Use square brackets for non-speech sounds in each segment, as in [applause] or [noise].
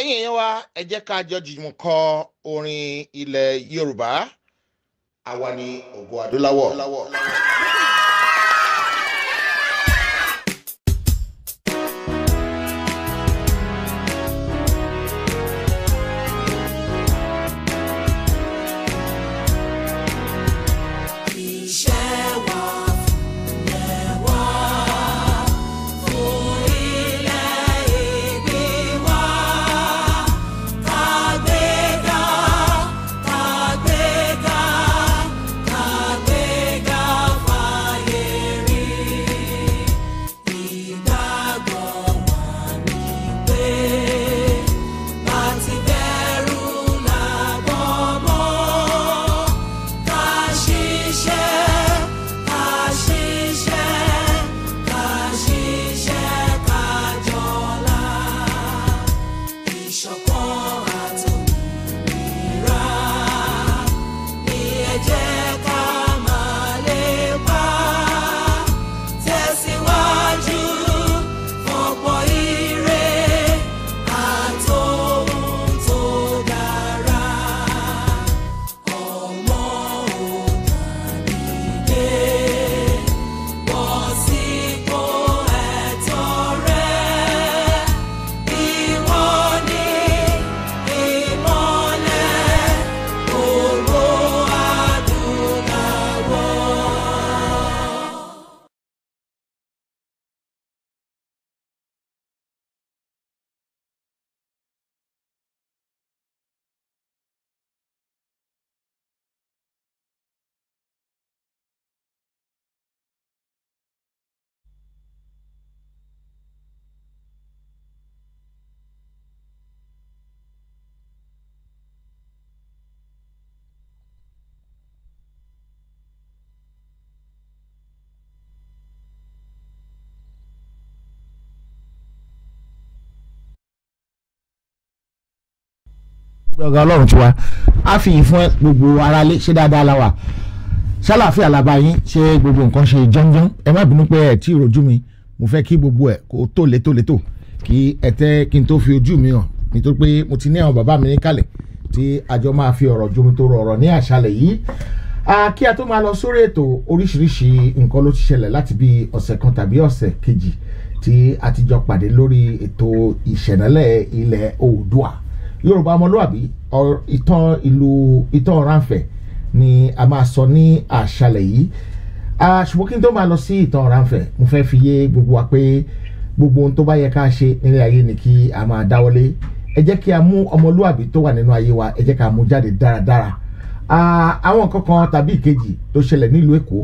ẹ̀yin èèyàn wa ẹ jẹ́ ká jọ jùmọ̀ kọ orin ilẹ̀ yorùbá àwa ni ògo adúláwọ̀. ọ̀gá ọlọ́run tiwa a fi yìn fún gbogbo aráalé ṣé dáadáa la wà ṣàlàáfíà làbá yín ṣé gbogbo nǹkan ṣe jọ́njọ́n ẹ má bínú pé ẹ tí ì rojú mi mo fẹ́ kí gbogbo ẹ̀ kó tó létò létò kí ẹ tẹ́ kí n tó fi ojú mi hàn nítorí pé mo ti ní àwọn bàbá mi ní kalẹ̀ tí àjọ máa fi ọ̀rọ̀ jomi tó rọrọ̀ ní àṣálẹ̀ yìí kí a tó máa lọ sórí ètò oríṣiríṣi nǹkan ló ti ṣẹlẹ̀ láti bí ọ̀sẹ̀ kan tàbí ọ̀sẹ̀ kejì tí a ti jọ pàdé lórí ètò ìṣẹ̀nálẹ̀ ilẹ̀ oòdùà yorùbá ọmọlúwàbí ìtàn ìlú ìtàn Ọ̀rànfẹ̀ ni a máa sọ ní àṣálẹ́ yìí ṣùgbọ́n kí n tó máa lọ sí ìtàn Ọ̀rànfẹ̀ mo fẹ́ fi yé gbogbo wa pé gbogbo ohun tó bá yẹ ká ṣe nílé ayé ni kí a máa dáwọ́lé ẹ jẹ́ kí a mú ọmọlúwàbí tó wà nínú ayé wa ẹ jẹ́ ká mú jáde dáradára àwọn nǹkan kan tàbí ìkejì tó ṣẹlẹ̀ nílùú Èkó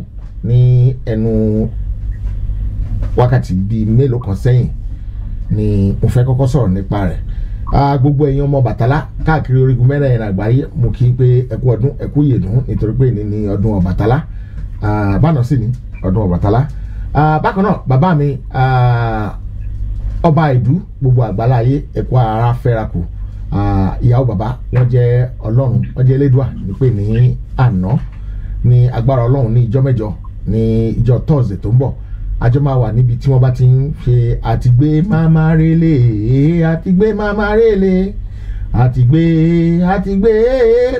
ní ẹnu wákàtí bíi mélòó kan sẹ́yìn ni mo fẹ́ kọ́kọ́ sọ̀rọ̀ nípa rẹ̀ gbogbo ẹ̀yin ọmọ Ọbàtálá káàkiri orígun mẹ́rẹ̀ẹ̀rin àgbáyé mo kí n pé ẹkú ọdún ẹkú yèdún nítorí pé ní ní ọdún Ọbàtálá bánà sí ni ọdún Ọbàtálá bákan náà bàbá mi ọba ìdú gbogbo àgbálá ayé ẹkú ara fẹ́ra kù ìyàwó bàbá wọn jẹ́ ọlọ́run wọn jẹ́ elédùà ní pé ní àná ní agbára ọlọ́run ní ìjọ mẹ́jọ ní ìjọ tọ́sídẹ̀ẹ́ tó ń bọ̀ àjọ máa wà níbi tí wọ́n bá ti ń ṣe àtìgbé máma rele, àtìgbé máma rélé àtìgbé àtìgbé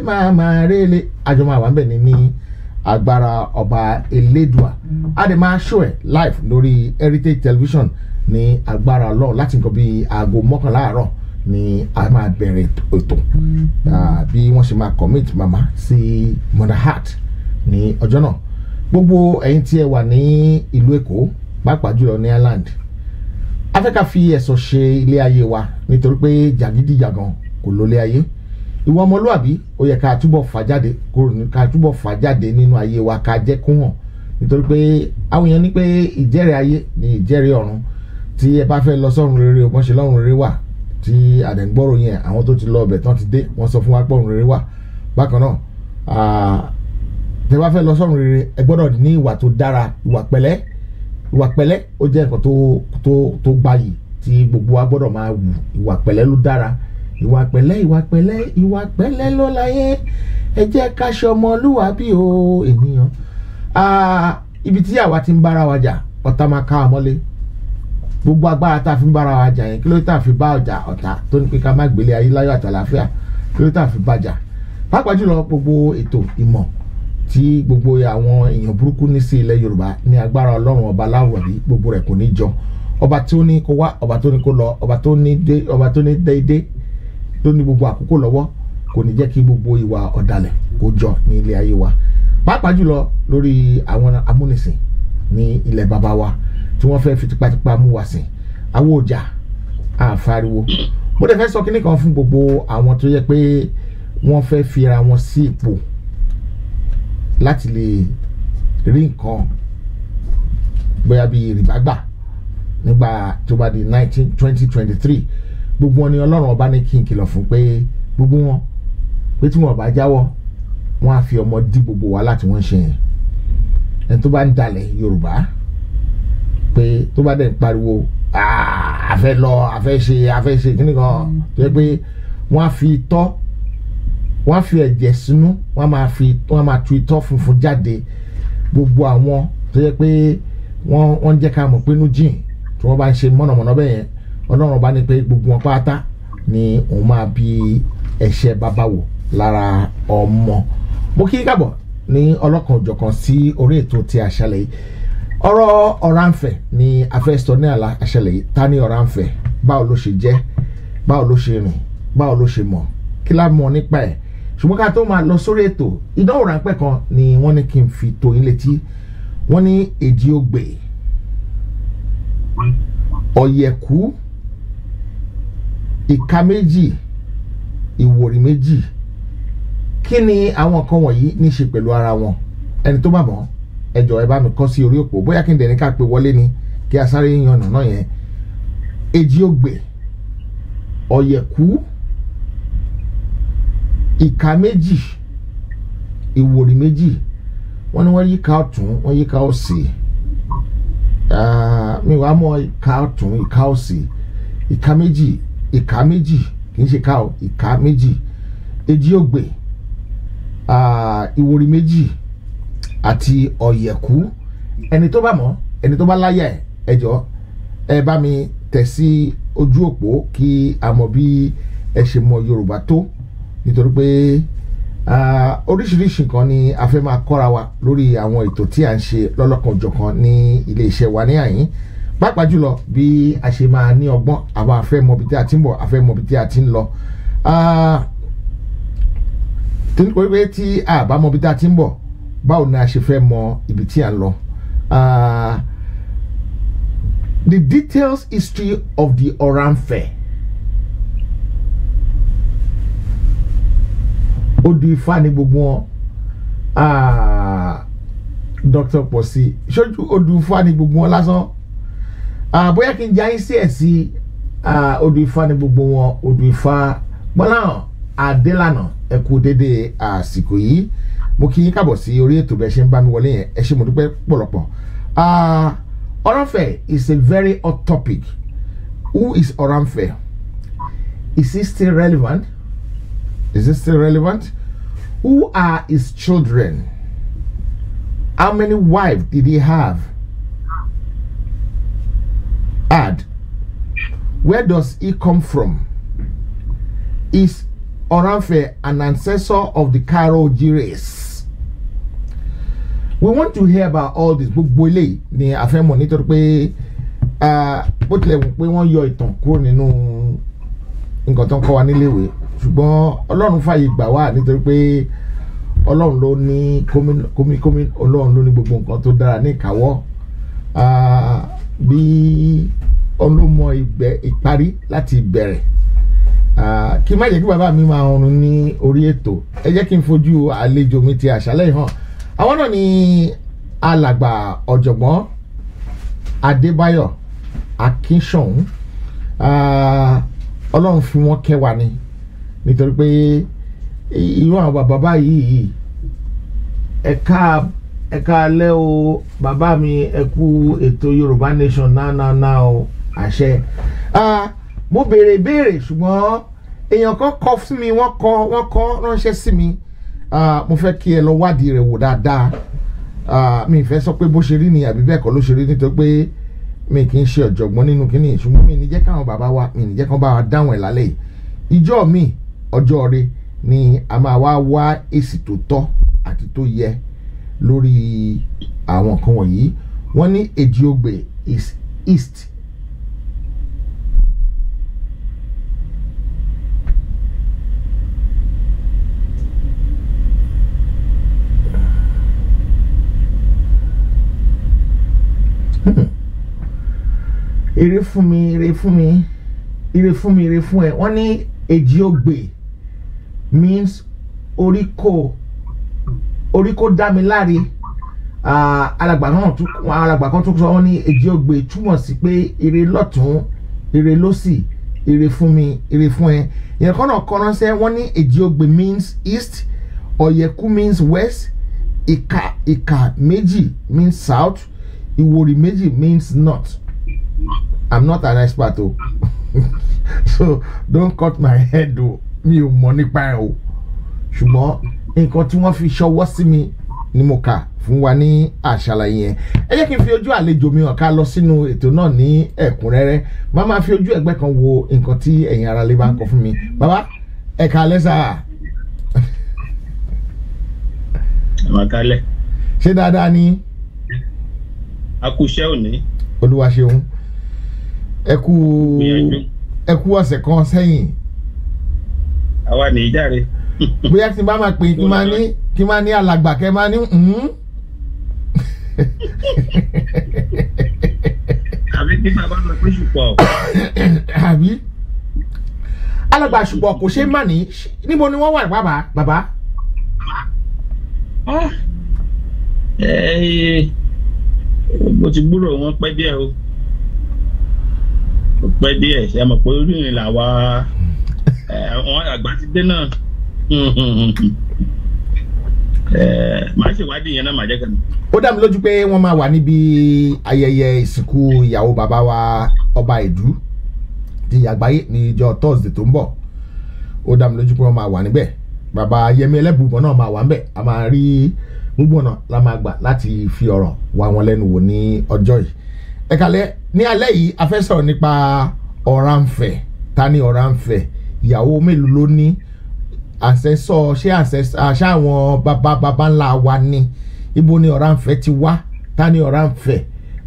máma rélé àjọ máa wà níbẹ̀ ní ní agbára ọba elédùà a dẹ̀ show ẹ̀ live lórí heritage television ní agbára ọlọ́run láti nǹkan bíi aago mọ́kànlá àárọ̀ ni a máa bẹ̀rẹ̀ ètò ah, bí wọ́n ṣe máa commit mama sí mother heart ní ọjọ́ náà gbogbo ẹ̀yin tí ẹ wà ní ìlú èkó pàápàá jùlọ ní Ireland a fẹ́ ká fi ẹ̀sọ̀ ṣe ilé ayé wa nítorí pé jàgídíjàgan kò lólé ayé ìwà ọmọlúàbí ó yẹ ká túbọ̀ fà jáde ká túbọ̀ fà jáde nínú ayé wa ká jẹ́ kó hàn nítorí pé àwọn èèyàn ní pé ìjẹ́rìí ayé ni ìjẹ́rìí ọ̀run tí ẹ bá fẹ́ lọ sọ́run rere wọ́n ṣe lọ́run rere wà tí àdẹ̀ǹgbọ́rò yẹn àwọn tó ti lọ ọbẹ̀ tán ti dé wọ́n sọ fún wa pé ọ̀run rere wà bákan náà tẹ́ bá fẹ́ lọ sọ́run rere ẹ gbọ́dọ̀ ní ìwà tó dára ìwà pẹ̀lẹ́ ìwà pẹ̀lẹ́ ó jẹ́ nǹkan tó tó tó gbayì tí gbogbo wa gbọ́dọ̀ máa wù ìwà pẹ̀lẹ́ ló dára ìwà pẹ̀lẹ́ ìwà pẹ̀lẹ́ ìwà pẹ̀lẹ́ ló láyé ẹ jẹ́ ká ṣe ọmọlúwàbí o ènìyàn ibi tí àwa ti ń bára wa jà ọ̀tá máa ká wa mọ́lé gbogbo agbára tá a fi ń bára wa jà yẹn kí ló tá a fi bá ọjà ọ̀tá tó ní pé ká má gbélé ayé láyọ̀ àtàlàáfíà kí ló tá fi bá jà pàápàá jùlọ gbogbo ètò ìmọ̀ tí gbogbo àwọn èèyàn burúkú ní sí ilẹ̀ yorùbá ní agbára ọlọ́run ọba láwọ̀rí gbogbo rẹ̀ kò ní jọ ọba tí ó ní kó wá ọba tó ní kó lọ ọba tó ní dé ọba tó ní déédé tó ní gbogbo àkókò lọ́wọ́ kò ní jẹ́ kí gbogbo ìwà ọ̀dàlẹ̀ kó jọ ní ilé ayé wa pàápàá jùlọ lórí àwọn amúnisìn ní ilẹ̀ baba wa tí wọ́n fẹ́ fi tipátipá mú wa sìn àwọn ọjà àfariwo mo dẹ̀ fẹ́ sọ kíní kan fún gbogbo àwọn tó yẹ pé wọ́n fẹ́ fi ara wọn sí ipò. Si láti lè rí nǹkan bóyá bíi rìbágbà nígbà tó bá di nineteen twenty twenty three gbogbo wọn ni ọlọ́run ọba ní kí n kìlọ̀ fún pé gbogbo wọn pé tí wọn bá jáwọ́ wọn á fi ọmọ dí gbogbo wa láti wọn ṣe yẹn ẹni tó bá ń dalẹ̀ yorùbá pé tó bá dẹ̀ ń pariwo àfẹ́ lọ àfẹ́ ṣe àfẹ́ ṣe kíni kan mm. tó pé wọ́n á fi tọ́ wọ́n á fi ẹ̀jẹ̀ sínú wọ́n á máa fi wọ́n á máa tu itọ́ funfun jáde gbogbo àwọn tó yẹ pé wọ́n wọ́n jẹ́ ká mọ̀ pé inú jìn tí wọ́n bá ń ṣe mọ̀nàmọ́ná bẹ́ẹ̀ yẹn ọlọ́run ní pé gbogbo wọn pátá ni òun máa bi ẹ̀ṣẹ̀ bàbá wò lára ọmọ mo kí káàbọ̀ ní ọlọ́kan òjọ̀kan sí orí ètò ti àṣálẹ́ yìí ọ̀rọ̀ Ọ̀rànfẹ̀ ni afẹ́sọ ní àlá àṣálẹ́ yìí ta ni Ọ̀rànfẹ̀ báwo ló ṣe jẹ́ báwo ló ṣe rìn báwo ló ṣe mọ̀ kí lá nípa ẹ̀ ṣùgbọ́n ká tó máa lọ sórí ètò ìdánwò ráńpẹ́ kan ni wọ́n ní kí n fi tó yín létí wọ́n ní èjì ogbè ọ̀yẹ̀kú ìka méjì ìwòrì méjì kí ni àwọn nǹkan wọ̀nyí ní í ṣe pẹ̀lú ara wọn ẹni tó bá mọ̀ ẹ ẹ bá mi kọ sí orí òpó bóyá kí n dẹ̀ni ká pe wọlé ni kí a sáré yan ọ̀nà náà yẹn èjì ogbè ọ̀yẹ̀kú ìka méjì ìwòrì méjì wọ́n ní wọ́n yíká ọ̀tún wọ́n yíká òsì ah, mi wàá mọ̀ ìka ọ̀tún ìka òsì ìka méjì ìka méjì kì í ṣe ká o ìka méjì èjì ògbè ah, ìwòrì méjì àti ọ̀yẹ̀kú ẹni tó bá mọ̀ ẹni tó bá láyà ẹ̀ ẹ̀jọ̀ ẹ bá mi tẹ̀ sí ojú òpó kí a mọ̀ bí ẹ ṣe mọ̀ Yorùbá tó nítorí pé oríṣiríṣi nǹkan ni a fẹ́ máa kọ́ra wa lórí àwọn ètò tí a ń ṣe lọ́lọ́kan òjọ̀kan ní ilé iṣẹ́ wa ní àyín pàápàá jùlọ bí a ṣe máa ní ọgbọ́n àwọn afẹ́ mọbi tí a ti ń bọ̀ afẹ́ mọbi tí a ti ń lọ tí pé tí a bá mọbi tí a ti ń bọ̀ báwo ni a ṣe fẹ́ mọ ibi tí a ń lọ. The details history of the Oram Fair ó di ifá ní gbogbo wọn ah, Dr. Pọ̀sí ṣojú ó di ifá ní gbogbo wọn lásán ah, bóyá kí n jẹ́ àyín sí ẹ̀ sí ah, ó di ifá ní gbogbo wọn ó di ifá gbọ́nà Adélànà ẹ kú dédé àsìkò yìí mo kí yín káàbọ̀ sí orí ètò bẹ́ẹ̀ ṣe ń bá mi wọlé yẹn ẹ ṣé mo dúpẹ́ pọ̀lọpọ̀ Oramfe is a very hot topic who is Oramfe is he still relevant? Is this still relevant? Who are his children? How many wives did he have? Add. Where does he come from? Is Oranfe an ancestor of the Cairo race? We want to hear about all this. Gbogbo ilé ni a fẹ́ mọ̀ nítorí pé ah, bó tilẹ̀ wù pé wọ́n yọ ìtàn kúrò nínú nǹkan tó ń kọ́ wa níléèwé ṣùgbọ́n ọlọ́run fàyè gbà wá nítorí pé ọlọ́run ló ní kómìnkómì ọlọ́run ló ní gbogbo nǹkan tó dára ní ìkáwọ́ bí ọlọ́mọ ìparí láti bẹ̀rẹ̀ kí má jẹ́ kí bàbá mi máa ọrùn ní orí ètò ẹ jẹ́ kí n fojú àlejò mi ti àṣálẹ́ hàn àwọn náà ni alàgbà ọ̀jọ̀gbọ́n Adébáyọ̀ Akínṣọ̀hún ọlọ́run fi wọ́n kẹwàá ni nítorí pé irú àwọn bàbá báyìí ẹ̀ka ẹ̀ka alẹ́ o bàbá mi ẹ̀kú ètò Yorùbá Nation náà náà náà o àṣẹ mo béèrè ìbéèrè ṣùgbọ́n èèyàn kan kọ fún mi wọ́n kọ wọ́n kọ ránṣẹ́ sí mi mo fẹ́ kí ẹ lọ wádìí rẹ̀ wò dáadáa mi fẹ́ sọ pé bó ṣe rí ni àbí bẹ́ẹ̀ kọ́ ló ṣe rí nítorí pé mi kì í ṣe ọ̀jọ̀gbọ́n nínú kínní ṣùgbọ́n mi ní jẹ́ káwọn bàbá wa mi ní jẹ́ káwọn bá wa dáhùn ẹ̀ lálẹ́ yìí ìjọ mi ọjọ́ rẹ ni a máa wá wá èsì tó tọ́ àti tó yẹ lórí àwọn nǹkan wọ̀nyí wọ́n ní èjì is east hmm. ire fún mi ire fún mi ire fún mi ire fún ẹ wọ́n ní èjì ogbè means orí kò orí kò dá mi láre alàgbà náà tún alàgbà kan tún sọ wọn ní èjì ògbè túmọ̀ sí pé ire lọ́tún ire lọ́sì ire fún mi ire fún ẹ ìyẹn kan náà kọ́ wọ́n ní èjì ògbè means east ọ̀yẹ̀kú means west ìkà ìkà méjì means south ìwòrì méjì means north i'm not an expert o [laughs] so don't cut my head o mi ò mọ̀ nípa ẹ̀ o ṣùgbọ́n nǹkan tí wọ́n fi ṣọwọ́ sí mi ni mo kà fún wa ní àṣàlàyé yẹn ẹ jẹ́ kí n fi ojú àlejò mi hàn ká lọ sínú ètò náà ní ẹ̀kúnrẹ́rẹ́ má máa fi ojú ẹgbẹ́ kan wo nǹkan tí ẹ̀yin ara lè bá ń kọ fún mi bàbá ẹ̀ka alẹ́ sáà. àwọn akálẹ̀. ṣé dáadáa ni. a kú iṣẹ́ òní. olúwa ṣeun ẹ kú ẹ kú ọ̀sẹ̀ kan sẹ́yìn àwa nìyí járe. bóyá tí n bá máa pè é tí máa ní tí máa ní alàgbà kẹ́ máa ní. Mm-hmm. àbí kí bàbá lọ pé ṣùpọ̀. àbí alàgbà ṣùpọ̀ kò ṣeé mà ní níbo ni wọ́n wà bàbá bàbá. mo ti gbúrò wọn pẹ́ díẹ̀ o pẹ́ díẹ̀ ṣe mọ̀ pé orí ìrìn làwa àwọn àgbà ti dé náà màá ṣèwádìí yẹn náà màá jẹ́ kẹ́mi. ó dá mi lójú pé wọ́n máa wà níbi ayẹyẹ ìsìnkú ìyàwó bàbá wa ọba ìdú ti àgbáyé ní ìjọ thursday tó ń bọ̀ ó dá mi lójú pé wọ́n máa wà níbẹ̀ bàbá yẹmi ẹlẹ́bùbọ̀ náà máa wà níbẹ̀ a máa rí gbogbo ọ̀nà la máa gbà láti fi ọ̀rọ̀ wá wọn lẹ́nu wò ní ọjọ́ yìí ẹ̀ka lẹ́ ní alẹ́ yìí a fẹ́ sọ̀rọ̀ nípa Ọ̀rànfẹ̀ ta ni Ọ̀rànfẹ̀ ìyàwó mélòó ló ní àṣẹsọ ṣé àṣẹ àwọn bàbá bàbá ńlá wa ni ibo ni Ọ̀rànfẹ̀ ti wá ta ni Ọ̀rànfẹ̀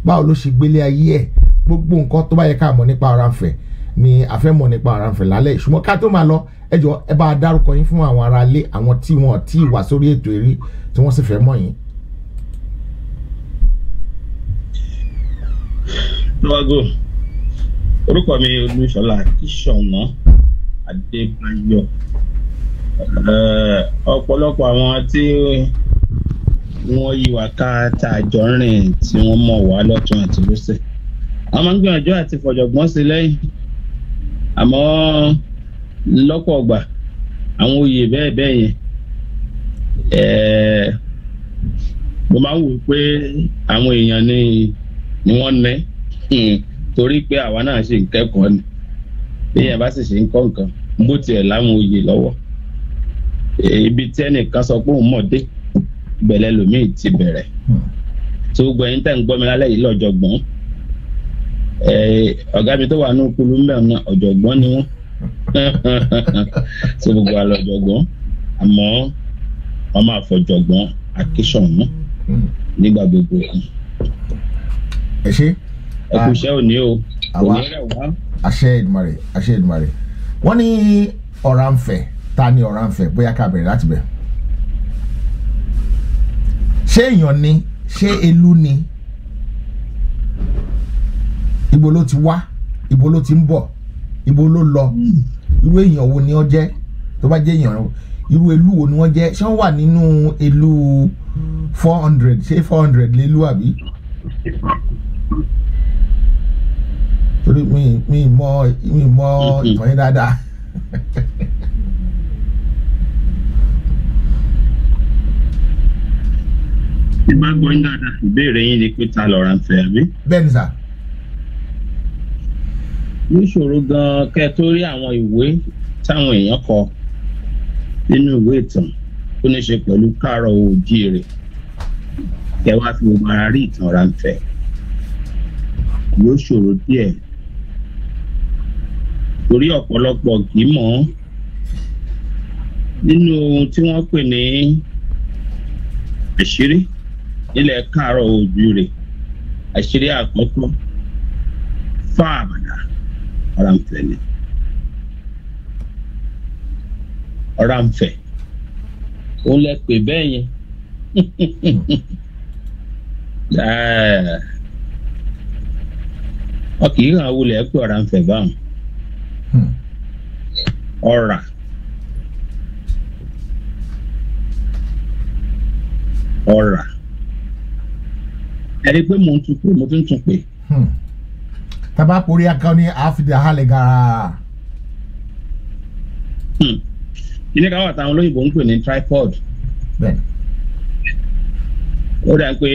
báwo ló ṣe gbélé ayé ẹ̀ gbogbo nǹkan tó bá yẹ ká mọ̀ nípa Ọ̀rànfẹ̀ ni a fẹ́ mọ̀ nípa Ọ̀rànfẹ̀ lálẹ́ ṣùgbọ́n ká tó máa lọ ẹ jọ ẹ bá dárúkọ yín fún àwọn aráalé àwọn tí wọn tí wà sórí ètò eré tí wọ́n sì fẹ́ mọ̀ yín. lọ́wọ́ go orúkọ mi olúṣọlá kìsọ̀nà Adébáyọ̀ ọ̀pọ̀lọpọ̀ àwọn tí wọ́n yí wa ká tá a jọ rìn tí wọ́n mọ̀ wá lọ́tún àti lọ́sẹ̀ a máa ń gbìyànjú àti fọ̀jọ̀gbọ́n sí lẹ́yìn àmọ́ lọ́pọ̀ ọgbà àwọn oyè bẹ́ẹ̀ bẹ́ẹ̀ yẹn mo máa ń wò pé àwọn èèyàn ni wọ́n ní hmm, torí pé àwa náà ṣì ń kẹ́kọ̀ọ́ ni èèyàn bá sì ṣe ń kọ́ nǹkan bó tiẹ̀ láwọn oyè lọ́wọ́ ibi tí ẹnìkan sọ pé òun mọ̀ dé bẹ̀lẹ̀ lòmíì ti bẹ̀rẹ̀ tó gbogbo ẹ̀yin tẹ̀ ń gbọ́ mi lálẹ́ yìí lọ́jọ̀gbọ́n ọ̀gá mi tó wà ní òkúlu mẹ́rin náà ọ̀jọ̀gbọ́n ni wọ́n tó [laughs] gbogbo àlọ́ ọ̀jọ̀gbọ́n àmọ́ ọmọ àfọ̀jọ̀gbọ́n akíṣọ̀nù hmm. nígbà gbogbo ẹ̀. òní o àwa àṣẹ Èdùmàrè àṣẹ Èdùmàrè wọ́n ní Ọ̀rànfẹ̀ ta ni Ọ̀rànfẹ̀ bóyá ká bẹ̀rẹ̀ láti bẹ̀ ṣé èèyàn ni ṣé elú ni ibo ló ti wá ibo ló ti ń bọ̀ ibo ló lọ irú èèyàn wo ni ó jẹ́ tó bá jẹ́ èèyàn irú elú wo ni wọ́n jẹ́ ṣé wọ́n wà nínú elú four hundred ṣé four hundred lélú àbí torí mi mi mọ mi mọ mm-hmm. ìtàn yín dáadáa. tí bá gbọ́ yín dáadáa ìbéèrè yín ni pé ta lọ́ra ń fẹ́ àbí. bẹ́ẹ̀ni sà. níṣòro gan-an kẹ́ ẹ tó rí àwọn ìwé táwọn èèyàn kọ nínú ìwé ìtàn tó ní ṣe pẹ̀lú káàrọ̀ òjíire kẹ́ wá fi gbogbo ara rí ìtàn ráńfẹ́ yóò ṣòro díẹ̀ torí ọ̀pọ̀lọpọ̀ kì í mọ̀ nínú ohun tí wọ́n pè ní àṣírí nílẹ̀ káàárọ̀ oòjíire àṣírí àkọ́kọ́ fáàbàdà ọ̀rànfẹ́ ni ọ̀rànfẹ́ ó lẹ pè bẹ́ẹ̀ yẹn [laughs] wọn kì í hàn wulẹ̀ pé ọ̀rànfẹ́ báwọn. ọ̀rà. Hmm. ọ̀rà ẹni pé mò ń tún pé mo tún tún pé. Hmm. tábà porí akọ ní àfìdí àhálẹ̀ gàrà. Hmm. kíní káwọn àtàwọn olóyìnbó ń pè ní tripod. ó dà pé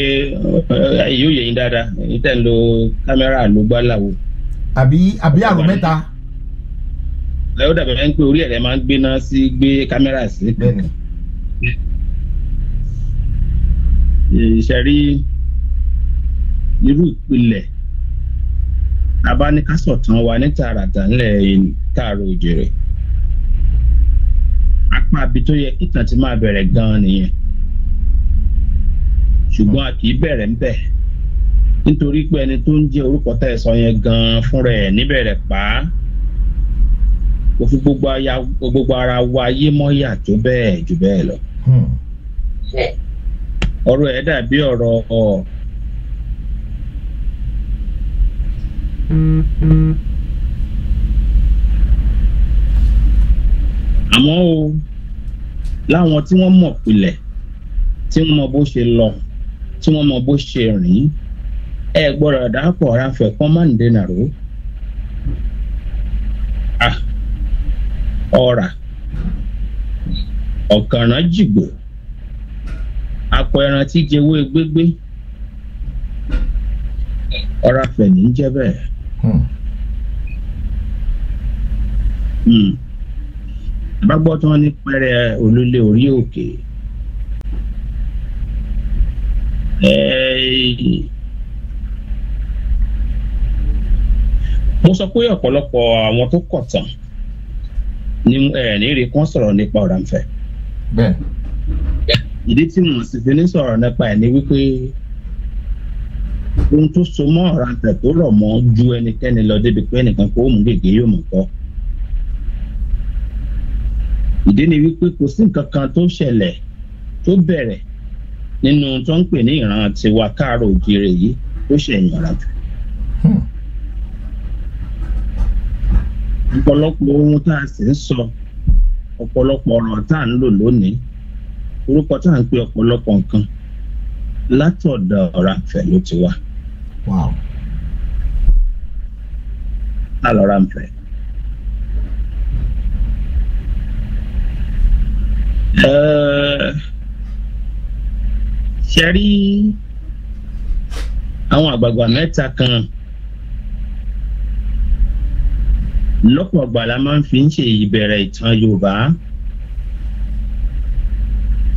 èyí eh, ò yẹ yín dáadáa èyí tẹ̀ ń lo kámẹ́rà ló gbá làwọ̀. àbí àbí àrò mẹ́ta ó dàbí ẹni pé orí ẹ̀rẹ̀ máa ń gbéná sí gbé kámẹ́rà sí. ìṣẹ̀rí irú ìpìlẹ̀ abánikásọ̀tàn wa ní tààràtà ńlẹ̀ káàrọ̀ òjèrè apá ibi tó yẹ kíntàn ti máa bẹ̀rẹ̀ gan-an nìyẹn ṣùgbọ́n a kì í bẹ̀rẹ̀ ń bẹ̀ nítorí pé ẹni tó ń jẹ́ orúkọ tẹ̀sán yẹn gan-an fúnra ẹ̀ níbẹ̀rẹ̀ pàá kò fi gbogbo ara wa yé mọ́yà tó bẹ́ẹ̀ jù bẹ́ẹ̀ lọ. Hmm. ọ̀rọ̀ ẹ̀ dàbí ọ̀rọ̀ ọ̀. àmọ́ o láwọn tí wọ́n mọ̀ pilẹ̀ tí wọ́n mọ bó ṣe lọ tí wọ́n mọ bó ṣe rìn ẹ gbọ́dọ̀ dàpọ̀ ara fẹ̀ kọ́ máa ń dènà rò ó. ọ̀rà ọ̀kànràn jìgbò apọ̀ ẹran tí jẹwé gbégbé ọ̀rà fẹ̀ní ń jẹ́ bẹ́ẹ̀. Hmm. Hmm. bá tí wọ́n ní pẹ́rẹ́ olólè orí òkè mo sọ pé ọ̀pọ̀lọpọ̀ àwọn tó kọ̀ tán ní ẹ̀ẹ́dẹ́rẹ́ kan sọ̀rọ̀ nípa Ọ̀rànfẹ̀. bẹ́ẹ̀. ìdí tí mo sì fi ní sọ̀rọ̀ nípa ẹ̀ ni wípé ohun tó so mọ́ Ọ̀rànfẹ̀ tó rọ̀ mọ́ ju ẹnikẹ́ni lọ débi pé ẹnìkan kó mú gègé yóò mọ̀ kọ́. ìdí ni wípé kò sí nǹkan kan tó ṣẹlẹ̀ tó bẹ̀rẹ̀ nínú tó ń pè ní ìran tiwa káàrọ̀ òjìrè yìí tó ṣẹ̀yìn Ọ̀rànfẹ̀. Hmm ọ̀pọ̀lọpọ̀ ohun tá a sì ń sọ ọ̀pọ̀lọpọ̀ ọ̀rọ̀ tá à ń lò lónìí orúkọ tá à ń pe ọ̀pọ̀lọpọ̀ nǹkan látọ̀dọ̀ ọ̀rá fẹ̀ ló ti wá. tá lọ ra ń ṣe rí àwọn àgbààgbà mẹ́ta kan. Uh, lọ́pọ̀ ọgbà la máa ń fi ń ṣe ìbẹ̀rẹ̀ ìtàn yorùbá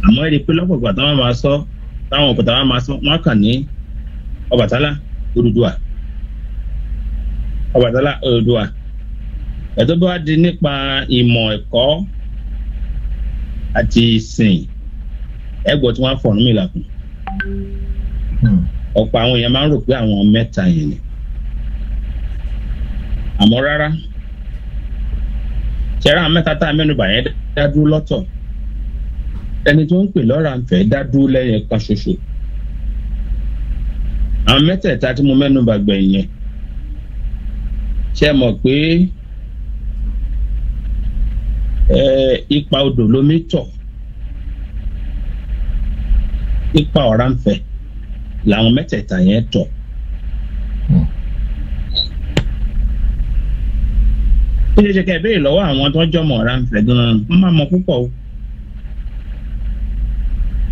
àmọ́ èrè pé lọ́pọ̀ ọgbà táwọn máa sọ táwọn òkúta wọn máa sọ wọn kàn ní ọbàtálá odùduwà ọbàtálá odùduwà ẹ̀tọ́ bá di nípa ìmọ̀ ẹ̀kọ́ àti ìsìn ẹgbọ́n tí wọ́n á fọ̀rún mi làkùn hmm. ọ̀pọ̀ àwọn èèyàn máa ń rò pé àwọn mẹ́ta yẹn ni àmọ́ rárá ṣẹ́ra mẹ́ta tá a mẹ́nubà yẹn dá dúró lọ́tọ̀ ẹni tó ń pè lọ́ra ń fẹ́ dá dúró lẹ́yìn kan ṣoṣo àwọn mẹ́tẹ̀ẹ̀ta tí mo mẹ́nubà gbẹ̀yìn yẹn ṣe mọ̀ pé ipa odò lomi tọ̀ ipa ọ̀ra ń fẹ́ làwọn mẹ́tẹ̀ẹ̀ta yẹn tọ̀ ó ṣeé ṣe kẹ́ ẹ béèrè lọ́wọ́ àwọn tó ń jọmọ̀ Ọ̀rànfẹ̀ gan-an wọ́n máa mọ púpọ̀ o.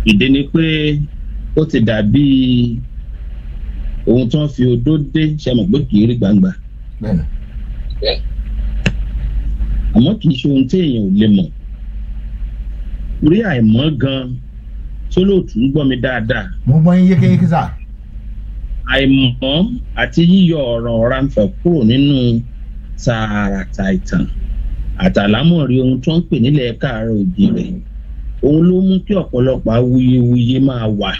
ìdí ni pé ó ti dàbí ohun tó ń fi odó dé ṣe mọ̀ pé kì í rí gbangba. àmọ́ kì í ṣe ohun tí èèyàn ò lè mọ̀ orí àìmọ̀ gan-an tó lóòtú ń gbọ́ mi dáadáa. mo gbọ́ yín yékéyéké sá. àìmọ̀ àti yíyọ ọ̀rọ̀ Ọ̀rànfẹ̀ kúrò nínú tààràtà ìtàn àtàlámọ̀rí ohun tó ń pè nílẹ̀ káàárọ̀ òjìrè òun ló mú kí ọ̀pọ̀lọpọ̀ awuyewuye máa wà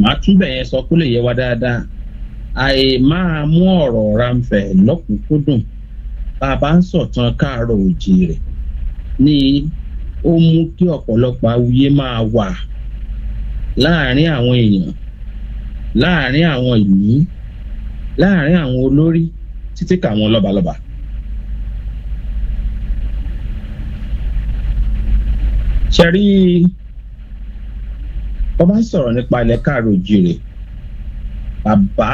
màá túbẹ̀ yẹn sọ kó lè yé wa dáadáa àì máa mú ọ̀rọ̀ ráńfẹ̀ lọ́kùnkúndùn bá a bá ń sọ̀tàn káàárọ̀ òjìrè ni ó mú kí ọ̀pọ̀lọpọ̀ awuyé máa wà láàárín àwọn èèyàn láàárín àwọn ìlú láàrin àwọn olórí títí kàwọn lọ́balọ́ba. ṣẹ́rí wọ́n bá ń sọ̀rọ̀ nípa ilẹ̀ káàró jire bàbá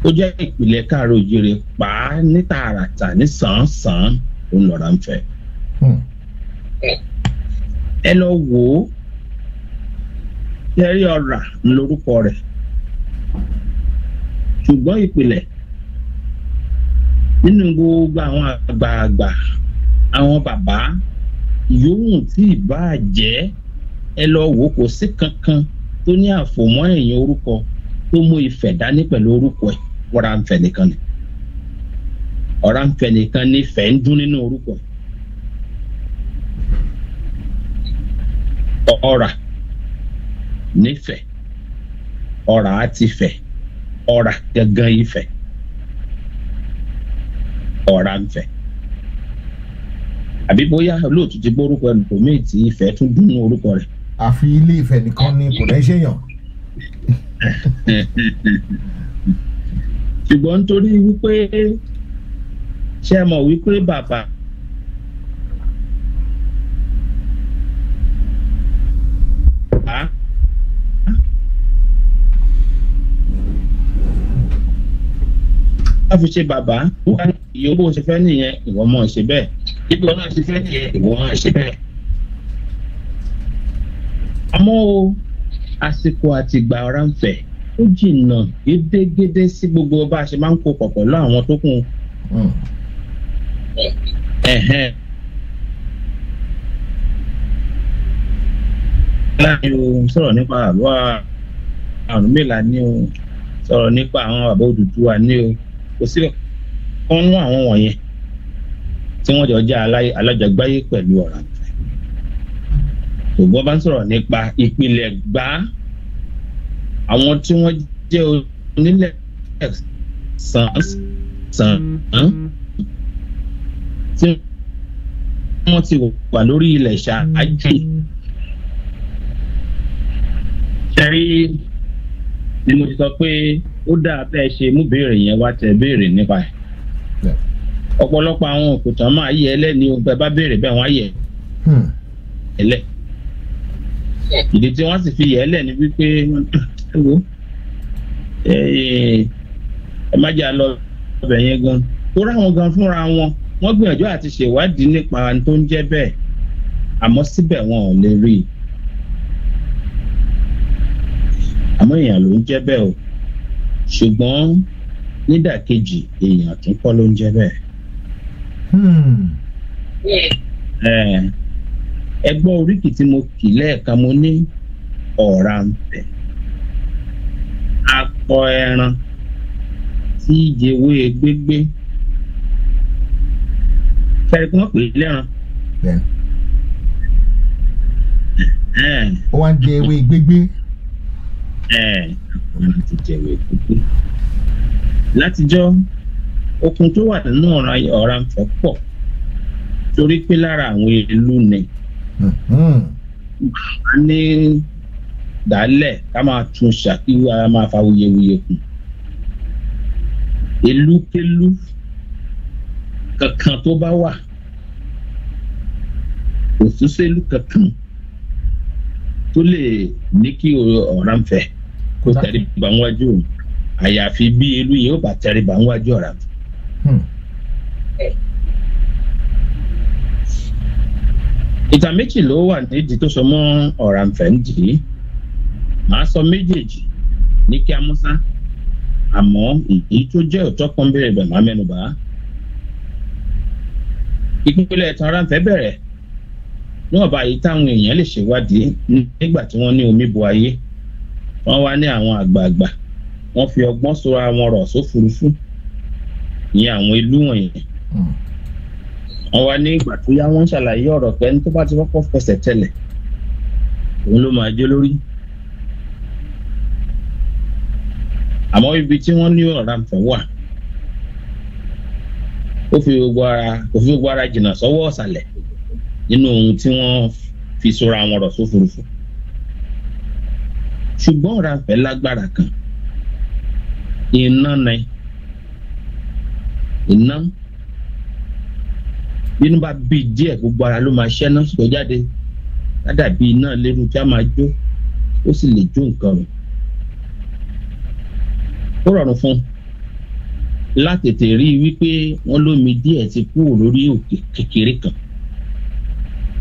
tó jẹ́ ìpìlẹ̀ káàró jire pa á ní tààràtà ní sàn-án-sàn òun lọ́ra ń fẹ́. Hmm. ẹ lọ wò ó ṣẹ́rí ọ̀rà ń rẹ̀ ṣùgbọ́n ìpìlẹ̀ nínú gbogbo àwọn àgbààgbà àwọn bàbá yòówù tí ìbá jẹ́ ẹ lọ wò kò sí kankan tó ní àfòmọ́ ẹ̀yìn orúkọ tó mú ìfẹ́ dání pẹ̀lú orúkọ ẹ̀ Ọ̀rànfẹ̀ nìkan ni Ọ̀rànfẹ̀ nìkan ni ìfẹ́ ń dún nínú orúkọ ẹ̀. ọ̀rà nífẹ̀ ọ̀rà á ti fẹ̀ ọ̀rà gangan Ifẹ̀ ọ̀rà Ifẹ̀ àbí bóyá olóòtú ti gbórúkọ ẹnìkòmíì tí Ifẹ̀ tún dún orúkọ rẹ̀. àfi ilé Ifẹ̀ nìkan ni kò dẹ́ ṣèyàn. [laughs] ṣùgbọ́n nítorí wípé ṣé ẹ mọ̀ wípé bàbá Huh? wọ́n fi ṣe bàbá wọ́n ìyẹn bó ṣe fẹ́ nìyẹn ìwọ mọ̀ ṣe bẹ́ẹ̀ ibi ọ̀nà ṣe fẹ́ nìyẹn ìwọ mọ̀ ṣe bẹ́ẹ̀. àmọ́ o àsìkò àtìgbà ara ń fẹ̀ ó jìnnà gédégédé sí gbogbo bá a ṣe máa ń kó pọ̀ pẹ̀lú àwọn tó kù. Hmm. láàrin o sọ̀rọ̀ nípa àlọ́ àrùn mélòó ni o sọ̀rọ̀ nípa àwọn bàbá Odùduwà ni o kó síbẹ̀ kán mú àwọn wọ̀nyẹn tí wọ́n jọ jẹ́ alájọgbáyé pẹ̀lú ọ̀ràn ìfẹ́ ṣùgbọ́n bá ń sọ̀rọ̀ nípa ìpìlẹ̀ gbá àwọn tí wọ́n jẹ́ onílẹ̀ sàn sàn tí wọ́n ti wà lórí ilẹ̀ ṣáájú ṣẹ́rí ni mo ti sọ pé ó dáa bẹ́ẹ̀ ṣe mú béèrè yẹn wá tẹ béèrè nípa ẹ̀ ọ̀pọ̀lọpọ̀ àwọn òkùtàn máa yẹ ẹlẹ́ni o bẹ́ẹ̀ bá béèrè bẹ́ẹ̀ wọ́n á yẹ ẹlẹ́ hmm. ìdí tí wọ́n sì fi yẹ ẹlẹ́ ni wípé wo ẹ má jà lọ ọbẹ̀ yẹn gan tó ráwọn gan fúnra wọn wọ́n gbìyànjú àti ṣèwádìí nípa tó ń jẹ́ bẹ́ẹ̀ àmọ́ síbẹ̀ wọn ò lè rí i àmọ́ èèyàn ló ń jẹ́ bẹ́ẹ̀ o ṣùgbọ́n nídàkejì èèyàn kì í kọ́ ló ń jẹ́ bẹ́ẹ̀. Hmm. ẹgbọ́n oríkì tí mo kì lẹ́ẹ̀kan mo ní ọ̀ra ń bẹ̀ akọ ẹran tí ìjẹwé gbégbé kẹrin kí wọ́n pè é lẹ́ran ó wá ń jẹ ewé gbégbé wọn ti jẹ̀wẹ̀ pípé. látijọ́ okun tó wà nínú Ọ̀rànfẹ̀ pọ̀ torí pé lára àwọn ìlú ni mm-hmm. a ní dálẹ̀ ká máa tún ṣàkíwá a máa fa wuyewuye kù ìlúkélú kankan tó bá wà kò tún sẹ́lú kankan tó lè ní kí Ọ̀rànfẹ̀ kó tẹríba níwájú òun àyàfi bí ìlú yìí ó bá tẹríba níwájú ọ̀rá. Hmm. ìtàn méjì ló wà nídìí tó so mọ́ Ọ̀rànfẹ̀ ń dì í màá sọ méjèèjì ní kí a mú sá àmọ́ èyí tó jẹ́ òótọ́ kan bẹ̀rẹ̀ bẹ̀ máa mẹ́nu bà á. ìpínlẹ̀ ìtàn Ọ̀rànfẹ̀ bẹ̀rẹ̀ níwọ̀nba yìí táwọn èèyàn lè ṣèwádìí nígbà tí wọ́n ní omi bo ayé wọ́n wá ní àwọn àgbààgbà wọ́n fi ọgbọ́n sora wọn rọ̀ sófurufú ní àwọn ìlú wọ̀nyẹn hmm. wọ́n wá ní ìgbà tó yá wọ́n ṣàlàyé ọ̀rọ̀ pé ẹni tó bá ti kọ́kọ́ fẹsẹ̀ tẹ̀lẹ̀ òun ló máa jẹ́ lórí àmọ́ ibi tí wọ́n ní ọ̀rá ń wà ó fi gbogbo ara kò fi gbogbo ara jìnnà sọ́wọ́ ọ̀sàlẹ̀ nínú ohun tí wọ́n fi sora wọn rọ̀ sófurufú. So ṣùgbọ́n ọ̀rọ̀ afẹ́ lágbára kan iná ni iná inú bá bí díẹ̀ gbogbo ara ló máa ṣẹ́ná sọ jáde ládàbí iná lérú tí a máa jó ó sì lè jó nǹkan rẹ̀ ó rọrùn fún un látètè rí i wípé wọ́n lómi díẹ̀ ti kúrò lórí òkè kékeré kan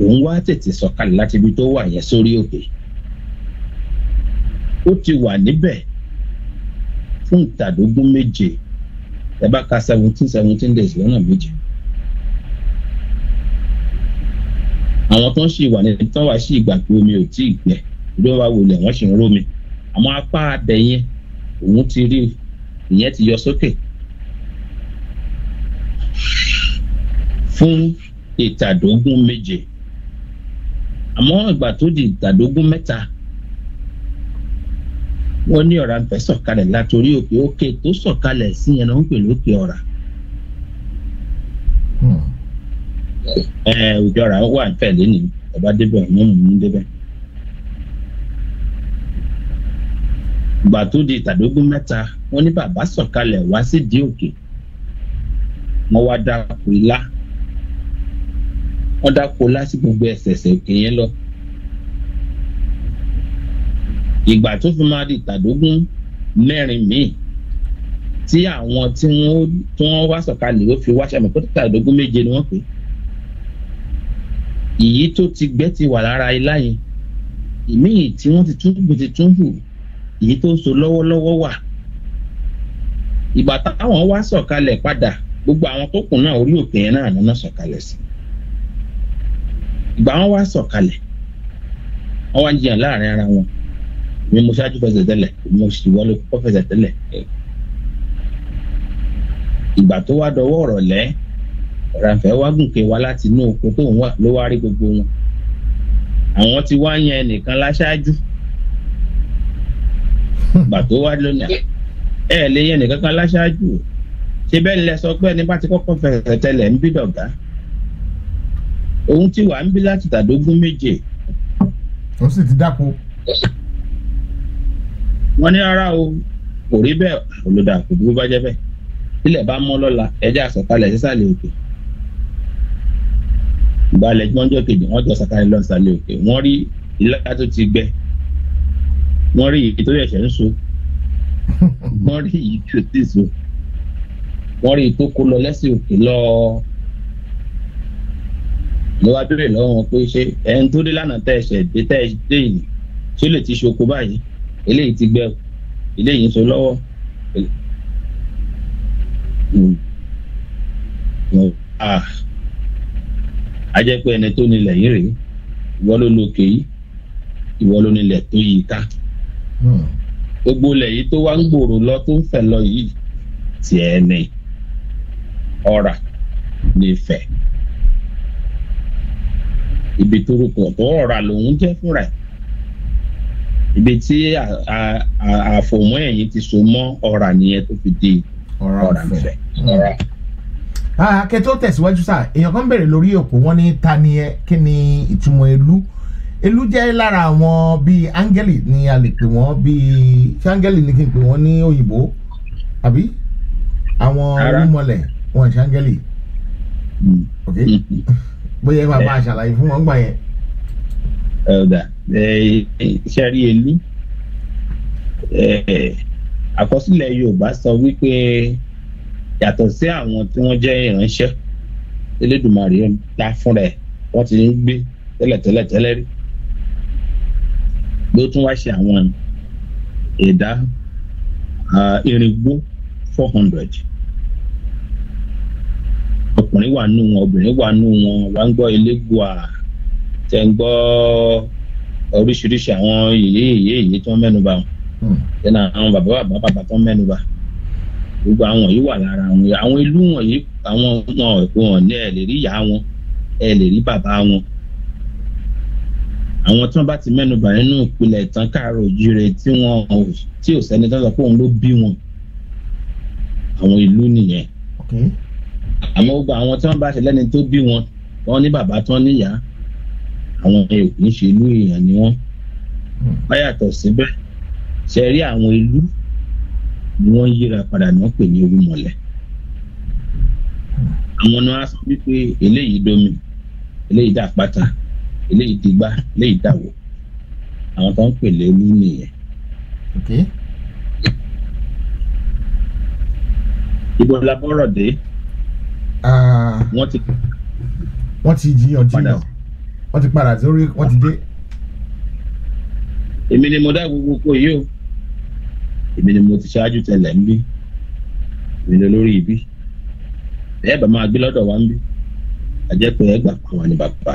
òun wá tètè sọ̀kalẹ̀ láti ibi tó wà yẹn sórí òkè yìí ó ti wà níbẹ̀ fún ìtàdógún méje ẹ bá ka seventeen seventeen days lọ́nà méje. àwọn tó ń ṣì wà ní tó wà sí ìgbà pé omi ò tí ì gbẹ ìlú wa wòlẹ̀ wọ́n sì ń rómi àmọ́ apá abẹ yẹn òun ti rí ìyẹn ti yọ sókè fún ìtàdógún méje àmọ́ ìgbà tó di ìtàdógún mẹ́ta wọ́n ní ọ̀rá ń fẹ́ sọ̀kalẹ̀ látòrí òkè òkè tó sọ̀kalẹ̀ sí yẹn náà ń pè lókè ọ̀rá. Hmm. òjò ọ̀rá wà ń fẹ́ lẹ́nu ọba débẹ̀ ọ̀nà mú ní débẹ̀. ìgbà tó di ìtàdógún mẹ́ta wọ́n ní bàbá sọ̀kalẹ̀ wá sídìí òkè wọ́n wá dáko ilá wọ́n dáko ilá sí gbogbo ẹ̀sẹ̀sẹ̀ òkè yẹn lọ ìgbà tó fi máa di ìtàdógún mẹ́rin míì tí àwọn tí wọ́n tí wọ́n wá sọ̀kalẹ̀ ó fi wáṣẹ́ mọ̀ pé ìtàdógún méje ni wọ́n pè ìyí tó ti gbẹ́ ti wà lára ilá yẹn ìmíì tí wọ́n ti tún gbìn ti tún hù èyí tó ń so lọ́wọ́lọ́wọ́ wà ìgbà táwọn wá sọ̀kalẹ̀ padà gbogbo àwọn tó kù náà orí òkè yẹn náà nánà sọ̀kalẹ̀ sí ìgbà wọn wá sọ̀kalẹ̀ wọn wá jiyàn láàrin ara wọn mi mo ṣáájú fẹsẹ̀ tẹ́lẹ̀ mo sì wọlé kọ́kọ́ fẹsẹ̀ tẹ́lẹ̀ ìgbà tó wá dọwọ́ ọ̀rọ̀ lẹ́ Ọ̀rànfẹ́ wá gùnkè wá láti inú oko tóun wà ló wá rí gbogbo wọn àwọn ti wá yan ẹnìkan láṣáájú ìgbà tó wá lónìí ẹ lè yan ẹnìkan kan láṣáájú ṣé bẹ́ẹ̀ ni lẹ sọ pé ẹni bá ti kọ́kọ́ fẹsẹ̀ tẹ́lẹ̀ ń bí dọ̀gá òun ti wà ń bí láti tàdógún méje. ó sì ti dáko wọ́n ní rárá o kò rí bẹ́ẹ̀ olùdà kò dúró bá jẹ́ bẹ́ẹ̀ ilẹ̀ bá mọ́ lọ́la ẹja àsọ̀kalẹ̀ sísàlẹ̀ òkè ìgbàlẹ̀ gbọ́njọ́ kejì wọ́n jọ sàkalẹ̀ lọ sàlẹ̀ òkè wọ́n rí ìlà tó ti gbẹ wọ́n rí èyí tó yẹ̀ṣẹ̀ ń so [laughs] wọ́n rí èyí tó ti so wọ́n rí tó kó lọ lẹ́sẹ̀ òkè lọ mo wá béèrè lọ́wọ́ wọn pé ṣé ẹni tó dé lánàá tẹ́ ẹ̀ṣẹ̀ dé tẹ́ ẹ dé yìí ṣé lè ti ṣoko báyìí eléyìí ti gbẹ eléyìí ń so lọ́wọ́. Hmm. Hmm. Ah. a jẹ́ pé ẹni tó nílẹ̀ yìí rèé ìwọ ló lókè yìí ìwọ ló nílẹ̀ tó yìí ká hmm. gbogbo ilẹ̀ yìí tó wá ń gbòòrò lọ tó ń fẹ̀ lọ yìí tiẹ̀ ni ọ̀rà nífẹ̀ẹ́ ibi tó rúkọ tó ọ̀rà lòún jẹ́ fúnra ẹ̀ ibi tí àfòmọ́ ẹ̀yìn ti so mọ́ ọ̀rà nìyẹn tó fi di ọ̀rà nfẹ̀. Mm. akẹ́ tó tẹ̀síwájú sáà èèyàn kan béèrè lórí òkú wọn ní ta ni kí ni ìtumọ̀ elú elú jẹ́ lára àwọn bíi áńgẹ́lì ni a lè pè wọ́n bíi ṣé áńgẹ́lì ni kí n pè wọ́n ní òyìnbó àbí àwọn olúmọlẹ̀ wọn ṣáńgẹ́lì mm. mm-hmm. bóyá ẹ máa bá a eh. fún wọn gbà yẹn ọ̀dà eh, ṣe rí elú eh, àkọsílẹ̀ Yorùbá sọ wípé yàtọ̀ sí àwọn tí wọ́n jẹ́ ìránṣẹ́ Elédùmarè ta fúnra ẹ̀ wọ́n ti ń gbé tẹ́lẹ̀tẹ́lẹ̀ tẹ́lẹ̀ rí ló tún wá ṣe àwọn ẹ̀dá irinwó four hundred ọkùnrin wà nù wọn obìnrin wà nù wọn wà ń gbọ́ elégbò àà tẹ́ ń gbọ́ oríṣiríṣi àwọn yèyé yèyé yèyé tó ń mẹ́nuba wọn tẹ́ hmm. na àwọn bàbá bàbá bàbá tó ń mẹ́nuba gbogbo àwọn yìí wà lára wọn àwọn ìlú wọn àwọn wọn wọn ní ẹ lè rí ìyá wọn ẹ lè rí bàbá wọn àwọn tí wọn bá ti mẹ́nuba nínú ìpìlẹ̀ ìtàn káàrọ̀ òjìrè tí wọn tí ò sẹ́ni tó sọ pé òun ló bí wọn àwọn ìlú nìyẹn àmọ́ gbogbo àwọn tí wọn bá ṣe lẹ́ni tó bí wọn wọn ní bàbá tán níyà àwọn èkó ń ṣe ìlú èèyàn ni wọ́n wá yàtọ̀ síbẹ̀ ṣe rí àwọn ìlú ni wọ́n ń yíra padà náà pè ní irúnmọlẹ̀ àwọn náà sọ wípé eléyìí domi eléyìí dà pátá eléyìí dìgbà eléyìí dàwó àwọn tó ń pè lérú nìyẹn. ibo la bọ́rọ̀ dé. Ah. wọ́n ti. wọ́n ti jiyàn jiyàn wọ́n ti padà sórí wọ́n ti dé. èmi ni mo dá gbogbo oko yìí o èmi ni mo ti ṣáájú tẹ́lẹ̀ ń bí èmi ni olórí ibi bẹ́ẹ̀ bá máa gbé lọ́dọ̀ wa ń bí àjẹpẹ́ ẹgbà àwọn ni bàbá.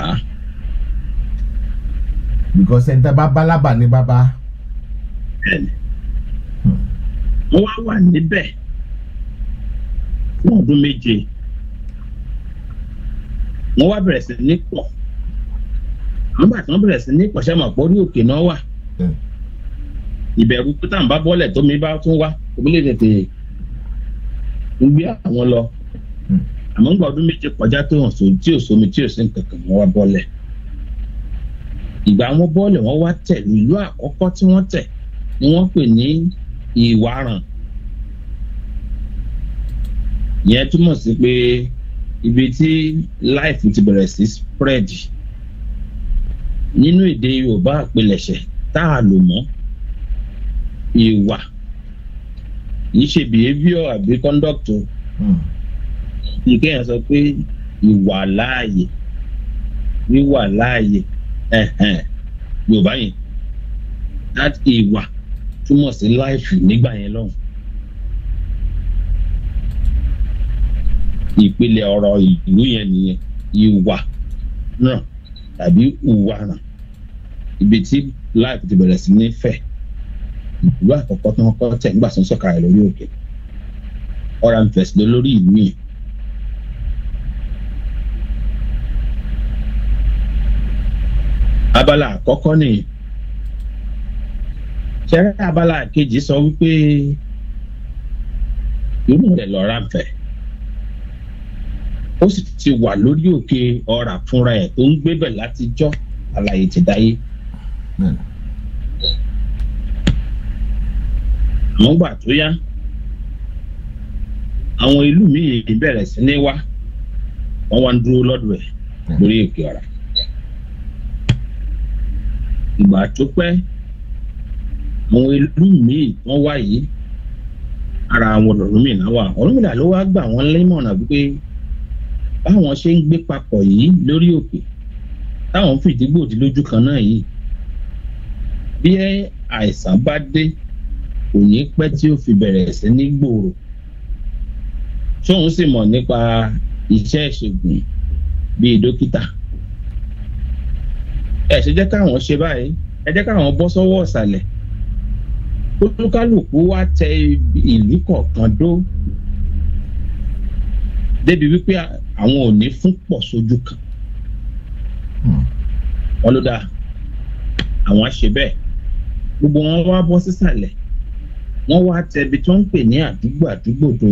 because ẹni tá a bá bá lábà ní bàbá. bẹ́ẹ̀ni wọ́n wá wà níbẹ̀ fún ọdún méje wọ́n wá bẹ̀rẹ̀ sí ní pọ̀ àwọn bàtà wọn bẹ̀rẹ̀ sí ní pọ̀ṣẹ́mọ̀ pórí òkè náà wà hmm. ìbẹ̀rù pété àǹbá bọ́ọ̀lẹ̀ tó mi bá tún wá òun lè tètè ń gbé àwọn lọ hmm. àmọ́ ń gba ọdún méje kọjá tó hàn sóun tí ò sómi tí ò sí nǹkan kan wọ́n wá bọ́ọ̀lẹ̀ ìgbà wọn bọ́ọ̀lẹ̀ wọn wá tẹ̀ ìlú àkọ́kọ́ tí wọ́n tẹ̀ ni wọ́n pè ní ìwáràn ìyẹn túmọ̀ sí pé ibi tí láìfù ti bẹ̀rẹ̀ sí spread. Mm nínú èdè yorùbá àpilẹ̀ṣẹ̀ tá a lò mọ́ ìwà yìí ṣe behaviour àbí conduct o nǹkan hmm. yẹn sọ pé ìwà láàyè wíwà láàyè yorùbá yẹn that ìwà túmọ̀ sí láìfù nígbà yẹn lọ́hùn. ìpìlẹ̀ ọ̀rọ̀ ìlú yẹn nìyẹn ìwà náà tàbí ìwà náà ibi tí life ti bẹ̀rẹ̀ sí ní fẹ̀ ìlú àkọ́kọ́ tó ń kọ́ tẹ̀ nígbà tó ń sọ̀kalẹ̀ lórí òkè ọ̀rá ń fẹ̀sí lé lórí ìlú yìí. abala àkọ́kọ́ nìyí ṣẹ́rẹ́ abala kejì sọ wípé irú rẹ̀ lọ́ra ń fẹ̀ ó sì ti wà lórí òkè ọ̀rà fúnra ẹ̀ tó ń gbébẹ̀ látijọ́ àlàyé ti dáyé àwọn gbà tó yá àwọn ìlú míì bẹ̀rẹ̀ sí ní wá wọ́n wá ń dúró lọ́dọ̀ ẹ̀ lórí Òkè ara ìgbà tó pẹ́ àwọn ìlú míì wọ́n wá yìí ara àwọn Ọ̀rúnmìlà wà Ọ̀rúnmìlà ló wá gbà wọ́n límọ̀nà wípé báwọn ṣe ń gbé papọ̀ yìí lórí òkè táwọn fìdí gbòdì lójú kan náà yìí bí àìsàn bá dé kò ní pẹ́ tí ó fi bẹ̀rẹ̀ sí ní gbòòrò tóun sì mọ̀ nípa iṣẹ́ ìṣègùn bíi dókítà ẹ ṣe jẹ́ káwọn ṣe báyìí ẹ jẹ́ káwọn bọ́ sọ́wọ́ ọ̀sàlẹ̀ olúkálùkù wá tẹ ìlú kọ̀ọ̀kan dó débi wípé àwọn ò ní fún pọ̀ sójú kan hmm. wọn ló dáa àwọn á ṣe bẹ́ẹ̀ gbogbo wọn wá bọ́ sísàlẹ̀ wọ́n wá tẹbi tó ń pè ní àdúgbò àdúgbò tó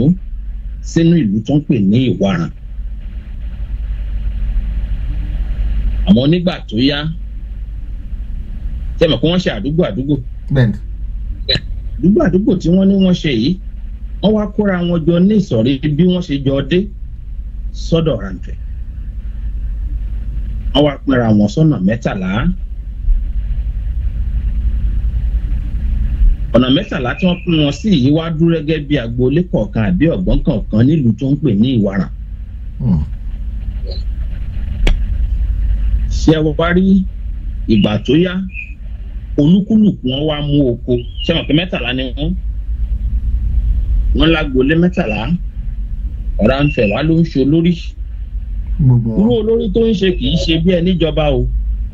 sínú ìlú tó ń pè ní ìwaràn àmọ́ nígbà tó yá tẹmọ̀ pé wọ́n ṣe àdúgbò àdúgbò àdúgbò àdúgbò tí wọ́n ní wọ́n ṣe yìí wọ́n wá kóra wọn jọ ní ìsọ̀rí bí wọ́n ṣe jọ dé sọ́dọ̀ ràǹtẹ̀ wọ́n wá pínra wọn sọ́nà mẹ́tàlá. So ọ̀nà mẹ́tàlá tí wọ́n pín wọn sí yìí wá dúró gẹ́gẹ́ bí agboolé kọ̀ọ̀kan àbí ọ̀gbọ́n kọ̀ọ̀kan nílùú tó ń pè ní ìwàrà. Hmm. ṣé ẹ wá rí ìgbà tó yá olúkúlùkù wọn wá mú oko ṣé wọn pé mẹ́tàlá ni wọ́n wọ́n lágboolé mẹ́tàlá ọ̀rá ń fẹ̀ wá ló ń ṣe olórí irú olórí tó ń ṣe kì í ṣe bí ẹni jọba o.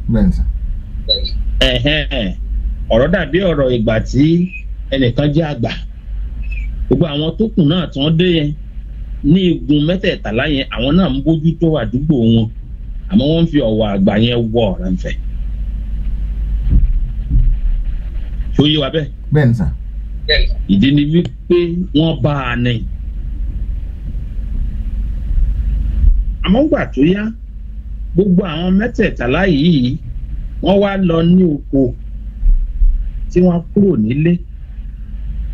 Bẹ́ẹ̀ni ọ̀rọ̀ dàbí ọ̀rọ̀ ìgbà tí ẹnìkan jẹ́ àgbà gbogbo àwọn tó kù náà tán dé yẹn ní igun mẹ́tẹ̀ẹ̀tàlá yẹn àwọn náà ń bójú tó àdúgbò wọn àmọ́ wọ́n ń fi ọ̀wọ̀ àgbà yẹn wọ ọ̀rẹ́ ńfẹ́. ṣó yé wa bẹ́ẹ̀. bẹ́ẹ̀ ni sà. ìdí ni wípé wọ́n bá a ní. àmọ́ gbà tó yá gbogbo àwọn mẹ́tẹ̀ẹ̀tàlá yìí wọ́n wá lọ ní oko tí wọ́n kúrò nílé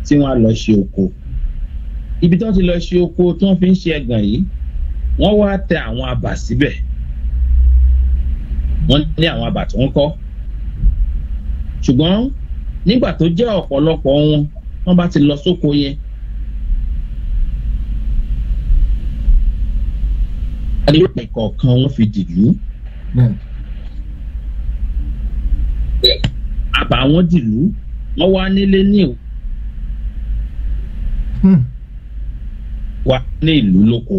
tí wọ́n lọ ṣe oko ibi tí wọ́n ti lọ ṣe oko tí wọ́n fi ń ṣe ẹ̀gàn yìí wọ́n wá tẹ àwọn abà síbẹ̀ wọ́n ní àwọn abà tó ń kọ́ ṣùgbọ́n nígbà tó jẹ́ ọ̀pọ̀lọpọ̀ wọn wọ́n bá ti lọ sóko yẹn adéwọ̀n ẹ̀kọ̀ọ̀kan wọn fi dìjú. Hmm àbá wọn dìlú wọn wá nílé ní ìwọ hmm. wá ní ìlú lóko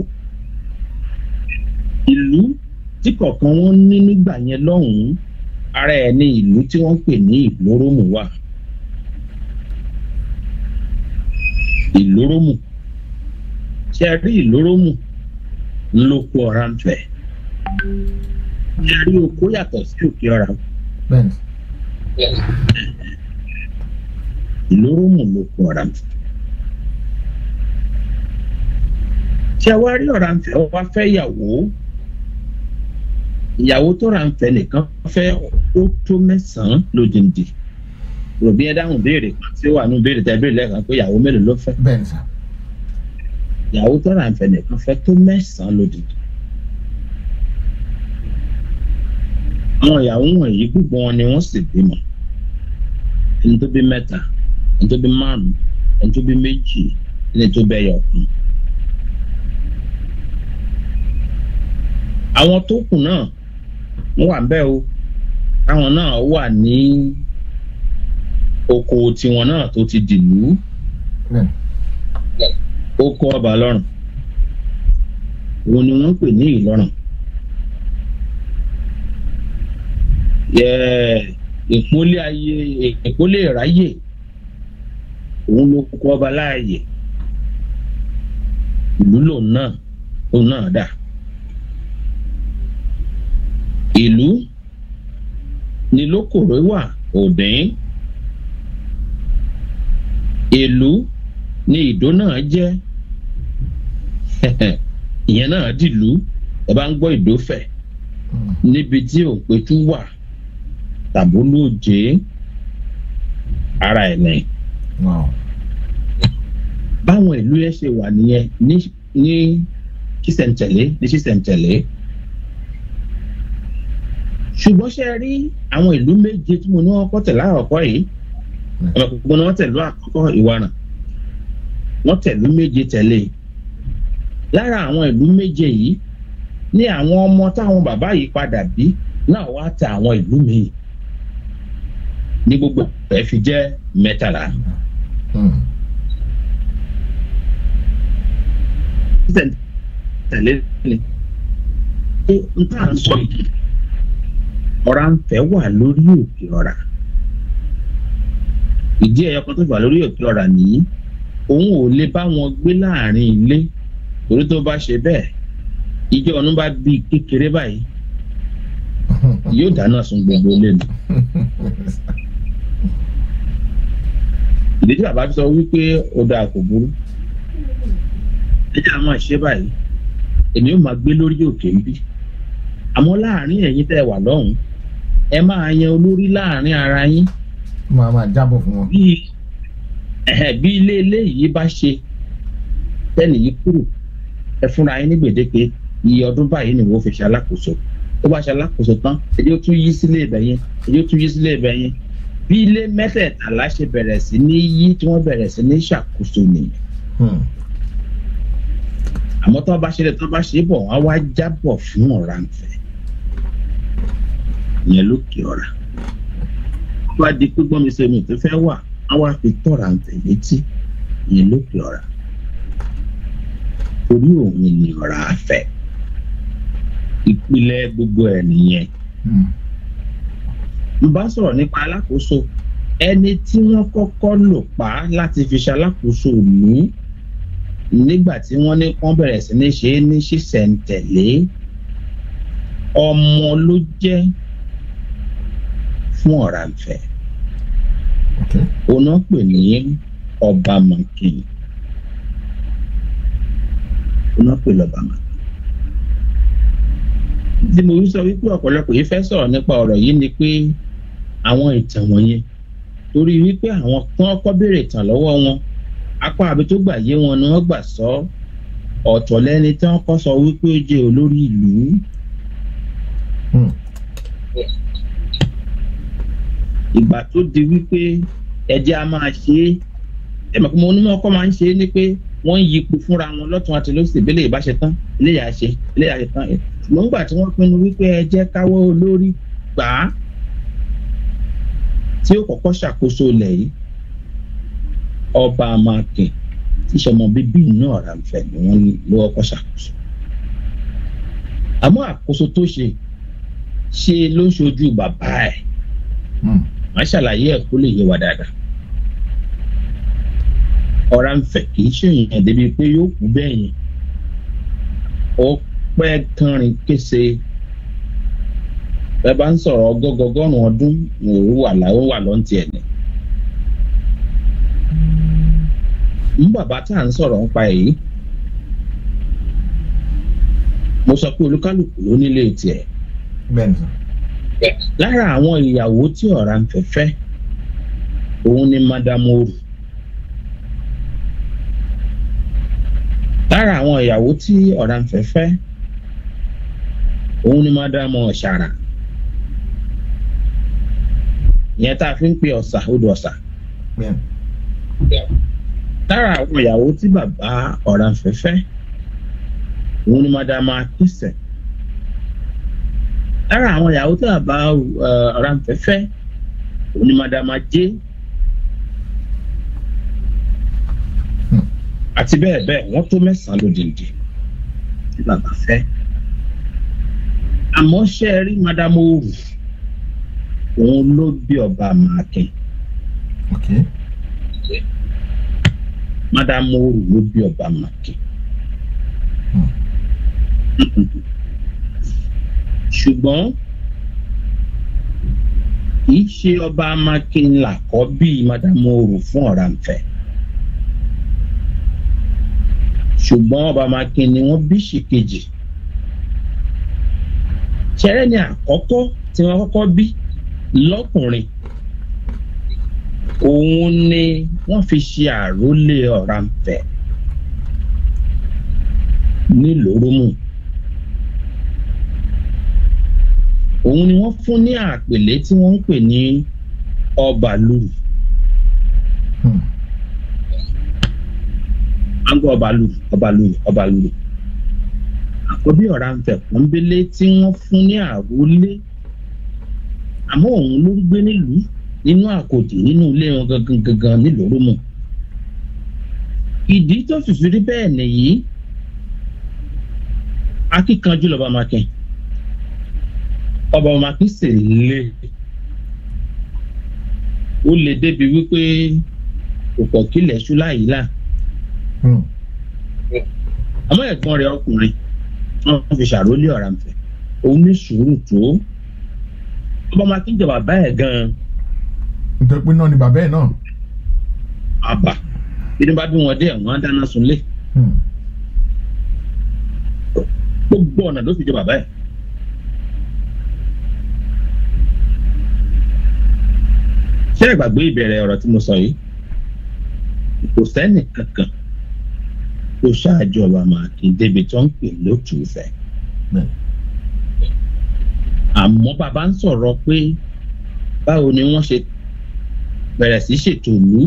ìlú tí kọ̀ọ̀kan wọn ní nígbà yẹn lọ́hùn-ún ara ẹ̀ ní ìlú tí wọ́n ń pè ní ìlórómù wà ìlórómù ṣe a rí ìlórómù lóko ọ̀rá ń fẹ̀ ṣe a rí oko yàtọ̀ sí òkè ọ̀rá lóró mò ló kun Ọ̀rànfẹ̀ tí a wá rí Ọ̀rànfẹ̀ wá fẹ́ yàwó ìyàwó tó Ọ̀rànfẹ̀ nìkan fẹ́ ó tó mẹ́sàn-án lójijì ròbí ẹ dáhùn béèrè kan tí ó wà nù béèrè tẹ béèrè lẹ́ẹ̀kan pé ìyàwó mélòó ló fẹ́. bẹ́ẹ̀ sà. ìyàwó tó Ọ̀rànfẹ̀ nìkan fẹ́ tó mẹ́sàn-án lódìdí. àwọn ìyàwó wọ̀nyí gbogbo wọn ni wọ́n sì bímọ ntó bí mẹ́ta ntó bí márùn ntó bí méjì ní tó bẹ́ẹ̀ yọ kan. àwọn tó kù náà wọ́n wà bẹ́ẹ̀ o àwọn náà wà ní oko tiwọn náà tó ti dìlú oko ọba lọ́rùn òun ni wọ́n ń pè ní ìlọ́rùn. Yeah ìpólé ayé ìpólé ìráyè òun ló kọ ọba láàyè ìlú lòun náà òun náà dà ìlú ni lókòrè wà òdìn ìlú ni ìdó náà jẹ́ [laughs] ìyẹn náà dìlú ẹ bá ń gbọ́ ìdófẹ̀ hmm. níbi tí òǹpẹ̀tù wà tàbó lóòjé ara ẹ̀ ní. báwọn ìlú yẹn ṣe wà nìyẹn ní ṣísẹ̀ntẹ̀lé ní ṣísẹ̀ntẹ̀lé ṣùgbọ́n ṣe rí àwọn ìlú méje tí mo ní wọ́n kọ́ tẹ̀lé àkọ́kọ́ yìí ọ̀pọ̀lọpọ̀ ni wọ́n tẹ̀lé àkọ́kọ́ ìwaràn wọ́n tẹ̀lú méje tẹ̀lé lára àwọn ìlú méje yìí ni àwọn ọmọ táwọn bàbá yìí padà bí náà wá ta àwọn ìlú míì ní gbogbo ẹ̀ fi jẹ́ mẹ́tàlá. Hmm. tẹ̀lé ni pé n tá à ń sọ yìí ọ̀rá ń fẹ́ wà lórí òkè ọ̀rá ìdí ẹ̀yọ kan tó wà lórí òkè ọ̀rá nìyí òun ò lè bá wọn gbé láàrin ilé torí tó bá ṣe bẹ́ẹ̀ ìjọ ọ̀nù bá bí kékeré báyìí hmm. yóò dáná sun gbogbo ilé [laughs] ìdí tí bàbá sọ wípé ó dáa kò burú ẹjẹ àwọn àṣẹ báyìí èmi ò máa gbé lórí òkè ń bí àmọ́ láàrin ẹ̀yin tẹ́ wà lọ́hùnún ẹ máa yan olórí láàrin ara yín. máa máa jábọ̀ fún wọn. bíi bí ilé eléyìí bá ṣe tẹ́nì yìí kúrò ẹ fúnra yín ní gbèdéke iye ọdún báyìí ni wọ́n fi ṣe alákòóso tó bá ṣe alákòóso tán ẹ yóò tún yí sílé ibẹ̀ yẹn ẹ tún yí sílé ibẹ̀ bí ilé mẹ́tẹ̀ẹ̀tàlá ṣe bẹ̀rẹ̀ sí ní yí tí wọ́n bẹ̀rẹ̀ sí ní ṣàkóso nìyẹn hmm. àmọ́ tó bá ṣe lè tó bá ṣe bọ̀ wá wá jábọ̀ fún ọ̀rànfẹ́ ìyẹn lókè ọ̀rà wá di gbígbọ́n mi sẹ́mi tó fẹ́ wà á wá fi tọ́ra ń tẹ̀lé tí ìyẹn lókè ọ̀rà orí òun ni ọ̀rà afẹ́ ìpìlẹ̀ gbogbo ẹ̀ nìyẹn. Mm n bá sọ̀rọ̀ nípa alákòóso ẹni tí wọ́n kọ́kọ́ lò pa láti fi ṣe alákòóso mi nígbà tí wọ́n ní wọ́n bẹ̀rẹ̀ sí ní ṣe é ní ṣísẹ̀ntẹ̀lé ọmọ ló jẹ́ fún Ọ̀rànfẹ̀ òun pè ní ọba mọ̀kìn òun pè lọ́ba mọ̀kìn tí mo sọ wípé ọ̀pọ̀lọpọ̀ yìí fẹ́ sọ̀rọ̀ nípa ọ̀rọ̀ yìí ni pé àwọn ìtàn wọ̀nyẹn torí wípé àwọn kan kọ́ béèrè ìtàn lọ́wọ́ wọn apá àbí tó gbà yé wọn ni wọ́n gbà sọ ọ̀tọ̀ lẹ́ni tí wọ́n kọ́ sọ wípé ó jẹ́ olórí ìlú. Hmm. ìgbà tó di wípé ẹ̀jẹ̀ a máa ṣe é ẹ mọ̀ pé mo onímọ̀ ọkọ máa ń ṣe é ní pé wọ́n ń yípo fúnra wọn lọ́tún àti lọ́sẹ̀ bí eléyìí bá ṣe tán á ṣe eléyìí á ṣe tán ṣùgbọ́n nígbà tí wọ́n pinnu wípé ẹ káwọ́ olórí gbà tí ó kọ́kọ́ ṣàkóso ilẹ̀ yìí ọba amakin tí sọmọ bíbí náà Ọ̀rànfẹ̀ ni wọ́n ló kọ́kọ́ ṣàkóso àmọ́ àkóso tó ṣe ṣe ló ń ṣojú bàbá ẹ̀ má hmm. ṣàlàyé ẹ̀ kó lè yé wa dáadáa Ọ̀rànfẹ̀ kì í ṣèyàn débi pé yóò kú bẹ́ẹ̀ yẹn ó pẹ́ kánrin kése bẹ́ẹ̀ bá ń sọ̀rọ̀ ọgọ́gọ́gọ́rùn ọdún òru wà láwọ́ wà lọ́ntì ẹ̀ ni. bàbá tá à ń sọ̀rọ̀ ń pa èyí mo sọ pé olúkálùkù ló nílé tiẹ̀. lára àwọn ìyàwó tí ni oru. lára àwọn ìyàwó tí ọ̀ra ń fẹ́fẹ́ òun ni madam ìyẹn tá a fi ń pe ọ̀sà odò ọ̀sà. lára àwọn ìyàwó tí bàbá Ọ̀rànfẹ́ fẹ́ òun ni madam akínsẹ̀ lára àwọn ìyàwó tí bàbá Ọ̀rànfẹ́ fẹ́ òun ni madam ajé hmm. àti bẹ́ẹ̀ bẹ́ẹ̀ wọ́n tó mẹ́sàn-án lódìndín tí bàbá fẹ́ àmọ́ ṣe é rí madam oòrùn òun ló bí ọba màkín. Okay. madam moro ló bí ọba màkín. ṣùgbọ́n kì í ṣe ọba amákin làkọ́ bíi madam moro fún Ọ̀rànfẹ̀. ṣùgbọ́n ọba amákin ni wọ́n bí ṣìkejì. ṣẹ́rẹ́ ni àkọ́kọ́ tí wọ́n kọ́kọ́ bí lọ́kùnrin òun ni wọ́n fi ṣe àrólé Ọ̀rànfẹ̀ nílòrúmù òun ni wọ́n fún ní àpèlé tí wọ́n ń pè ní Ọbalùrù àgọ́ hmm. Ọbalùrù Ọbalùrù Ọbalùrù àkọ́bí Ọ̀rànfẹ̀ pọ́nbélé tí wọ́n fún ní àrólé àmọ́ òun ló ń gbé nílùú nínú àkòtì nínú ilé wọn gangan gangan nílòrúmọ ìdí tó sì fi rí bẹ́ẹ̀ nìyí akíkanjú lọ́ba makin ọba makin sì le ó le débi wípé òpò kílẹ̀ ṣúlá yìí hmm. là àmọ́ ẹ̀gbọ́n rẹ̀ ọkùnrin wọ́n fi ṣàrólé ọ̀rànfẹ́ òun ní sùúrù tó bọ́ máa kí n jẹ bàbá ẹ̀ gan-an. nítorí pé náà ni bàbá ẹ̀ náà. àbà bí ní bá bí wọn dé wọn á dáná sunlé. Hmm. gbogbo ọ̀nà ló fi jẹ bàbá ẹ̀. ṣé ìgbàgbé ìbẹ̀rẹ̀ ọ̀rọ̀ tí mo sọ yìí kò sẹ́nì kankan tó ṣáájú ọba máa kí débi tó ń pè lótùúfẹ́. bẹ́ẹ̀ àmọ́ bàbá ń sọ̀rọ̀ pé báwo ni wọ́n ṣe bẹ̀rẹ̀ sí ṣètò mí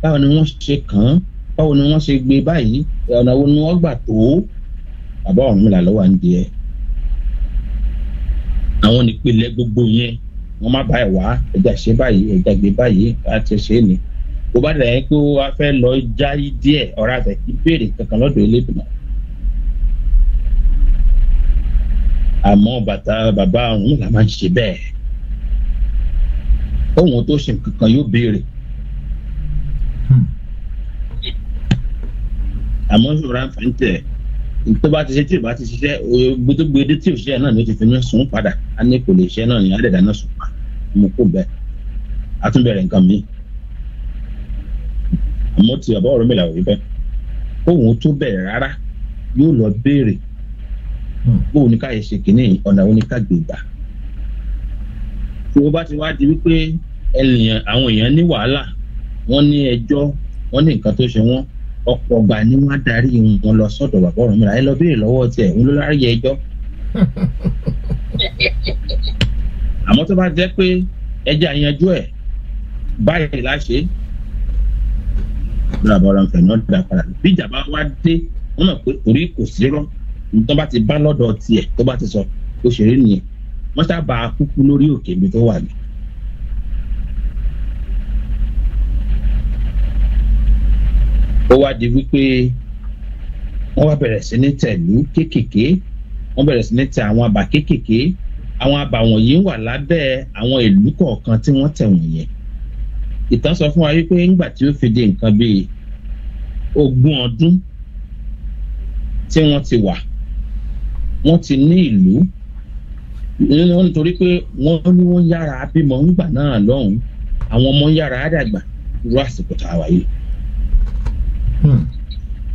báwo ni wọ́n ṣe kàn án báwo ni wọ́n ṣe gbé báyìí ọ̀nà wo ni wọ́n gbà tó bàbá Ọ̀rúnmìlà ló wà ń di ẹ̀ àwọn nípìnlẹ̀ gbogbo yẹn wọ́n má báyìí wá ẹja ṣe báyìí ẹja gbé báyìí láti ṣe é ni kó bá dàgbà yẹn pé ó wá fẹ́ lọ jáì díẹ̀ ọ̀rá àtẹ̀kí béèrè kankan lọ́dọ̀ Elédùmarè àmọ́ bàtà bàbá òun là máa ń ṣe bẹ́ẹ̀ òun tó ṣe nǹkan kan yóò béèrè àmọ́ ṣòro àǹfààní tẹ̀ tó bá ti ṣe tí ò bá ti ṣiṣẹ́ gbogbo tó gbé dé tí ò ṣiṣẹ́ náà ló ti fi mí sùn padà á ní kò lè ṣe náà ní àdẹ̀dà náà sùn pa mo kó bẹ́ẹ̀ á tún bẹ̀rẹ̀ nǹkan mi àmọ́ ti ọ̀bá ọ̀rọ̀ mi làwọn rí bẹ́ẹ̀ òun tó bẹ̀rẹ̀ rárá yóò lọ béèrè Hmm. bó o ní ká yẹ ṣe kìíní ọ̀nà oníkàgbé ìgbà tí wọ́n bá ti wá di wípé ènìyàn àwọn èèyàn ní wàhálà wọ́n ní ẹjọ́ wọ́n ní nǹkan tó ṣe wọ́n ọ̀pọ̀ ọgbà ni wọ́n á darí wọn lọ sọ́dọ̀ bàbá Ọ̀rúnmìlà ẹ lọ béèrè lọ́wọ́ tiẹ̀ òun ló láàyè ẹjọ́ [laughs] àmọ́ tó bá jẹ́ pé ẹjẹ́ àyanjú ẹ̀ báyìí láṣẹ bí ìjàmbá wá dé wọ́n mọ̀ pé orí kò sí rán tó bá ti bá lọ́dọ̀ tiẹ̀ tó bá ti sọ òṣèré nìyẹn wọ́n sábà kúkú lórí òkè mi tó wà ní. ó wá di wípé wọ́n wá bẹ̀rẹ̀ sí ní tẹ̀lú kéékèèké wọ́n bẹ̀rẹ̀ sí ní tẹ àwọn àbá kéékèèké àwọn àbá wọ̀nyí wà lábẹ́ àwọn ìlú kọ̀ọ̀kan tí wọ́n tẹ̀ wọ̀nyẹn ìtàn sọ fún wa wípé ńgbà tí ó fi di nǹkan bíi ogún ọdún tí wọ́n ti wà wọ́n ti ní ìlú wọ́n nítorí pé wọ́n ní wọ́n yára bímọ ńgbà náà lọ́hùn àwọn ọmọ yára dàgbà irú àsìkò tá a wà yìí. Hmm.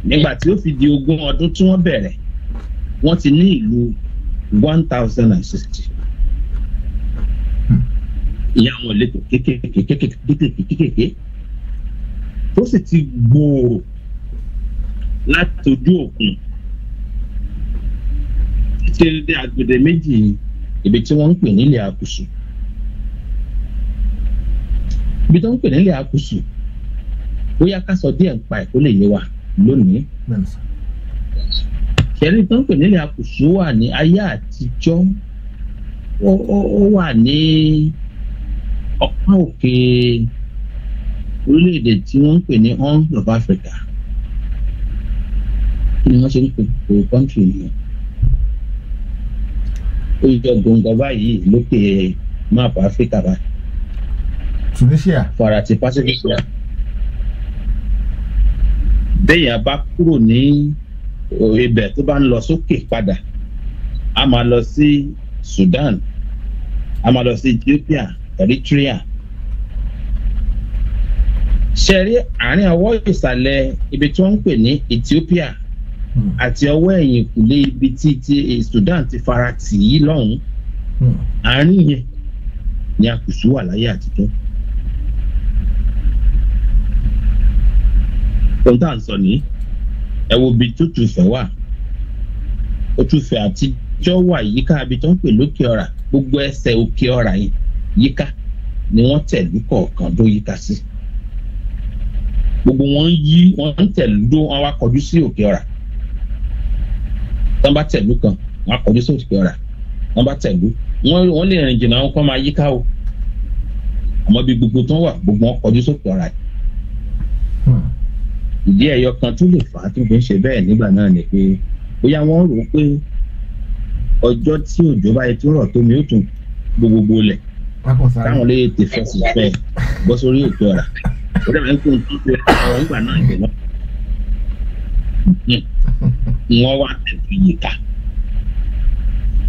nígbà tí ó fi di ogún ọdún tí wọ́n bẹ̀rẹ̀ wọ́n ti ní ìlú one thousand and sixty ìyá àwọn ìletò kékèké tó sì ti gbòòrò láti ojú òkun títí dé agbede méjì ibi tí wọ́n ń pè nílẹ̀ àkùsù ibi tí wọ́n ń pè nílẹ̀ àkùsù bóyá ká sọ díẹ̀ nípa ẹ̀ kó lè yé wa lónìí kẹrí tó ń pè nílẹ̀ àkùsù wà ní ayé àtijọ́ ó wà ní ọ̀pá òkè orílẹ̀-èdè tí wọ́n ń pè ní horn of Africa kí ni wọ́n ṣe ń pè pé kọ́ńtì yìí ó yọ gbọ̀ngàn báyìí lókè máàpù áfíríkà bá. tunisia. farati pacific na. béèyàn bá kúrò ní ibẹ̀ tó bá ń lọ sókè padà a máa lọ sí sudan a máa lọ sí ethiopia eritrea ṣe rí àárín ọwọ́ ìsàlẹ̀ ibi tí wọ́n ń pè ní ethiopia àti ọwọ́ ẹ̀yìn kùlé ibi tí ti eh, Sudan ti fara tì í lọ́hùn hmm. àárín yẹn ni àkùsù wà láyé àtijọ́. ohun tá à ń sọ ní ẹ wo ibi tó tún fẹ́ wà ó tún fẹ́ àtijọ́ wà yíká ibi tó ń pè lókè ọ̀rà gbogbo ẹsẹ̀ òkè ọ̀rà yíká ni wọ́n tẹ̀lú kọ̀ọ̀kan tó yíká sí gbogbo wọn ń yí wọn ń tẹ̀lú dó wọn wá kọjú sí òkè ọ̀rà tán bá tẹ̀lú kan wọn kọjú sóòtù pé ọ̀rà tán bá tẹ̀lú wọn lè rìn jìnnà wọn kọ́ máa yíká o àmọ́ bí gbogbo tán wà gbogbo wọn kọjú sóòtù ọ̀rà hmm. ìdí ẹ̀yọ kan tó lè fà á tó fi ń ṣe bẹ́ẹ̀ nígbà náà ni pé bóyá wọ́n rò ó pé ọjọ́ tí òjò báyìí tó rọ̀ tómi ó tún gbogbogbò lẹ̀ táwọn lè tè fẹsẹ̀ fẹ́ bọ́ sórí wọ́n wà pẹ̀lú yìíká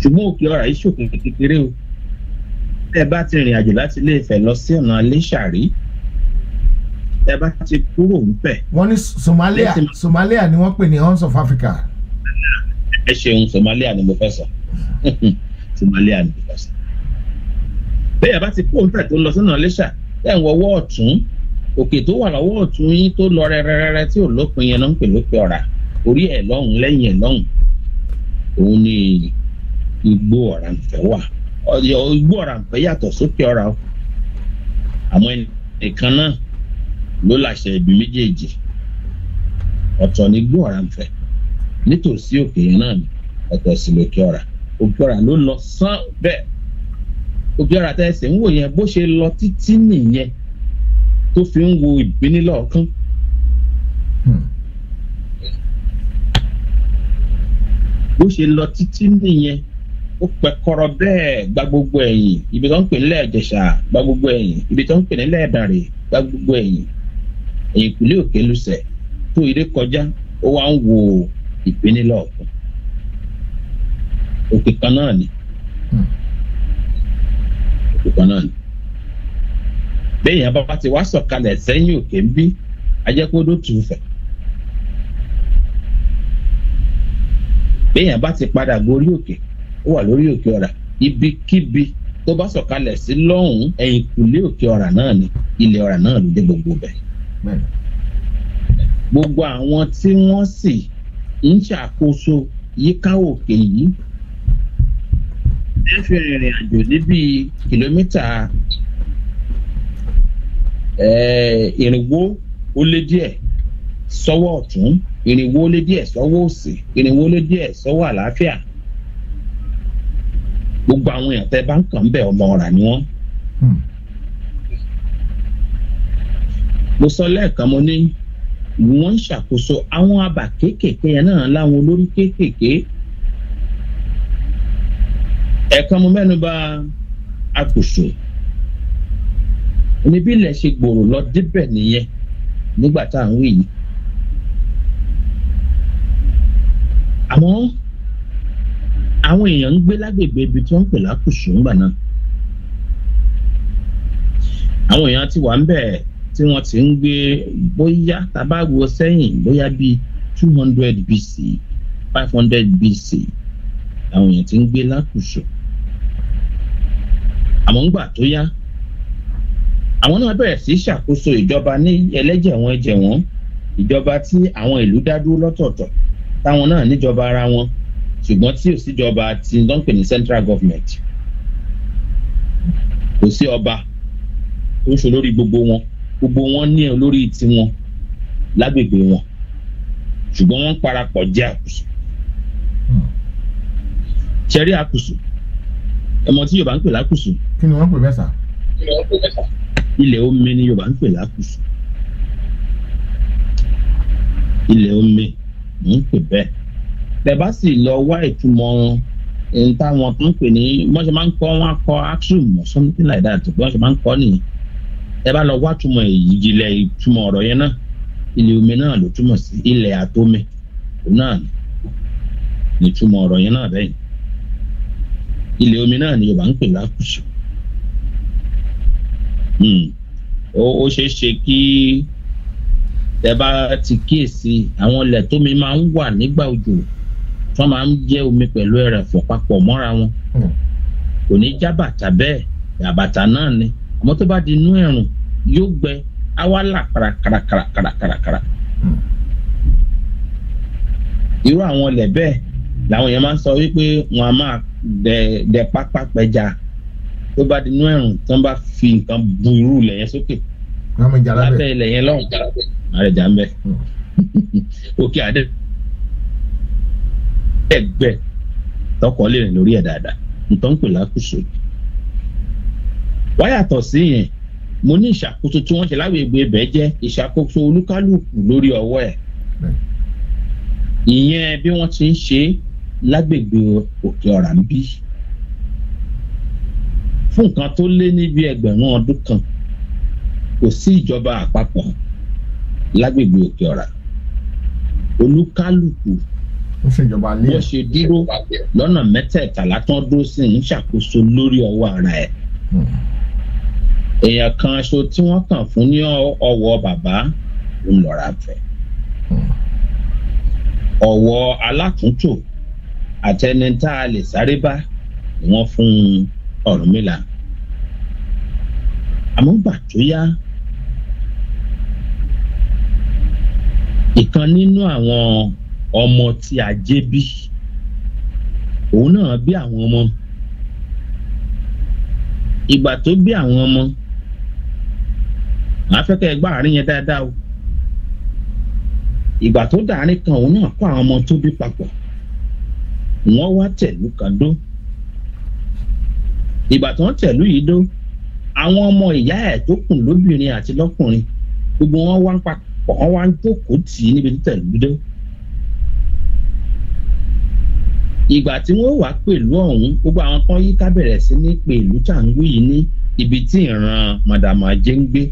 ṣùgbọ́n òkè ọ̀rá yìí ṣòkùnkùn kékeré o tẹ́ ẹ bá ti rìn àjò láti ilé Ifẹ̀ lọ sí ọ̀nà Iléṣàrí tẹ́ ẹ bá ti kúrò nípẹ̀. wọ́n ní Somalia Somalia ni wọ́n pè ní Horns of Africa. ẹ ṣeun Somalia ni mo fẹ́ sọ [laughs] Somalia ni mo fẹ́ sọ. bẹ́ẹ̀ bá ti kúrò nípẹ̀ tó lọ sínú Iléṣà tẹ́ ẹ̀ ń wọ́wọ́ ọ̀tún òkè tó wà lọ́wọ́ ọ̀tún yín tó lọ rẹ́rẹ́rẹ́rẹ́ tí ò lópin yẹn ló ń pè lópin ọ̀rá orí ẹ̀ lọ́hùn lẹ́yìn ẹ̀ lọ́hùn òun ni igbó Ọ̀rànfẹ́ wà igbó Ọ̀rànfẹ́ yàtọ̀ sókè ọ̀rá o àmọ́ ẹnìkan náà ló láṣẹ ibi méjèèjì ọ̀tọ̀ ni igbó Ọ̀rànfẹ́ nítòsí òkè yẹn náà ni ọ̀tọ̀ sì lòkè ọ̀rá òkè ọ̀rá ló lọ sán bẹ́ẹ̀ òkè ọ̀rá tẹ́ ẹsẹ̀ ń wò yẹn bó ṣe lọ títí nìyẹn tó fi ń wo ìbínilọ́ọ̀kan. Hmm bó ṣe lọ títí nìyẹn ó pẹkọrọ bẹ́ẹ̀ gba gbogbo ẹ̀yìn ibi tó ń pè nílẹ̀ Ìjẹ̀ṣà gba gbogbo ẹ̀yìn ibi tó ń pè nílẹ̀ Ìdànrè gba gbogbo ẹ̀yìn ẹ̀yìn ìpínlẹ̀ Òkè lùsẹ̀ tó ilé kọjá ó wá ń wo ìpínlẹ̀ Ọ̀fun òkè kan náà ni hmm. òkè kan náà ni lẹ́yìn abáwá ti wá sọ̀kalẹ̀ sẹ́yìn òkè ń bí ajẹpọdọ tù fẹ. béèyàn bá ti padà gorí òkè ó wà lórí òkè ọ̀rà ibikíbi tó bá sọ̀kalẹ̀ sí lọ́hùn-ún ẹ̀yìnkùlé òkè ọ̀rà náà ni ilẹ̀ ọ̀rà náà ló dé gbogbo bẹ̀. gbogbo àwọn tí wọ́n sì ń ṣàkóso yíká òkè yìí ẹ fi rìnrìn àjò níbi kìlómítà ìrìnwó ó lé díẹ̀ sọ́wọ́ ọ̀tún irinwó lé díẹ̀ sọ́wọ́ òsì irinwó lé díẹ̀ sọ́wọ́ àlàáfíà gbogbo àwọn èèyàn tẹ́ bá ń kàn ń bẹ ọmọ ọ̀rà ni wọ́n. Hmm. mo sọ lẹ́ẹ̀kan mo ní wọ́n ń ṣàkóso àwọn abà kéékèèké yẹn náà láwọn olórí kéékèèké ẹ̀ẹ̀kan mo mẹ́nu bà akùsù níbí ilẹ̀ ṣe gbòòrò lọ débẹ̀ nìyẹn nígbà tá à ń wí yìí àmọ́ àwọn èèyàn ń gbé lágbègbè ibi tí wọ́n ń pè lákùsù ńgbà náà àwọn èèyàn ti wà ń bẹ̀ tí wọ́n ti ń gbé bóyá tábà wo bóyá bíi two hundred BC five hundred BC àwọn èèyàn ti ń gbé lákùsù àmọ́ ńgbà tó yá àwọn náà bẹ̀rẹ̀ sí ṣàkóso ìjọba ní ẹlẹ́jẹ̀ wọn ẹ̀jẹ̀ wọn ìjọba tí àwọn ìlú dá dúró lọ́tọ̀ọ̀tọ̀ táwọn náà níjọba ara wọn ṣùgbọ́n tí ò síjọba ti ń pè ní central government kò sí ọba tó ń ṣolórí gbogbo wọn gbogbo wọn ní olórí tiwọn lágbègbè wọn ṣùgbọ́n wọ́n ń parapọ̀ jẹ́ àkùsù ṣẹ̀rí àkùsù ẹ̀mọ tí yorùbá ń pè lákùsù. kí ni wọ́n ń pè bẹ́ẹ̀ sà. ilẹ̀ omi ni yorùbá ń pè lákùsù ilẹ̀ omi ń pè bẹ́ẹ̀ bẹ́ẹ̀ bá sì lọ wá ìtumọ̀ n táwọn tó ń pè ní wọ́n ṣe máa ń kọ́ wọn akọ axiom or something like that wọ́n ṣe máa ń kọ́ nìyẹn ẹ bá lọ wá túmọ̀ ìjìnlẹ̀ ìtumọ̀ ọ̀rọ̀ yẹn náà ilẹ̀ omi náà ló túmọ̀ sí ilẹ̀ àtomi òun náà ni ìtumọ̀ ọ̀rọ̀ yẹn náà bẹ́ẹ̀ ilẹ̀ omi náà ni Yorùbá ń pè lákùsù hmm. ó ṣeé ṣe kí tẹ bá ti kíyèsí àwọn ilẹ̀ tómi máa ń wà nígbà òjò tó máa ń jẹ́ omi pẹ̀lú ẹrẹ̀fọ̀ papọ̀ mọ́ra wọn hmm. kò ní já bàtà bẹ́ẹ̀ àbàtà náà ni àmọ́ tó bá di inú ẹ̀rùn yóò gbẹ á wá là kàràkàràkàràkàràkàrà hmm. irú àwọn ilẹ̀ bẹ́ẹ̀ làwọn yẹn máa ń sọ wípé wọn a máa dẹ pápá pẹja tó bá di inú ẹ̀rùn tó ń bá fi nǹkan bu irú ilẹ̀ yẹn sókè. So àmọ ìjà lábẹ́ ilẹ̀ yẹn lọ́hùn àrẹ jà ń bẹ òkè àdé ẹgbẹ tọkọ lè rìn lórí ẹ dáadáa nǹkan ń pè lákùsọ wá yàtọ̀ sí yẹn mo ní ìṣàkóso tí wọ́n ṣe lágbègbè ibẹ̀ jẹ́ ìṣàkóso olúkálùkù lórí ọwọ́ ẹ̀ ìyẹn bí wọ́n ti ń ṣe lágbègbè òkè ọ̀rá ń bí fún nǹkan tó lé ní ẹgbẹ̀rún ọdún kan kò sí ìjọba àpapọ̀ lágbègbè òkè ọ̀rá olúkálùkù bó ṣe dúró lọ́nà mẹ́tẹ̀ẹ̀tàlá tán dúró sí ń ṣàkóso lórí ọwọ́ ara ẹ̀ èèyàn kan aṣọ tí wọ́n kàn fún ní ọwọ́ bàbá ń lọ́ra fẹ́ ọ̀wọ́ alátúntò àtẹni sáré bá ni wọ́n fún Ọ̀rúnmìlà àmọ́ gbà tó yá ìkan nínú àwọn ọmọ tí a jẹ́ bí òun náà bí àwọn ọmọ ìgbà tó bí àwọn ọmọ màá fẹ́ kẹ́ ẹ gbọ́ àárín yẹn dáadáa o ìgbà tó dàárín kan òun náà kó àwọn ọmọ tó bí papọ̀ wọ́n wá tẹ̀lú kan dó ìgbà tó ń tẹ̀lú yìí dó àwọn ọmọ ìyá ẹ̀ tó kù lóbìnrin àti lọ́kùnrin gbogbo wọn wá ń wọ́n wá ń tì í níbi tó tẹ̀lú ìgbà tí wọ́n wà pẹ̀lú ọ̀hún gbogbo àwọn kan yí ká bẹ̀rẹ̀ sí ní pẹ̀lú changwu yìí ní ibi tí ìran madama jẹ ń gbé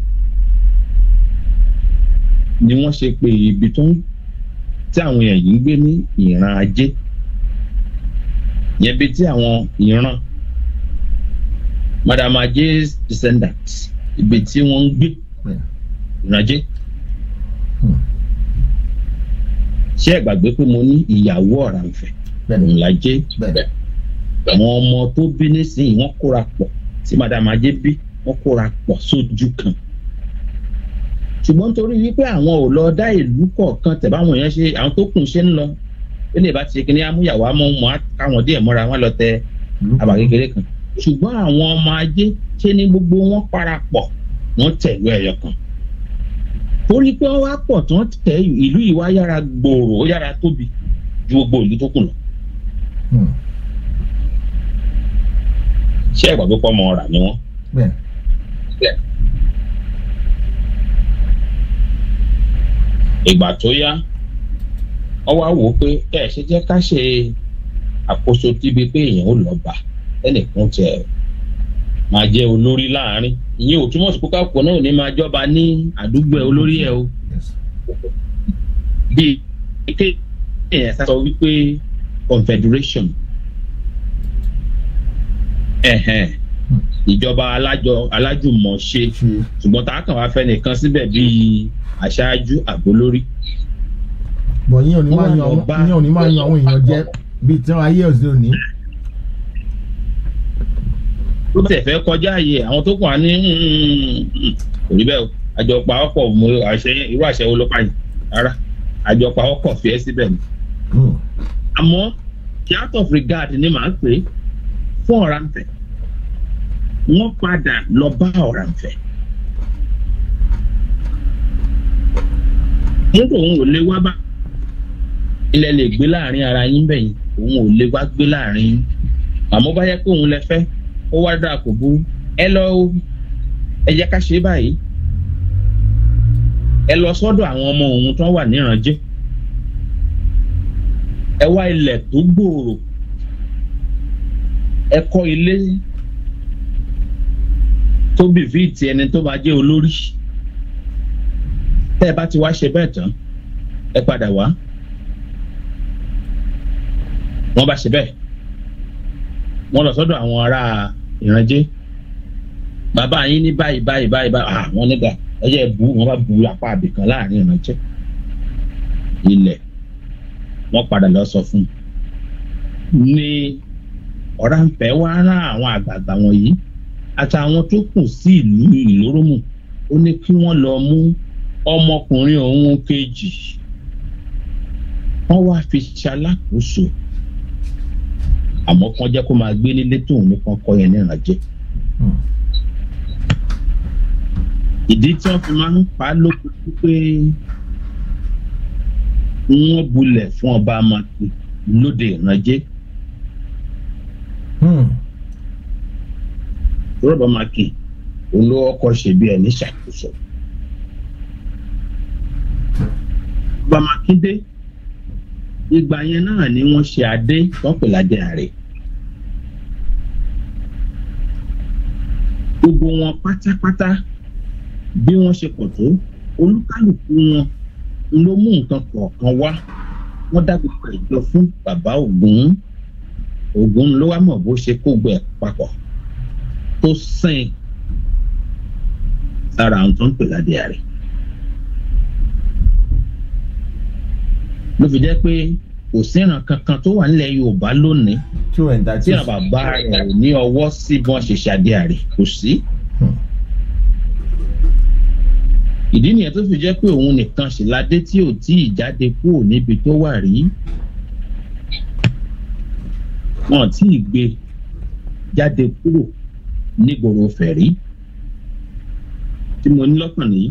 ni wọ́n ṣe pé ibi tó ń tí àwọn èèyàn yìí ń gbé ní ìran ajé yẹn bí tí àwọn ìran madama ajé descendant ibi tí wọ́n ń gbé hmm. ìran ajé. Yeah ṣé ẹ gbàgbé pé mo ní ìyàwó Ọ̀rànfẹ̀ òun la jẹ́ àwọn ọmọ tó bí nísìnyí wọ́n kóra pọ̀ tí madam ajé bí wọ́n kóra pọ̀ sójú kan ṣùgbọ́n nítorí wípé àwọn ò lọ dá ìlú kọ̀ọ̀kan tẹ̀ báwọn èèyàn ṣe àwọn tó kùn ṣe ń lọ ó lè bá ti ṣe kí ni amúyàwó amọ̀ mọ́ káwọn díẹ̀ mọ́ra wọn lọ tẹ àbá kékeré kan ṣùgbọ́n àwọn ọmọ ajé ṣe ni gbogbo wọn parapọ̀ wọ́n tẹ̀lú ẹ̀yọ kan torí pé wọ́n wá pọ̀ tán tẹ ìlú yìí wá yára gbòòrò ó yára tóbi ju gbogbo ìlú tó kù lọ. Hmm. ṣé ẹ̀gbọ́n tó pọ̀ mọ́ ọ̀rà ni wọ́n. ìgbà tó yá wọ́n wá wò ó pé ẹ ṣe jẹ́ ká ṣe àkóso tíbi pé èèyàn ò lọ́ọ́ ẹnìkan tẹ máa jẹ́ olórí láàárín ìyẹn ò túmọ̀ sí pé kápò náà ò ní máa jọba ní àdúgbò ẹ olórí ẹ o bí ètè ẹ̀ sọ wípé confederation ìjọba alájọ alájùmọ̀ṣe ṣùgbọ́n tá a kàn wá fẹ́ nìkan síbẹ̀ bíi aṣáájú àgbólórí. bọ̀ yín ò ní máa yan àwọn èèyàn jẹ bíi tí wọ́n ayé òsì òní tó tẹ̀ fẹ́ kọjá ààyè àwọn tó kàn á ní hmm, hmm, hmm, kò rí bẹ́ẹ̀ o àjọ pawọ́pọ̀ mo àṣẹ irú àṣẹ wo ló pa yìí rárá àjọ pawọ́pọ̀ fi ẹ́ síbẹ̀ ni. àmọ́ kí of regard ni màá pè é fún Ọ̀rànfẹ̀ wọ́n padà lọ bá Ọ̀rànfẹ̀. nígbà òun ò lè wá bá ilẹ̀ lè gbé láàrin ara yín bẹ̀yìn òun ò lè wá gbé láàrin yín àmọ́ bá kó òun lẹ fẹ́ ó wá dáa kò burú ẹ lọ ẹ jẹ́ ká ṣe báyìí ẹ lọ sọ́dọ̀ àwọn ọmọ òun tó wà níranjẹ́ ẹ wá ilẹ̀ tó gbòòrò ẹ kọ́ ilé tó bì fi ti ẹni tó bá jẹ́ olórí tẹ́ ẹ bá ti wá ṣe bẹ́ẹ̀ tán ẹ padà wá wọ́n bá ṣe bẹ́ẹ̀ wọ́n lọ sọ́dọ̀ àwọn ará ìrànjẹ bàbá yín ní báyìí báyìí báyìí báyìí àwọn ah, nígbà ẹyẹ bu wọn bá bu apá àbìkan láàrin ìrànjẹ ilẹ̀ wọn padà lọ sọ fún un ní Ọ̀rànfẹ̀ wá rán àwọn àgbààgbà wọ̀nyí àtàwọn tó kù sí ìlú ìlórómù ó ní kí wọ́n lọ mú ọmọkùnrin òun kejì wọ́n wá fi ṣalákòóso àmọ́ kàn jẹ́ kó máa gbé nílé tóun nìkan kọ́ yẹn níran jẹ́. ìdí tí wọ́n fi máa ń pa á lóko pé wọ́n bulẹ̀ fún ọba amadu lóde ìrànjẹ́. rọ́bà hmm. maki olówó ọkọ̀ ṣèbí ẹ̀ ní ṣàkóso. ọba makinde. Hmm ìgbà yẹn náà ni wọ́n ṣe adé wọ́n pè ládé ààrẹ. gbogbo wọn pátápátá bí wọ́n ṣe pọ̀ tó olúkálùkù wọn ló mú nǹkan kọ̀ọ̀kan wá wọ́n dá gbogbo ìjọ fún bàbá ògún ògún ló wá mọ̀ bó ṣe kó gbẹ papọ̀ tó sìn sára àwọn tó ń pè ládé ààrẹ. ló fi jẹ́ pé kò síran kankan tó wà nílẹ̀ yorùbá lónìí tí àbàbà rẹ̀ ní ọwọ́ sí bọ́n ṣe ṣàdé àrè kò sí. Hmm. ìdí nìyẹn tó fi jẹ́ pé òun nìkan ṣìládé tí ò tí ì jáde kúrò níbi tó wà rí wọn tí ì gbé jáde kúrò nígboro fẹ̀rí tí mo ní lọ́kàn nìyí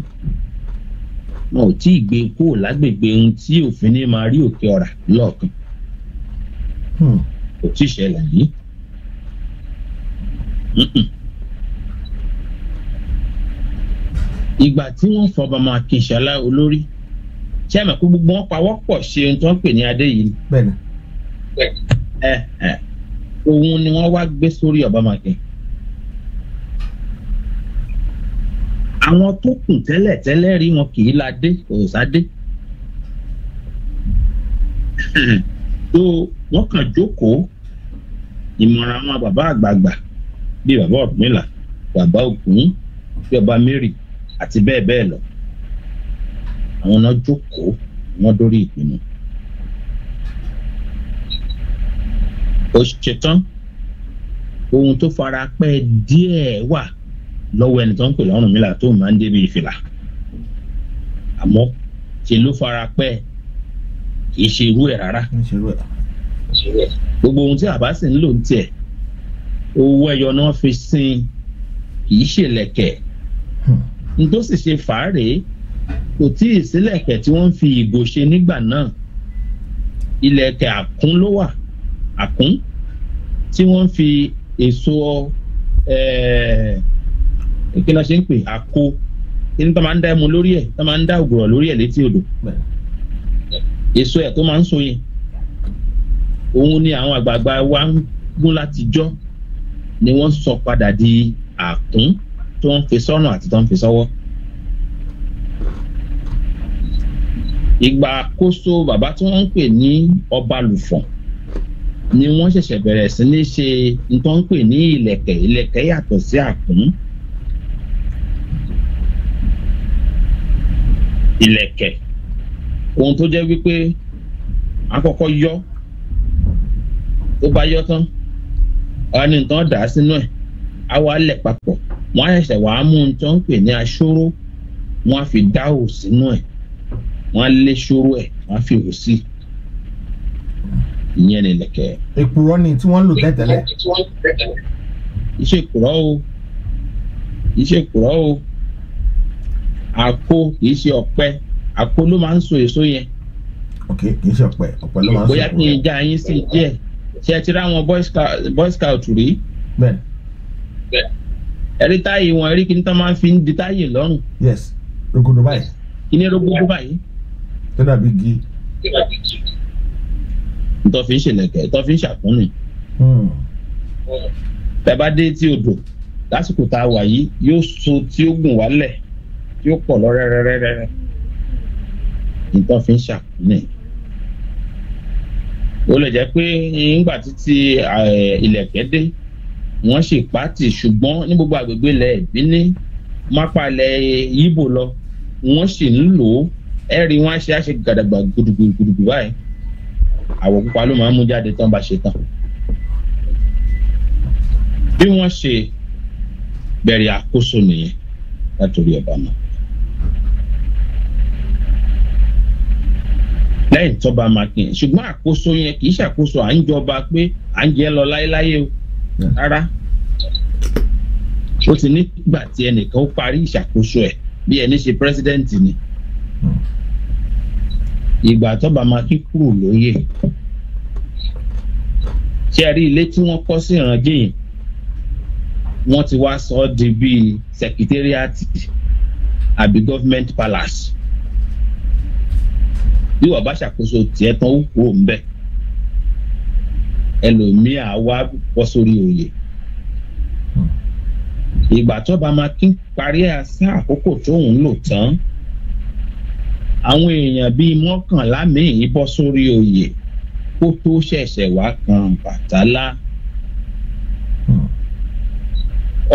wọn ò tí ì gbé kúrò lágbègbè ohun tí òfin ní máa rí òkè ọ̀rà lọ́ọ̀kan hmm. kò tí ì ṣẹlẹ̀ yìí. ìgbà tí wọ́n fọba máa kìsàlá olórí ṣé àmọ́ pé gbogbo wọn pawọ́pọ̀ ṣe ohun tí wọ́n pè ní adé yìí. bẹ́ẹ̀ ni. òun ni wọ́n wá gbé sórí ọba máa àwọn tó kù tẹ́lẹ̀ tẹ́lẹ̀ rí wọn kì í la dé òòsàdé tó wọ́n kàn jókòó ìmọ̀ràn àwọn bàbá àgbààgbà bíi bàbá ọ̀dùnmílà bàbá ògún bíi ọba mary àti bẹ́ẹ̀ bẹ́ẹ̀ lọ àwọn náà jókòó wọ́n dórí ìpinnu. ó ṣetán ohun tó fara pẹ́ díẹ̀ wà lọ́wọ́ ẹni tó ń pè lọ́rùn mílà tó máa ń débi ìfìlà àmọ́ ṣe ló fara pẹ́ kì í ṣe irú ẹ̀ rárá gbogbo ohun tí àbá sì ń lò ń tiẹ̀ owó ẹyọ náà fi sin kì í ṣe lẹ̀kẹ̀ hmm. n tó sì ṣe fàárẹ̀ kò tí ì sílẹ̀kẹ̀ tí wọ́n ń fi ìgò ṣe nígbà náà ilẹ̀kẹ̀ àkún ló wà àkún tí wọ́n ń fi èso ẹ̀ẹ́. Eh, kí náà ṣe ń pè àkó kí ni tó máa ń dá ẹmu lórí ẹ̀ tó máa ń dá ògùrọ̀ lórí ẹ̀ létí odò èso ẹ̀ tó máa ń so yẹn òun ni àwọn àgbààgbà wa ń gún látijọ́ ni wọ́n sọ padà di àkún tó ń fi sọ́nà àti tó ń fi sọ́wọ́. ìgbà àkóso bàbá tí wọ́n ń pè ní Ọbalùfọ̀n ni wọ́n ṣẹ̀ṣẹ̀ bẹ̀rẹ̀ sí ní ṣe nǹkan ń pè ní ìlẹ̀kẹ̀ ìlẹ̀kẹ̀ yàtọ̀ sí àkún. ìlẹ̀kẹ̀ ohun tó jẹ́ wípé a kọ́kọ́ yọ tó bá yọ tán a ní nǹkan dà á sínú ẹ̀ á wá lẹ̀ papọ̀ wọ́n á ṣẹ̀ṣẹ̀ wàá mú un tó ń pè ní aṣóró wọ́n á fi dá hò sínú ẹ̀ wọ́n á lé ṣóró ẹ̀ wọ́n á fi hò sí ìyẹn ní ìlẹ̀kẹ̀. èkùrọ́ ni tí wọ́n lò tẹ́tẹ́lẹ̀. iṣẹ́ èkùrọ́ o iṣẹ́ èkùrọ́ o àkó kì í ṣe ọ̀pẹ àkó ló máa ń so èso yẹn. ok kì í ṣe ọ̀pẹ ọ̀pẹ ló máa ń so èso yẹn. bóyá kí n já yín sí díẹ̀ ṣé ẹ ti rá wọn boy scout rí. bẹ́ẹ̀. bẹ́ẹ̀ ẹrí táyì wọn ẹrí kí n tán máa ń fi ń di táyì lọ́rùn. yes rogodo báyìí. kí ni rogodo báyìí. tó dàbí igi. tó fi ń ṣèlẹ̀kẹ̀ tó fi ń ṣàkúnni. bẹ́ẹ̀ hmm. bá dé tí odò lásìkò tá a wà yìí yóò so tí ó gùn wálẹ̀ tí ó pọ̀ lọ rẹ́rẹ́rẹ́rẹ́ nǹkan fi ń ṣàkúnẹ̀ ó lè jẹ́ pé nígbà títí ilẹ̀kẹ́ dé wọ́n sì pàtì ṣùgbọ́n ní gbogbo àgbègbè ilẹ̀ ìbílẹ̀ mápá ilẹ̀ Ìgbò lọ wọ́n sì ń lò ó ẹ̀rí wọn á ṣe àṣe gàdàgbà gudugudu báyìí àwọ̀ pupa ló máa ń mú jáde tán bá ṣe tán bí wọ́n ṣe bẹ̀rẹ̀ àkóso nìyẹn látòrí ọba lẹ́yìn tọ́ba makin ṣùgbọ́n àkóso yẹn kì í ṣàkóso à ń jọba pé à ń jẹ́ lọ láéláé o rárá ó ti nígbà tí ẹnìkan ó parí ìṣàkóso ẹ̀ bí ẹni ṣe pírẹsidẹ́ǹtì ni ìgbà tọ́ba makin kúrò lóyè ṣe rí ilé tí wọ́n kọ́ sí ìrànjẹ́ yìí wọ́n ti wá sọ ọ́ di bíi sẹkítẹ́rìàtì àbí gọ́fìmẹ̀ntì palace bí wọ́n bá ṣàkóso tiẹ̀ tán ó kú òun bẹ̀ ẹlòmíì á wá bọ́ sórí oyè ìgbà tó bá máa kí parí àṣà àkókò tóun lò tán àwọn èèyàn bíi mọ́kànlá míì bọ́ sórí oyè kó tó ṣẹ̀ṣẹ̀ wá kan Ọbàtálá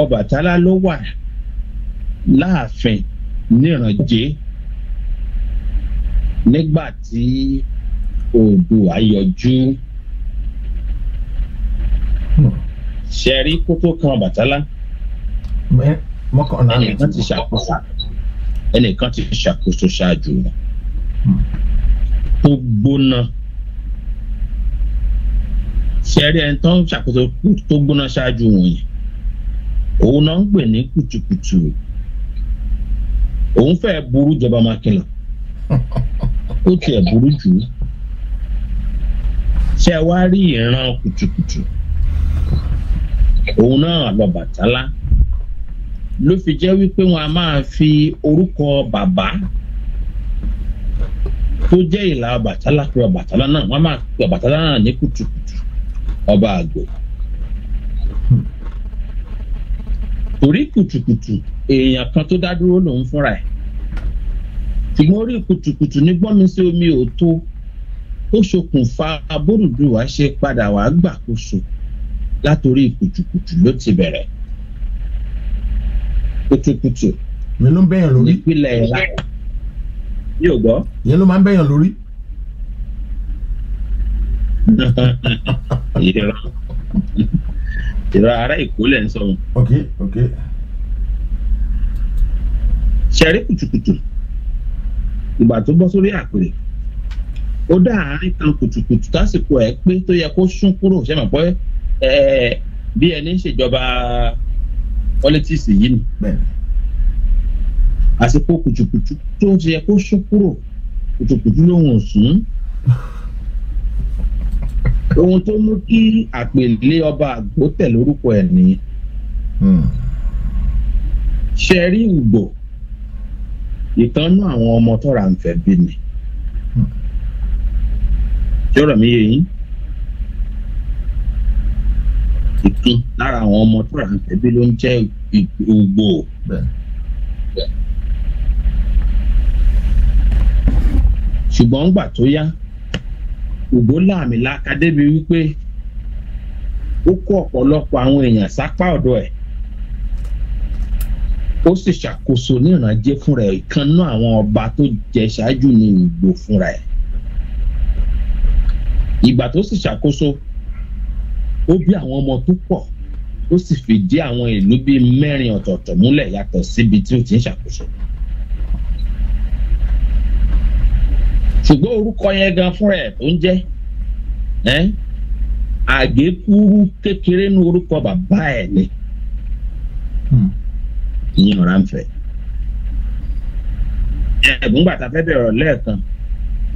Ọbàtálá ló wà láàfin níranjẹ́. Hmm nígbà tí oòdùà yọjú ṣe rí kó tó kan bàtálá ẹnìkan ti ṣàkóso ẹnìkan ti ṣàkóso ṣáájú wọn tó gbóná ṣe rí ẹni tó ń ṣàkóso tó gbóná ṣáájú wọn òun náà ń pè ní kùtùkùtù òun fẹ́ burú jọba mákìlọ̀ ó tiẹ̀ burú jù ú ṣé ẹ wá rí ìran kùtùkùtù òun náà lọ bàtálá ló fi jẹ́ wípé wọn a máa fi orúkọ bàbá tó jẹ́ ìlà bàtálá pé ọbàtálá náà wọn a máa pe ọbàtálá náà ní kùtùkùtù ọba àgbò torí kùtùkùtù èèyàn kan tó dá dúró lòun fúnra ẹ̀ ṣùgbọ́n orí kùtùkùtù ní gbọ́nmi sí omi ò tó ó ṣokùnfà abórùdùwà ṣe padà wá gbàkóso látòrí kùtùkùtù ló ti bẹ̀rẹ̀ kùtùkùtù yẹn ló ń bẹ̀yàn lórí nípínlẹ̀ ẹ̀la yóò gbọ́ yẹn ló máa ń bẹ̀yàn lórí. [laughs] ìrọ̀ ìrọ̀ ara ìkólẹ̀ ń sọ̀rọ̀. ok ok. ṣẹ̀rí kùtùkùtù ìgbà tó bọ́ sórí àpèrè ó dá àárín kan kùtùkùtù tásìkò ẹ̀ pé tó yẹ kó sún kúrò ṣe mọ̀ pé bí ẹni ń ṣèjọba pọlítíìsì yìí ni àsìkò kùtùkùtù tó ṣe yẹ kó sún kúrò kùtùkùtù lòun ò sún ohun tó mú kí àpèlé ọba àgbò tẹ̀ lórúkọ ẹ̀ nìyí hmm. ṣe rí ìgbò ìkan náà àwọn ọmọ tọ́ra ń fẹ́ bí ni yọ̀rọ̀ mi yé yín ìkan lára àwọn ọmọ tọ́ra ń fẹ́ bí ló ń jẹ́ Ugbo ṣùgbọ́n ń gbà tó yá Ugbo láàmì lákàdé wípé ó kó ọ̀pọ̀lọpọ̀ àwọn èèyàn sápá ọ̀dọ̀ ẹ̀ ó sì ṣàkóso níranjẹ fúnra ẹ̀ ìkànnú àwọn ọba tó jẹ ṣáájú ní Ìgbò fúnra ẹ̀ ìgbà tó sì ṣàkóso ó bí àwọn ọmọ tó pọ̀ ó sì fìdí àwọn ìlú bíi mẹ́rin ọ̀tọ̀ọ̀tọ̀ múlẹ̀ yàtọ̀ síbi tí ó ti ń ṣàkóso. ṣùgbọ́n orúkọ yẹn gan fúnra ẹ̀ tó ń jẹ́ àgékúrú kékeré ní orúkọ bàbá ẹ̀ ni. Hmm ìyẹn ọ̀rá ń fẹ́. ẹ̀bùn gbàtà fẹ́ bẹ̀rẹ̀ lẹ́ẹ̀kan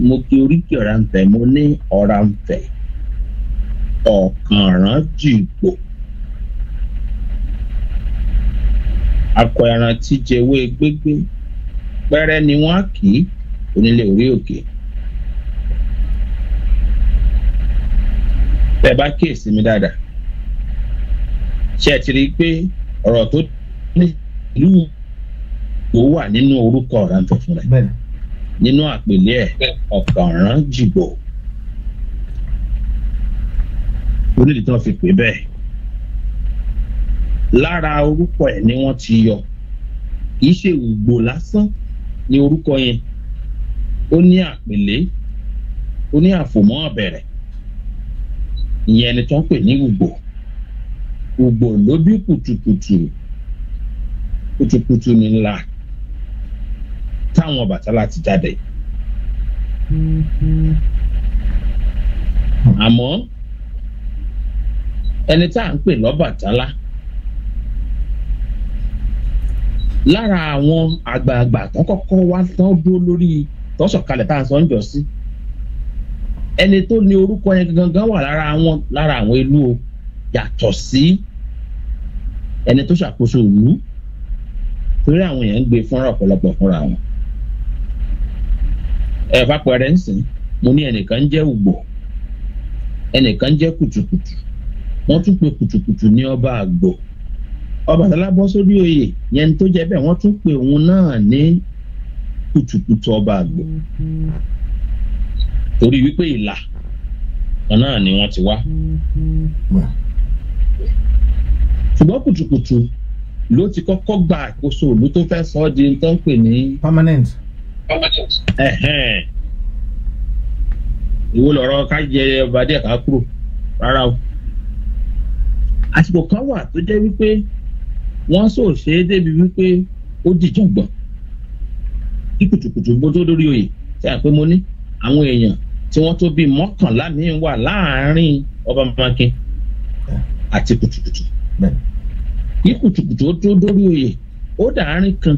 mo kí oríkì ọ̀rá ń fẹ́ mo ní ọ̀rá ń fẹ́ ọ̀kànràn jìgbò. akọ ẹran tíjẹ ewé gbégbé pẹrẹ ni wọ́n kì í onílé orí òkè. bẹ́ẹ̀ bá kíyèsí mi dáadáa ṣé ẹ ti rí i pé ọ̀rọ̀ tó ní ìlú o wà nínú orúkọ Ọ̀rànfẹ̀ fúnra ẹ̀ nínú àpèlé ẹ̀ Ọ̀kànrànjìgbò onídìí tí wọ́n fi pè bẹ́ẹ̀ lára orúkọ ẹ̀ ni wọ́n ti yọ kì í ṣe Ugbo lásán ni orúkọ yẹn ó ní àpèlé ó ní àfòmọ́ ọ̀bẹ̀rẹ̀ ìyẹn ẹni tó ń pè ní Ugbo Ugbo ló bí kùtùkùtù kùtùkùtù ní ńlá táwọn Ọbàtálá ti jáde. àmọ́ ẹni tá à ń pè lọ́bàtálá lára àwọn àgbààgbà tó kọ́kọ́ wá tán dúró lórí tọ́sọ̀kalẹ̀ tá a sọ ń jọ sí ẹni tó ní orúkọ yẹn gangan wà lára àwọn lára àwọn ìlú o yàtọ̀ sí ẹni tó ṣàkóso ìlú torí àwọn èèyàn ń gbé fúnra ọ̀pọ̀lọpọ̀ fúnra wọn. ẹ fapẹ̀rẹ̀ ń sìn mo ní ẹnìkan ń jẹ́ Ugbo ẹnìkan ń jẹ́ Kùtùkùtù wọ́n tún pe Kùtùkùtù ní ọba àgbò Ọbàtálá bọ́ sórí oyè yẹn tó jẹ́ bẹ́ẹ̀ wọ́n tún pe òun náà ní Kùtùkùtù ọba àgbò torí wípé ìlà kan náà ni wọ́n ti wá mm-hmm. ṣùgbọ́n Kùtùkùtù. Mm -hmm ló ti kọ́kọ́ gba àkóso ìlú tó fẹ́ sọ ọ́ di tó ń pè ní. permanent. permanent. ìwo lọ̀rọ̀ ká jẹ ọba díẹ̀ ká kúrò rárá o. àsìkò kan wà tó jẹ́ wípé wọ́n sò ṣe é débi wípé ó dìjọ̀gbọ̀n kí kùtùkùtù bó tó lórí oyè tí a pé mo ní àwọn èèyàn tí wọ́n tó bíi mọ́kànlá mi wà láàárín ọba mamakin àti kùtùkùtù. ní kùtùkùtù ó tó dórí oyè ó dàárín kan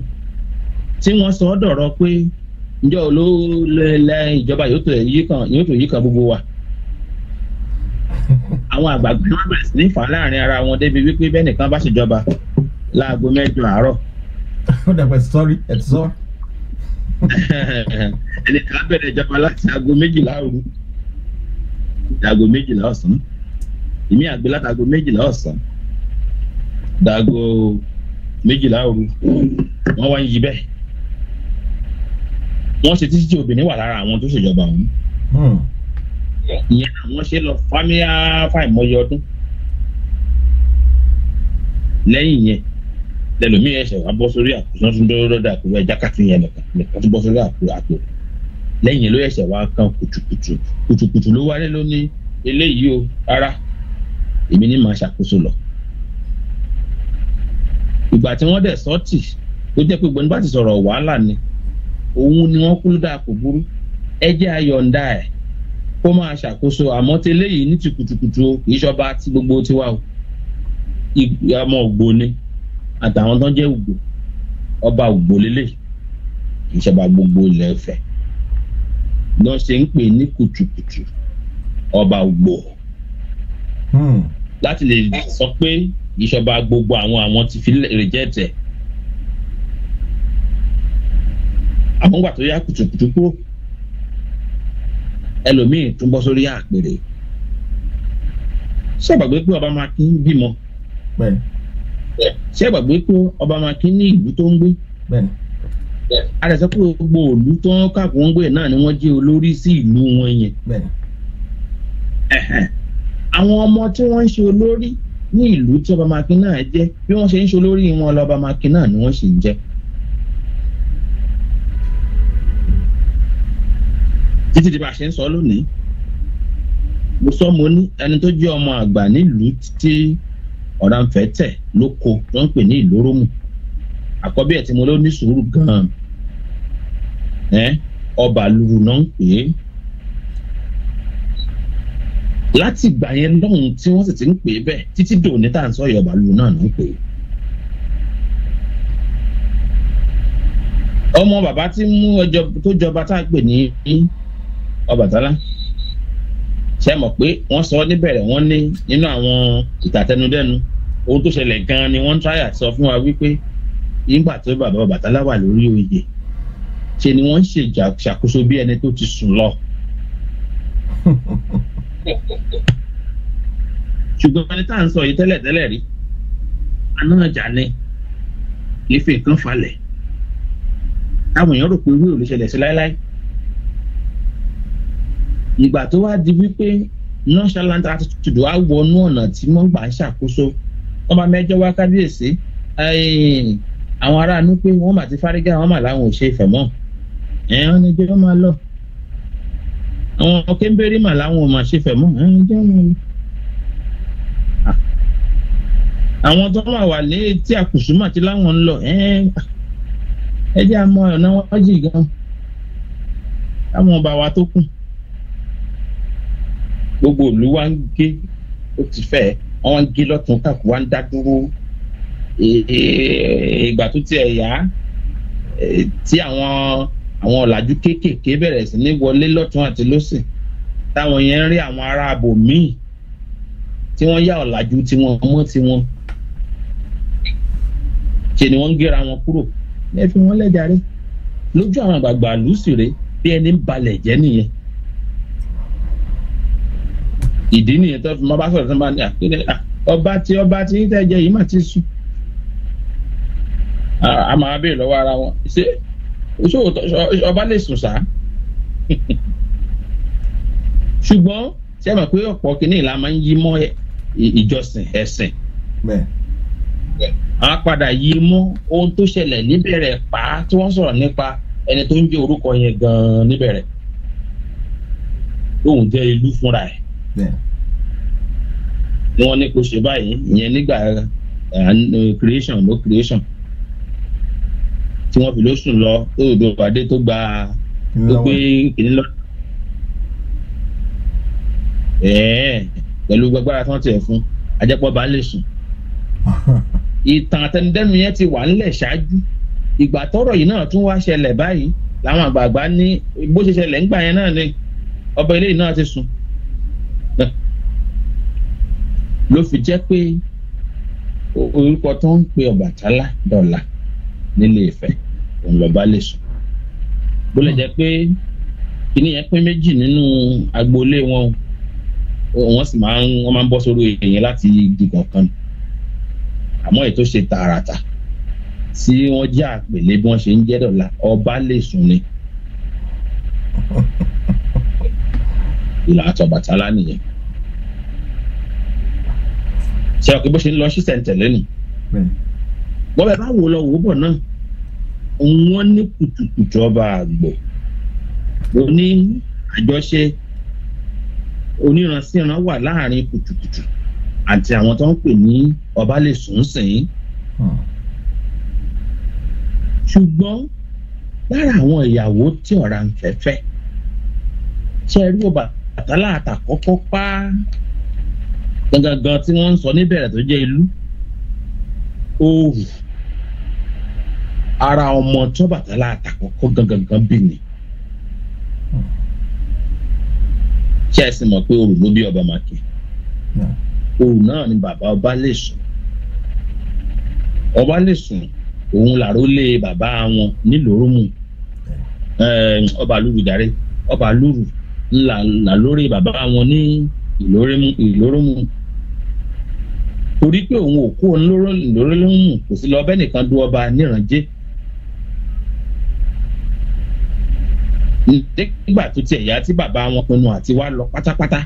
tí sọ ọ́ pe pé ǹjọ́ ló ìjọba yóò tó kan gbogbo wa àwọn àgbàgbà wọn bẹ̀rẹ̀ láàrin ara wọn débi wípé bẹ́ẹ̀ nìkan bá ṣèjọba láago mẹ́jọ àárọ̀. ó dàgbà sọ́rí ẹ̀ ti sọ́. [laughs] bẹ̀rẹ̀ ìjọba láti aago méjìlá òru méjìlá ọ̀sán dago méjìlá òru wọ́n wá ń yí bẹ́ẹ̀ wọ́n ṣe títí tí obìnrin wà lára àwọn tó ṣèjọba ọ̀hún hmm. ìyẹn àwọn ṣe lọ fámíà fáìmọye ọdún lẹ́yìn yẹn lẹ́lòmíì ẹ̀ṣẹ̀ wá bọ́ sórí àkùsọ́ tún dúró lọ́dọ̀ àkùrẹ́ jákàtì yẹn nìkan nìkan tún bọ́ sórí àkùrẹ́ àkùrẹ́ lẹ́yìn ló ẹ̀ṣẹ̀ wá kan kùtùkùtù kùtùkùtù ló wálé ló eléyìí o rárá èmi ní màá ṣàkóso lọ. ìgbà tí won de sọ́ọ̀tì tó jẹ́ pé gbọ́n bá ti wàhálà ni òun ni wọn kú ló dáa kò burú ẹ jẹ́ ayọ̀ǹda kó máa ṣàkóso àmọ́ tí eléyìí ní ti kùtùkùtù o kì gbogbo ti wà o ọmọ ògbó ni àtàwọn tó ń jẹ́ ògbó ọba ògbó lélẹ̀ kì gbogbo ilẹ̀ ṣe ń pè ní kùtùkùtù ọba ògbó hmm. láti lè sọ ìjọba gbogbo àwọn àwọn ti fi reject ẹ̀ àwọn gbà tó yá kùtùkùtù kúrò ẹlòmíì tún bọ́ sórí àpèrè ṣàgbàgbé pé ọba máa kí ń bímọ ṣàgbàgbé pé ọba máa kí ń ní ìlú tó ń gbé àrẹsẹ pé gbogbo òlú tó ń kàkún gbé náà ni wọ́n jẹ́ olórí sí ìlú wọn yẹn àwọn ọmọ tí wọ́n ń ṣe olórí ní ìlú tí ọba makin náà jẹ́ bí wọ́n ṣe ń ṣolórí wọn lọ́ba makin náà ni wọ́n ṣì ń jẹ́. títí di bá a ṣe ń sọ lónìí mo sọ mo ní ẹni tó jẹ́ ọmọ àgbà nílùú tí ọ̀rànfẹ́ tẹ̀ lóko tó ń pè ní ìlórómù àkọ́bí ẹ̀ tí mo ló ní sùúrù gan-an ọba lùrù náà ń pè é láti ìgbà yẹn lọ́hùn tí wọ́n sì ti ń pè é bẹ́ẹ̀ títí dòní tá à ń sọ ọ̀yọ́ bàálù náà ló ń pè é. ọmọ bàbá tí mú ọjọ tó jọba tá a pè ní Ọbàtálá ṣe mọ̀ pé wọ́n sọ níbẹ̀rẹ̀ wọ́n ní nínú àwọn ìtàtẹnudẹ́nu ohun tó ṣẹlẹ̀ gan-an ni wọ́n ń tráyà sọ fún wa wípé nígbà tó bàbá Ọbàtálá wà lórí oyè ṣe ni wọ́n ń ṣèjà ṣàkóso bí ẹni tó ti sùn lọ. [laughs] ṣùgbọ́n ẹni tá à ń sọ yìí tẹ́lẹ̀tẹ́lẹ̀ rí anáàjà ni kì í fi nǹkan falẹ̀ táwọn èèyàn rò pé wíwò ló ṣẹlẹ̀ sí láéláé ìgbà tó wá di wípé nonchalant attitude á wọnú ọ̀nà tí wọ́n gbà ń ṣàkóso wọ́n bá mẹ́jọ́ wá kábíyèsí àwọn aráàlú pé wọ́n mà ti fárígá wọ́n mà láwọn ò ṣe ìfẹ́ mọ́ ẹ̀ wọ́n ní jẹ́ wọ́n máa lọ àwọn kéńbérì mà láwọn ò mà ṣe fẹ̀ mọ́ àwọn tó wà wà lé tí àkùsùmà tí láwọn ń lọ ẹ jẹ́ àmọ́ ọ̀nà wọn jì gan àwọn ọba wa tó kù gbogbo ìlú wa ń gé ó ti fẹ́ wọ́n ń gé lọ́tún káàkó wa ń dá dúró ìgbà tó tiẹ̀ yá eh, tí àwọn àwọn ọ̀làjú kéékèèké bẹ̀rẹ̀ sí ní wọlé lọ́tún àti lọ́sì táwọn yẹn ń rí àwọn ará àbò míì tí wọ́n yá ọ̀làjú tiwọn mọ́ tiwọn ṣe ni wọ́n ń gẹ́ra wọn kúrò ẹ fi wọn lẹ́jàre lójú àwọn àgbààgbà lùsìrè bí ẹni ń balẹ̀ jẹ́ nìyẹn ìdí nìyẹn tó fi máa bá sọ̀rọ̀ tó máa ní àpẹẹrẹ ọba tí ọba tí ń tẹ́jẹ yìí mà ti sùn a máa béèrè lọ́wọ́ ara wọn ṣé ṣé ọba lè sùn sá ṣùgbọ́n ṣe mọ̀ pé ọ̀pọ̀ kìíní ìlà máa ń yí mọ́ ìjọsìn ẹ̀sìn a padà yí mú ohun tó ṣẹlẹ̀ níbẹ̀rẹ̀ pa tí wọ́n sọ̀rọ̀ nípa ẹni tó ń jẹ́ orúkọ yẹn gan-an níbẹ̀rẹ̀ lóun jẹ́ ìlú fúnra ẹ̀ wọ́n ní kó ṣe báyìí ìyẹn nígbà eh, creation no creation tí wọ́n fi ló sùn lọ odò ìpàdé tó gba tó gbé kìnní lọ. pẹ̀lú gbàgbára tí wọ́n tiẹ̀ fún ajẹ́pọ̀ bá lè sùn. [laughs] ìtàn àtẹnudẹ́nu yẹn ti wà ńlẹ̀ ṣáájú ìgbà tọ́rọ̀ yìí náà tún wá ṣẹlẹ̀ báyìí làwọn àgbààgbà ní bó ṣe ṣẹlẹ̀ ńgbà yẹn náà ni ọba ilé yìí náà ti sùn ló fi jẹ́ pé orúkọ tó ń pe Ọbàtálá dọ̀la nílé Ifẹ̀ òun lọ́ba lè sùn bó lè jẹ́ pé kíní yẹn pín méjì nínú agboolé wọn wọ́n sì máa ń wọ́n máa ń bọ́ sórí èèyàn láti igi kọ̀ọ̀kan àmọ́ èyí tó ṣe tààràtà tí wọ́n jẹ́ àpèlé bí wọ́n ṣe ń jẹ́ dọ̀la ọba lè sùn ni [laughs] ìlà àtọ̀bàtálá nìyẹn ṣe ọkọ bó ṣe ń lọ sí sẹ̀ǹtẹ̀lé nù wọ́n bẹ bá wò lọ wò bọ̀ náà wọ́n ní kùtùkùtù ọba àgbọ̀ ló ní àjọṣe oníransíran wà láàrin kùtùkùtù àti àwọn tó ń pè ní ọba lè sùn sìn hmm. ṣùgbọ́n lára àwọn ìyàwó tí ọ̀ra ń fẹ́fẹ́ ṣe rí Ọbàtálá àtàkọ́kọ́ pa gangan tí wọ́n ń sọ níbẹ̀rẹ̀ tó jẹ́ ìlú oòrùn ara ọmọ tó Ọbàtálá àtàkọ́kọ́ gangan kan bí ni ṣé ẹ sì mọ̀ pé òrù ló bí ọba màkì òrù náà ni bàbá ọba lè sùn ọba lè sùn òun làrólé bàbá wọn nílòrúmù ọba lúrù dáre ọba lúrù ńlá làlórí bàbá wọn ní ìlórúmù torí pé òun ò kó ńlórólómù kò sí lọ bẹ́ẹ̀ nìkan du ọba níranjẹ́ nígbà tó tiẹ̀ yá tí bàbá wọn pinnu àti wá lọ pátápátá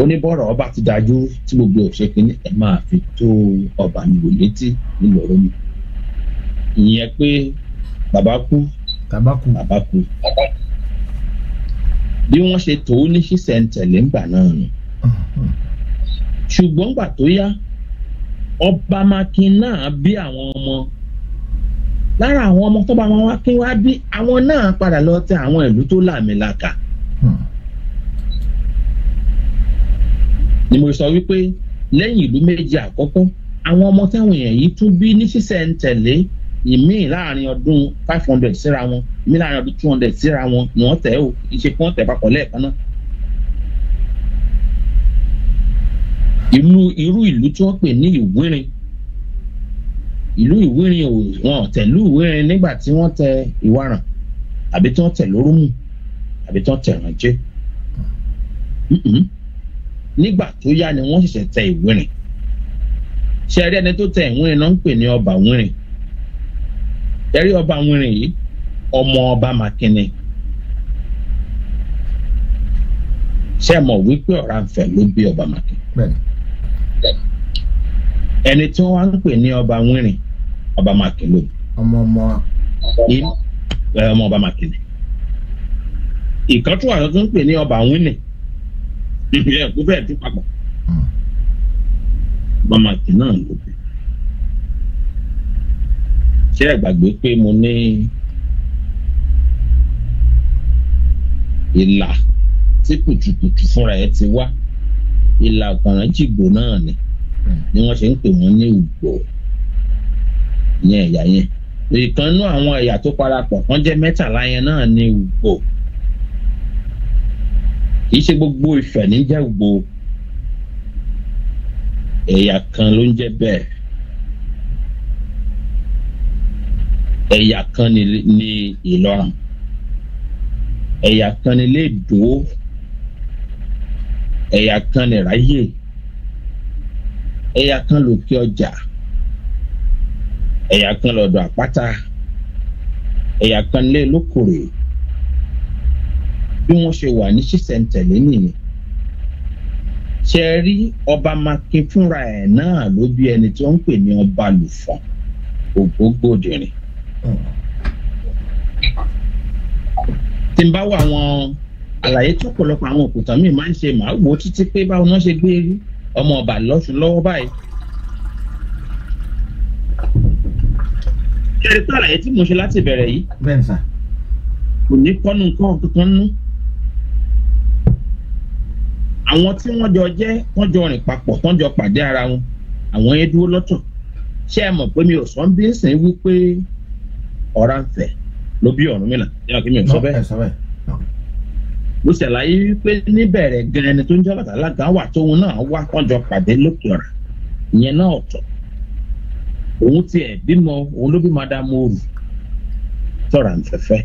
oníbọ̀rọ̀ ọba ti dájú tí gbogbo òṣèké ní ẹ máa fi tó ọba nìwò létí nílò rómi ìyẹn pé bàbá kú bàbá kú bàbá kú bí wọ́n ṣe tòó ní ṣísẹ̀ntẹ̀lé ńgbà náà nù mm-hmm. ṣùgbọ́n gbà tó yá ọba makin náà bí àwọn ọmọ lára àwọn ọmọ tó bá wọn wá kí wá bí àwọn náà padà lọ tẹ àwọn ìlú tó làmìlàkà. Hmm. ni mo sọ wípé lẹ́yìn ìlú méjì àkọ́kọ́ àwọn ọmọ táwọn èèyàn yìí tún bí ní sísẹ̀ǹtẹ̀lé ìmíì láàrin ọdún five hundred síra wọn ìmíì láàrin ọdún two hundred síra wọn ni wọ́n tẹ̀ ò ìṣe kí wọ́n tẹ̀ papọ̀ lẹ́ẹ̀kan náà. irú irú ìlú tí wọ́n pè ní ìwírin ìlú ìwérin wọn tẹ̀lú ìwérin nígbà tí wọ́n tẹ ìwaràn àbí tí wọ́n tẹ̀ lórúmù àbí tí wọ́n tẹ̀ ránjẹ́ nígbà tó yá ni wọ́n ṣẹ̀ṣẹ̀ tẹ ìwérin ṣe ẹ̀rí ẹni tó tẹ ìwérin náà ń pè ní ọba wírin ẹ̀rí ọba wírin yìí ọmọ ọba makíní ṣe mọ̀ wípé Ọ̀rànfẹ̀ ló bí ọba makíní ẹni tí wọ́n wá ń pè ní ọba wírin ọba makin lóbi. ọmọ ọmọ. ọmọ ọba makin ni. ìkan tún àwọn tó ń pè ní ọba wínì ìyẹn kó fẹ́ẹ̀ tún papọ̀. ọba hmm. makin náà lóbi. ṣé ẹ gbàgbé pé mo ní ìlà tí kùtùkùtù fúnra ẹ ti wá ìlà ọ̀kànràn jìgbò náà ni hmm. ni wọ́n ṣe ń pè wọ́n ní ìgbò. Mm ìyẹn ẹ̀yà yẹn ìkànnú àwọn ẹ̀yà tó parapọ̀ kan jẹ́ mẹ́tàlá yẹn náà ní Ugbo kì í ṣe gbogbo Ifẹ̀ ní jẹ́ Ugbo ẹ̀yà kan ló ń jẹ́ bẹ́ẹ̀ ẹ̀yà kan ní Ìlọrin ẹ̀yà kan ní lẹ́dọ́ ẹ̀yà kan ní ráyè ẹ̀yà kan lòkè ọjà. Ja ẹ̀yà kan lọ́dọ̀ àpáta ẹ̀yà kan lé lókòrè bí wọ́n ṣe wà ní ṣísẹ̀ntẹ̀lé nìyẹn ṣe rí ọba makin fúnra ẹ̀ náà ló bí ẹni tó ń pè ní ọba lùfọ̀n ògbógbòdìrín tí n bá wà wọn àlàyé tó pọ̀lọpọ̀ àwọn òkúta míì máa ń ṣe màá wò ó títí pé báwọn náà ṣe gbé ọmọ ọba lọ́sùn lọ́wọ́ báyìí kẹrin tó àlàyé tí mo ṣe láti bẹ̀rẹ̀ yìí. bẹ́ẹ̀ sà. kò ní kọ́nu nǹkan kankan nú. àwọn tí wọ́n jọ jẹ́ wọ́n jọ rìn papọ̀ wọ́n jọ pàdé ara wọn àwọn yẹn dúró lọ́tọ̀ ṣé ẹ mọ̀ pé mi ò sọ ń bí ń sìn wí pé ọ̀rá ń fẹ̀ ló bí ọ̀run mi yàrá kí mi ò sọ bẹ́ẹ̀. mo ṣàlàyé wípé níbẹ̀rẹ̀ gan ẹni tó ń jẹ́ bàtà alága wà tóun náà wá wọ́n jọ pàdé lókè ọ̀rà ìyẹn náà ọ̀tọ̀ òun tiẹ̀ bímọ òun ló bí madam oru tọ́ra ń fẹ́fẹ́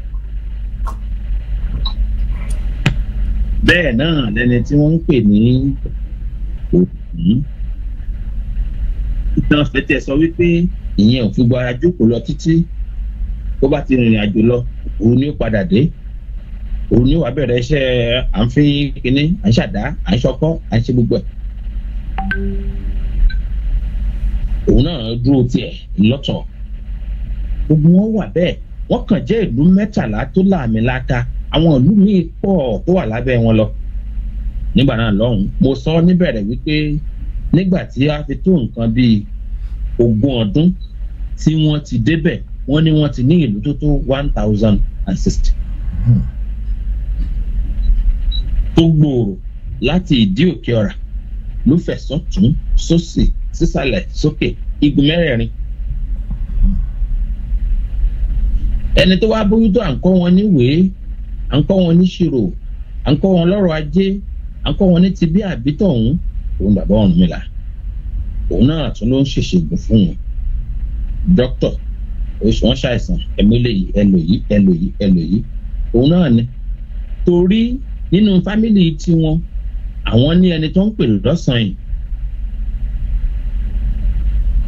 bẹ́ẹ̀ náà lẹni tí wọ́n ń pè ní òkú ìtàn fẹ́tẹ̀ sọ wípé ìyẹn ò fi gbára jókòó lọ títí tó bá ti rìnrìn àjò lọ òun ni ó padà dé òun ni ó wà bẹ̀rẹ̀ iṣẹ́ à ń fi kínní à ń ṣàdá à ń ṣọkọ́ à ń ṣe gbogbo ẹ̀ òun náà dúró tiẹ̀ lọ́tọ̀ gbogbo wọn wà bẹ́ẹ̀ wọ́n kàn jẹ́ ìlú mẹ́tàlá tó láàmìlaka àwọn ìlú míì pọ̀ tó wà lábẹ́ wọn lọ nígbà náà lọ́hùn mo sọ níbẹ̀rẹ̀ wípé nígbà tí a fi tó nǹkan bíi ogún ọdún tí wọ́n ti débẹ̀ wọ́n ní wọ́n ti ní ìlú tó tó one thousand and sixty tó gbòòrò láti ìdí òkè ọ̀rà ló fẹ̀sọ́ tún sósì. So sísàlẹ̀ sókè igun mẹ́rẹ̀ẹ̀rin ẹni tó wá bójútó à ń kọ́ wọn níwèé à ń kọ́ wọn níṣirò à ń kọ́ wọn lọ́rọ̀ ajé à ń kọ́ wọn ní ti bí àbítọ̀ ọ̀hún òun bàbá Ọ̀rúnmìlà òun náà tún ló ń ṣèṣègùn fún wọn dókítà oṣù wọn ṣàìsàn ẹmúlẹ yìí ẹlò yìí ẹlò yìí ẹlò yìí òun náà ni torí nínú fámìlì tiwọn àwọn ní ẹni tó ń pè lọ́sàn-án yìí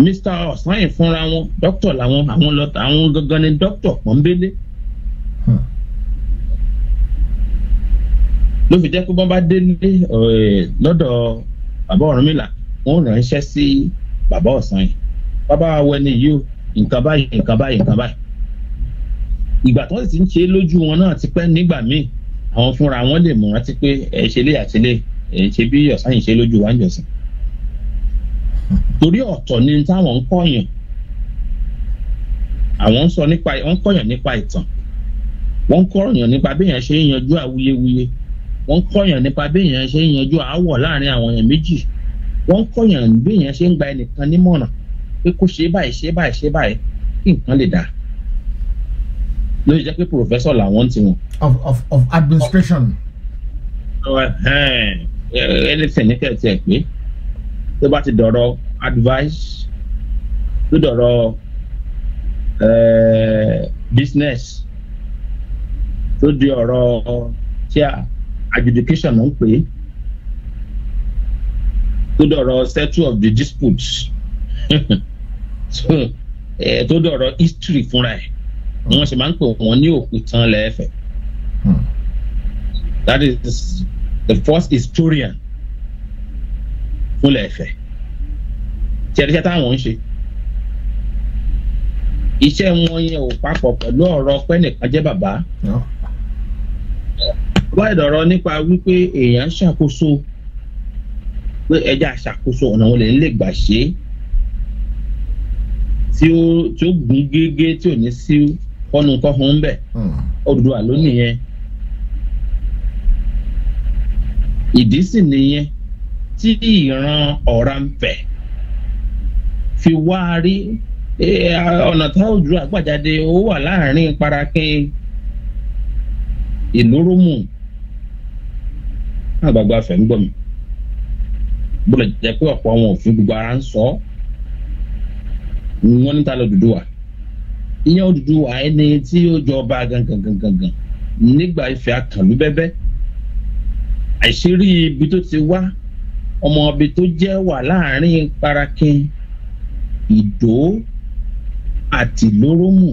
mr ọ̀sán ìfúnra wọn dókítà làwọn àwọn lọ́tà àwọn gangan ni dókítà pọ́nbélé. Hmm. ló fi jẹ́ pé wọ́n bá délé eh, lọ́dọ̀ bàbá Ọ̀rúnmìlà wọ́n ránṣẹ́ sí bàbá ọ̀sán yìí bàbá wa wẹni yìí o nǹkan báyìí nǹkan báyìí nǹkan báyìí ìgbà tó sì ń ṣe lójú wọn náà ti pẹ́ nígbà míì àwọn fúnra wọn lè mú rántí pé ẹ̀ ṣe lé àtìlé ẹ̀ ṣe bí ọ̀sán yìí ṣe lójú wa ń I torí ọ̀tọ̀ ni táwọn ń kọ̀yàn àwọn ń sọ nípa wọ́n ń kọ̀yàn nípa ìtàn wọ́n ń kọ̀yàn nípa béèyàn ṣe ń yanjú àwuyewuye wọ́n ń kọ̀yàn nípa béèyàn ṣe ń yanjú aáwọ̀ láàrin àwọn èèyàn méjì wọ́n ń kọ̀yàn béèyàn ṣe ń gba ẹnìkan nímọ̀ràn pé kó ṣe báyìí ṣe báyìí ṣe báyìí kí nǹkan lè dáa ló jẹ́ pé professor làwọn ti wọn. of of of administration. Eh, anything ní kẹ́ẹ̀tì ẹ̀ pé tó bá ti dọ̀rọ̀ advice tó dọ̀rọ̀ eh, business tó di ọ̀rọ̀ tí adjudication ń pè é tó dọ̀rọ̀ settle of the disputes [laughs] eh, tó dọ̀rọ̀ history fúnra ẹ̀ wọ́n sì máa ń pè wọ́n ní òkútan lẹ́ẹ̀fẹ̀ hmm. that is the first historian ó lẹ̀ fẹ́ tí ẹ ríṣẹ́ táwọn ń ṣe iṣẹ́ wọn yẹn ò papọ̀ pẹ̀lú ọ̀rọ̀ pé nìkan jẹ́ bàbá wọ́n ìdọ̀rọ̀ nípa wípé èèyàn ṣàkóso pé ẹja ṣàkóso ọ̀nà wọn lè lè gbà ṣe é tí ó tí ó gún gégé tí ò ní sí ọ̀nà nǹkan ọ̀hún bẹ̀ hmm. Odùduwà ló nìyẹn ìdí sì nìyẹn tí ìran Ọ̀rànfẹ̀ fi wá rí ọ̀nà tá ò ju àgbàjáde ó wà láàrin parakin ìlórómù àgbààgbà fẹ̀ ń gbọ́ mi bọ́lá jẹ́ pé ọ̀pọ̀ àwọn òfin gbogbo ara ń sọ ọ́ wọ́n níta lọ Odùduwà ìyẹn Odùduwà ẹni tí ó jọba gangan gangan nígbà Ifẹ̀ akànlú bẹ́bẹ́ àìṣírí ibi tó ti wá ọmọọbẹ tó jẹ́ wà láàrin parakin ìdó àti lórómù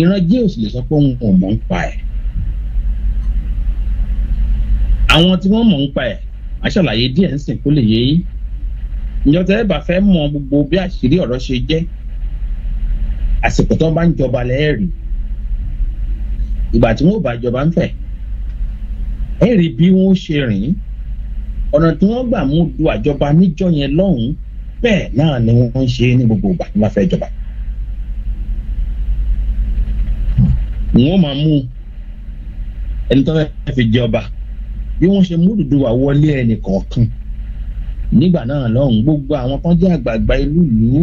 ìrànjẹ ò sì lè sọ pé òun ò mọ̀ ń pa ẹ̀ àwọn tí wọ́n mọ̀ ń pa ẹ̀ aṣàlàyé díẹ̀ ń sìn kó lè yé yín ìjọba ẹ bá fẹ́ mọ̀ gbogbo bí àṣírí ọ̀rọ̀ ṣe jẹ́ àsìkò tó bá ń jọba lẹ́ẹ̀rì ìgbà tí wọ́n bá jọba ń fẹ̀ ẹ̀rì bí wọ́n ṣe rìn ọ̀nà tí wọ́n gbà mú du àjọba níjọ́ yẹn lọ́hùn-ún bẹ́ẹ̀ náà ni wọ́n ń ṣe ní gbogbo ìgbà tí wọ́n fẹ́ jọba. wọ́n máa mú ẹni tó fẹ́ fi jọba bí wọ́n ṣe mú Odùduwà wọlé ẹnì kọ̀ọ̀kan nígbà náà lọ́hùn gbogbo àwọn kan jẹ́ àgbààgbà ìlú ìlú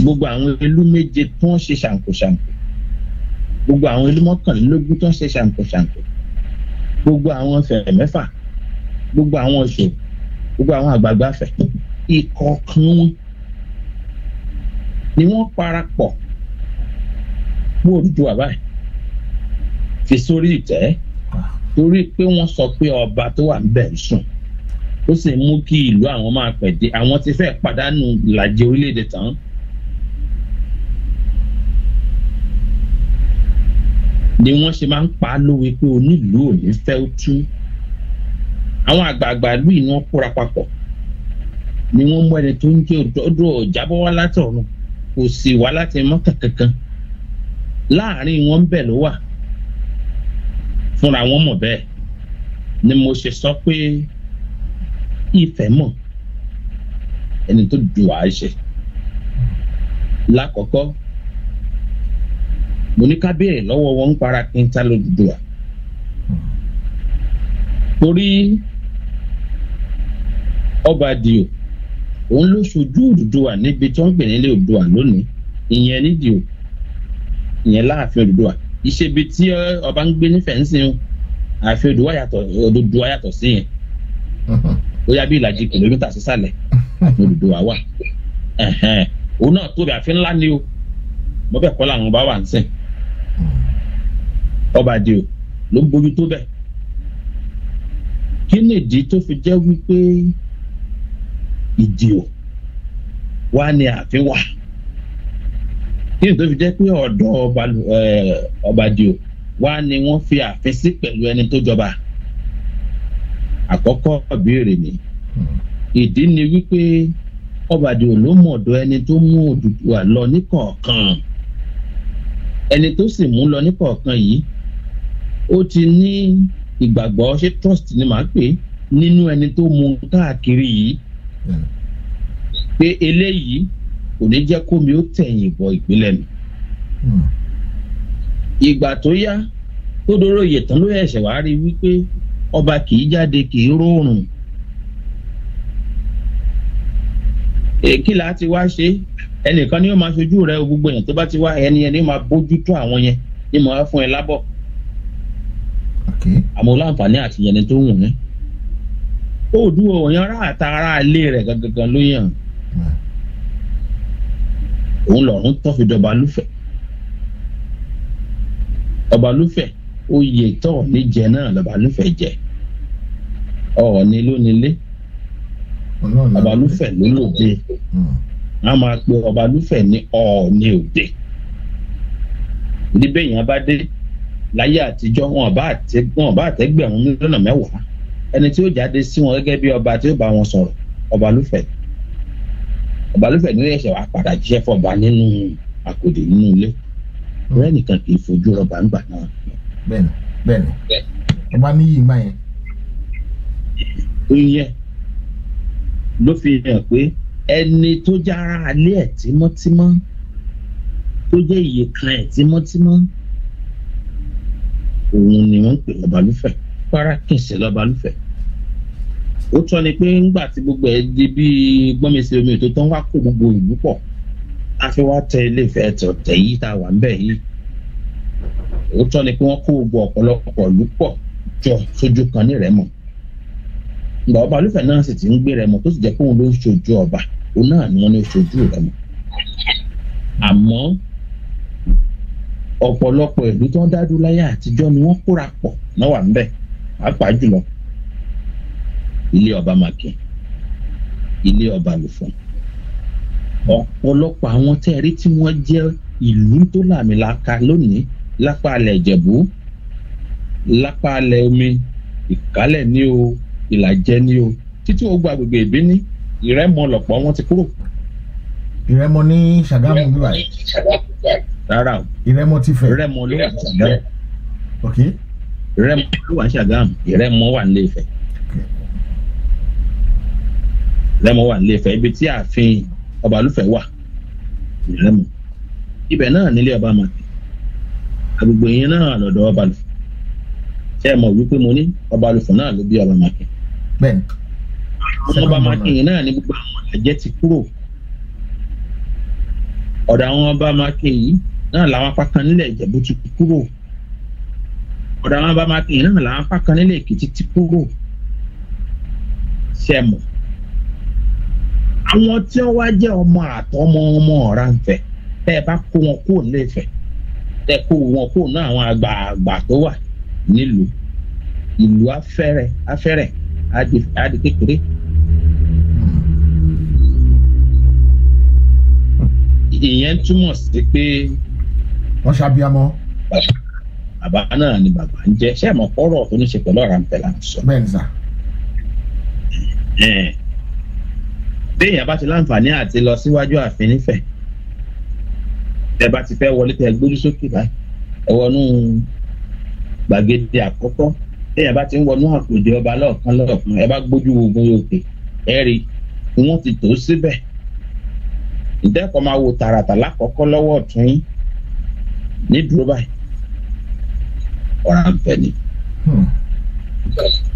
gbogbo àwọn ìlú méje tí wọ́n ṣe ṣàǹkóṣàǹkó gbogbo àwọn ìlú mọ́kànlélógún tí wọ́n ṣe ṣàǹkóṣàǹkó gbogbo àwọn fẹ̀rẹ̀ mẹ́fà gbogbo àwọn ọ̀ṣọ́ gbogbo àwọn àgbààgbà fẹ̀ ìkọ̀ọ̀kan wọn ni wọ́n parapọ̀ fún Odùduwà báyìí fi sórí ìtẹ́ torí pé wọ́n sọ pé ọba tó wà níbẹ̀ ń sùn ó sì mú kí ìlú àwọn máa pẹ̀ dé àwọn ti fẹ́ pàdánù ìlàjì orílẹ̀-èdè tán. ni wọ́n ṣe máa ń pa á lówe pé onílùú ò ní fẹ́ ó àwọn àgbààgbà ìlú yìí ni wọ́n kóra papọ̀ ni wọ́n mú ẹni tó ń jẹ́ òdòdó ọ̀jábọ̀ wá látọ̀run kò sì wá láti mọ́tà kankan láàrin wọn ń bẹ̀ ló wà fúnra wọn mọ̀ bẹ́ẹ̀ ni mo ṣe sọ pé ìfẹ́ mọ̀ ẹni tó ju wàá ṣe lákọ̀ọ́kọ́ mo ní ká béèrè lọ́wọ́ wọn ń para kí n ta lójúdùà torí ọba Dio òun ló ṣojú Odùduwà níbi tí wọ́n pè nílé Odùduwà lónìí ìyẹn ní Dio ìyẹn láàfin Odùduwà ìṣebi tí ọba ń gbé nífẹ̀ẹ́ ń sìn ààfin Odùduwà yàtọ̀ Odùduwà yàtọ̀ sí yẹn ó yá bí ìlàjì kìlómítà sísàlẹ̀ Odùduwà wà òun náà tóbi ààfin ńlá ni o mo bẹ̀ kọ́ làwọn ọba wà ń sìn ọba Dio ló ń bójú tó bẹ̀ kí nìdí tó fi jẹ́ wípé ìdí o wá ní ààfin wà kí ni tó fi jẹ́ pé ọ̀dọ̀ ọba di o wá ní wọ́n fi ààfin sí pẹ̀lú ẹni tó jọba àkọ́kọ́ ìbéèrè ni ìdí ni wípé ọba di o ló mọ̀ ọ̀dọ̀ ẹni tó mú Odùduwà lọ ní kọ̀ọ̀kan ẹni tó sì mú lọ ní kọ̀ọ̀kan yìí ó ti ní ìgbàgbọ́ ṣé trust ni màá pè nínú ẹni tó mú káàkiri yìí pé eléyìí kò ní jẹ́ kó mi ó tẹ̀yìn bọ ìpínlẹ̀ mi. Hmm. ìgbà tó yá tó dóró iye tán ló ẹ̀ṣẹ̀ wá rí wípé ọba kì í jáde kì í róòrùn. èkì láti wá ṣe ẹnìkan ni ó máa ṣojú rẹ gbogbo èèyàn tó bá ti wá ẹni ẹni máa bójú tó àwọn yẹn ni mo wá fún ẹ lábọ̀. àmọ́ láǹfààní àti yẹn ni tó wù mí. Okay Oòduà ọ̀yàn rà àtàrà ilé rẹ̀ gangan ló yàn òun lọ́rùn tó fi dọba lúfẹ̀ ọba lúfẹ̀ oyè tó ní jẹ náà lọba lúfẹ̀ jẹ ọ̀ọ́ni ló nílé ọba lúfẹ̀ ló lòde hmm. a máa pe ọba lúfẹ̀ ní ọ̀ọ́ni òde níbẹ̀ yẹn bá dé láyé àtijọ́ wọn bá àtẹgbẹ̀rún lọ́nà mẹ́wàá ẹni tí ó jáde sí wọn gẹ́gẹ́ bí ọba tí ó bá wọn sọ̀rọ̀ ọba lúfẹ̀ ọba lúfẹ̀ nílé ẹ̀ṣẹ̀ wàá padà jíṣẹ́ fọba nínú àkòdè nínú ilé bẹ́ẹ̀ hmm. nìkan kì í fojú rọba ńgbà náà. bẹ́ẹ̀ni bẹ́ẹ̀ni ọba níyì ń bá yẹn. ìyẹn ló fi hàn pé ẹni tó jára alẹ́ ẹ̀ tímọ́tímọ́ tó jẹ́ ìyèkan ẹ̀ tímọ́tímọ́ òun ni wọ́n ń pè lọ́balúfẹ̀ẹ́ fárákìnsì lọ́ba lùfẹ́ ó tọ́ ni pé ńgbà tí gbogbo ẹ̀ di bíi gbọ́mẹsẹ̀ omi ètò tán wá kó gbogbo ìlú pọ̀ a fi wá tẹ iléèfẹ́ tọ̀tẹ̀ yìí tá a wà ńbẹ̀ yìí ó tọ́ ni pé wọ́n kó gbogbo ọ̀pọ̀lọpọ̀ ìlú pọ̀ jọ sójú kan ní rẹ́mọ̀ ìgbà ọba lùfẹ́ náà sì ti ń gbé rẹ́mọ̀ tó sì jẹ́ pé ló ń ṣojú ọba òun náà ni wọ́n ní ṣojú rẹ́mọ̀ àmọ́ ọ̀pọ̀lọpọ̀ ìlú tó ń àtijọ́ ni wọ́n kóra pọ̀ náà wà ńbẹ̀ pàápàá jùlọ ilé ọba makin ilé ọba lùfún ọ̀pọ̀lọpọ̀ àwọn tẹ́ẹ̀rí tí wọ́n jẹ́ ìlú tó làmìlaka lónìí lápá alẹ̀ ìjẹ̀bú lápá alẹ̀ omi ìkálẹ̀ ní o ìlàjẹ ní o títí o gba agbègbè ìbíní ìrẹ́mọ lọ̀pọ̀ wọn ti kúrò. ìrẹ́mọ ní ṣàgámù bíbá yìí. rárá o ìrẹ́mọ ti fẹ̀. ìrẹ́mọ ló wà ṣàgámù. Ìrẹ́mọ ló wà ní Ṣàgámù Ìrẹ́mọ wà ní Ilé-Ifẹ̀ Ìrẹ́mọ wà ní Ilé-Ifẹ̀ ibi tí ààfin Ọbalúfẹ̀ wà Ìrẹ́mọ ibẹ̀ náà nílé ọba màkì agbègbè yẹn náà lọ́dọ̀ Ọbalúfẹ̀ ṣé ẹ mọ̀ wípé mo ní Ọbalúfẹ̀ náà ló bí ọba màkì ọba màkì yẹn náà ní gbogbo àwọn àjẹ́ ti kúrò ọ̀dọ̀ àwọn ọba màkì yìí náà làwọn apá kan nílẹ̀ Ìjẹ̀bú ti kúrò ọ̀dọ̀ àwọn bá máa kìí náà làwọn apá kan nílé èkìtì ti kúrò ṣe mọ̀ àwọn tí wọ́n wá jẹ́ ọmọ àtọmọ ọmọ Ọ̀rànfẹ̀ tẹ́ ẹ bá kó wọn kúrò nílé Ifẹ̀ tẹ́ kó wọn kúrò náà àwọn àgbààgbà tó wà nílùú ìlú afẹ́rẹ́ afẹ́rẹ́ adi kékeré. ìyẹn túmọ̀ sí pé. wọ́n ṣàbíamọ́ bàbá náà ni bàbá ń jẹ́ ṣé àmọ́ pọ́rọ̀ tó ní ṣe pẹ̀lú ọ̀rá ń tẹ̀lé à ń sọ. bẹ́ẹ̀ sà. béèyàn bá ti láǹfààní àti lọ síwájú ààfin nífẹ̀ tẹ bá ti fẹ́ wọlé tẹ gbójú sókè báyìí ẹ wọnú gbàgede àkọ́kọ́ béèyàn bá ti ń wọnú àpòjẹ ọba lọ́ọ̀kan lọ́ọ̀kan ẹ bá gbójú ogun òkè ẹ rí i wọ́n ti tó síbẹ̀ ìdẹ́kọ̀ọ́ máa wo tààràtà lákọ̀ọ́kọ́ lọ́wọ́ ọ̀tún yín ní dúró báyìí ọ̀rá ń fẹ́ ni. Hmm.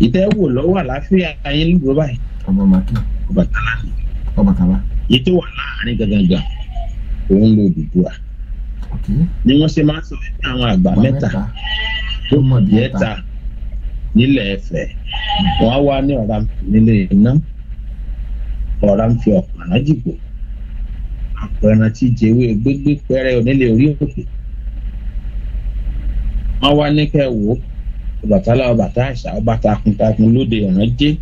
ìtẹ́wò lọ́wọ́ àlàáfíà ayé lùdó báyìí. ọba màkì Ọbàtálá ni. Ọbàtálá. yìí tó wà láàárín gangan òun ló dùdú à. ni wọ́n ṣe máa ń sọ fún àwọn àgbà mẹ́ta tó mọ̀ díẹ̀ ta nílẹ̀ Ifẹ̀ hmm. wọ́n á wá ní ọ̀rá nílé iná ọ̀rá ń fi ọ̀pọ̀ àlájìgbò àpẹẹrẹ tí jẹ́wé gbégbé pẹ́rẹ́ onílé orí òkè wọ́n wá ní kẹ́ wò ó Ọbàtálá ọba tá àṣà ọba takuntakun lóde ọ̀ràn jẹ́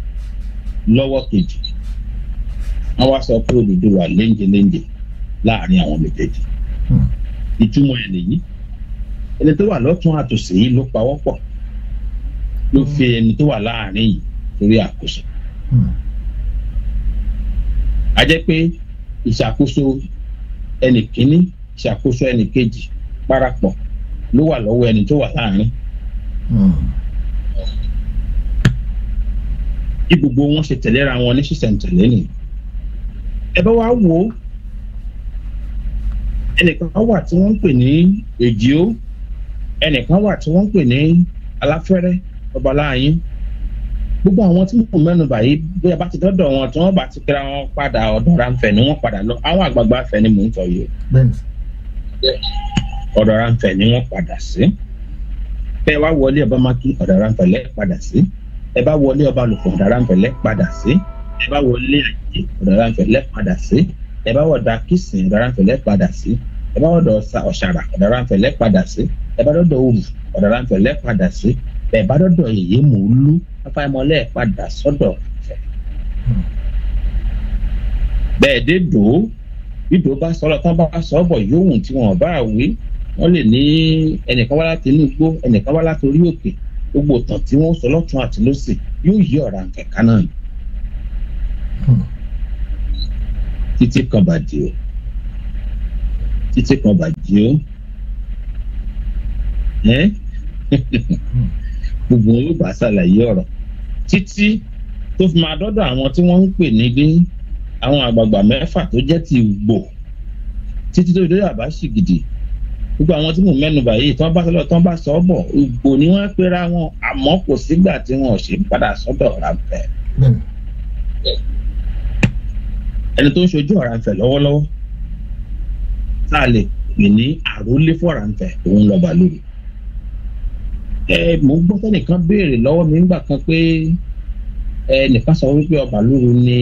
lọ́wọ́ kejì wọ́n wá sọ pé Odùduwà léńjeléńje láàrin àwọn méjèèjì hmm. ìtumọ̀ ẹ̀ nìyí ẹni tó wà lọ́tún àtòsí yìí ló pawọ́ pọ̀ ló hmm. fi ẹni tó wà láàrin yìí torí àkóso hmm. a jẹ́ pé ìṣàkóso ẹnì kíní ìṣàkóso ẹnì kejì parapọ̀ ló wà lọ́wọ́ ẹni tó wà láàrin. Hmm. bí gbogbo wọn ṣe tẹ̀léra wọn ní ṣísẹ̀ntẹ̀lé nìyí. ẹ bá wá wo ẹnìkan wà tí wọ́n ń pè ní èjìó ẹnìkan wà tí wọ́n ń pè ní aláfẹ́rẹ́ ọbaláyín gbogbo àwọn tí mò ń mẹ́nu báyìí bóyá bá ti dọ́dọ̀ wọn tí wọ́n bá ti kíra wọn padà ọ̀dọ̀ ra ni wọ́n padà lọ àwọn àgbààgbà fẹ̀ ni mò ń sọ yìí ọ̀dọ̀ Ráńfẹ̀ ni wọ́n padà sí bẹ́ẹ̀ wá wọlé ọba Mákì ọ̀dọ̀ Ráńfẹ̀ lẹ́ padà sí ẹ bá wọlé ọba lòkò ọ̀dọ̀ Ráńfẹ̀ lẹ́ padà sí ẹ bá wọlé àjẹ ọ̀dọ̀ Ráńfẹ̀ lẹ́ padà sí ẹ bá wọ̀dọ̀ akísìn ọ̀dọ̀ Ráńfẹ̀ lẹ́ padà sí ẹ bá wọ̀dọ̀ ọ̀ṣàrà ọ̀dọ̀ lẹ́ padà sí ẹ bá dọ̀dọ̀ òmù ọ̀dọ̀ lẹ́ padà sí ẹ bá dọ̀dọ̀ èyí mò ń padà sọ́dọ̀ ọ̀fẹ́ bẹ́ẹ̀ dé dòó bí dòó bá sọ lọ tán bá sọ bọ̀ yóò hùn tí wọn bá wí wọ́n lè ní ẹnìkan wá láti inú igbó ẹnìkan wá láti orí òkè gbogbo ìtàn tí wọ́n sọ lọ́tún àti lọ́sì yóò yí ọ̀rá kẹ̀kẹ́ náà ni. títí kan bàjẹ́ o títí kan bàjẹ́ o [laughs] gbogbo wọn yóò bá ṣàlàyé ọ̀rọ̀ títí tó fi máa dọ́dọ̀ àwọn tí wọ́n ń pè ní bí àwọn àgbààgbà mẹ́fà tó jẹ́ ti gbò títí tó fi dọ́dọ̀ àbá ṣì gidi gbogbo àwọn tí mò ń mẹ́nubà yìí tán bá sọ tán bá sọ bọ̀ ìgbò ni wọ́n pera wọn àmọ́ kò sígbà tí wọn ò ṣe padà sọ́dọ̀ Ọ̀rànfẹ̀. ẹni tó ń ṣojú Ọ̀rànfẹ̀ lọ́wọ́lọ́wọ́ tá a lè pè ní àrólé fọ̀rànfẹ̀ òun lọ́ba lórí. ẹ mò ń gbọ́ sẹ́nìkan béèrè lọ́wọ́ mi nígbà kan pé ẹ nìkan sọ wípé ọba lóru ni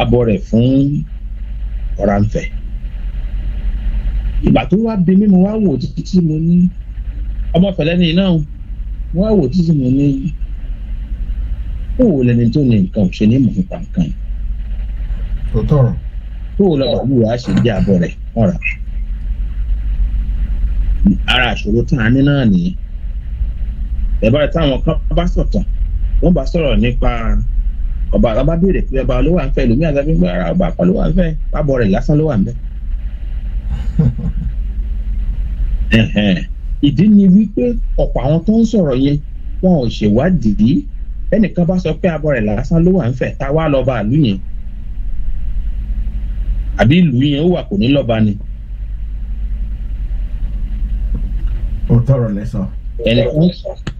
abọ rẹ̀ fún Ọ̀rànfẹ̀ ìgbà tó wá bí mímu wá wò títí mo ní ọmọ fẹlẹ́ni náà wá wò títí mo ní ó wò lẹni tó ní nǹkan ṣe ní mọ̀ nípa nǹkan. tó tọrọ. tó o lọ bàbá wa ṣe jẹ àbọ̀ rẹ̀ ọ̀rà ara àṣòro tá a ní náà nìyí ẹ̀bá rẹ̀ táwọn kan bá sọ̀tàn wọ́n bá sọ̀rọ̀ nípa ọba àgbà bá béèrè pé ọba ló wà ń fẹ́ lómi àgbà gbígbà ara ọba àpá ló wà ń fẹ́ pábọ̀ rẹ̀ lásán ló wà ń fẹ́. [laughs] ìdí ni wípé ọ̀pọ̀ àwọn tó ń sọ̀rọ̀ yẹn wọn ò ṣèwádìí ẹnìkan bá sọ pé abọ́ rẹ̀ lásán ló wà ń fẹ̀ tá a wá lọ́ba ìlú yẹn àbí ìlú yẹn ó wà kò ní lọ́ba ni. ó tọrọ lẹsọ.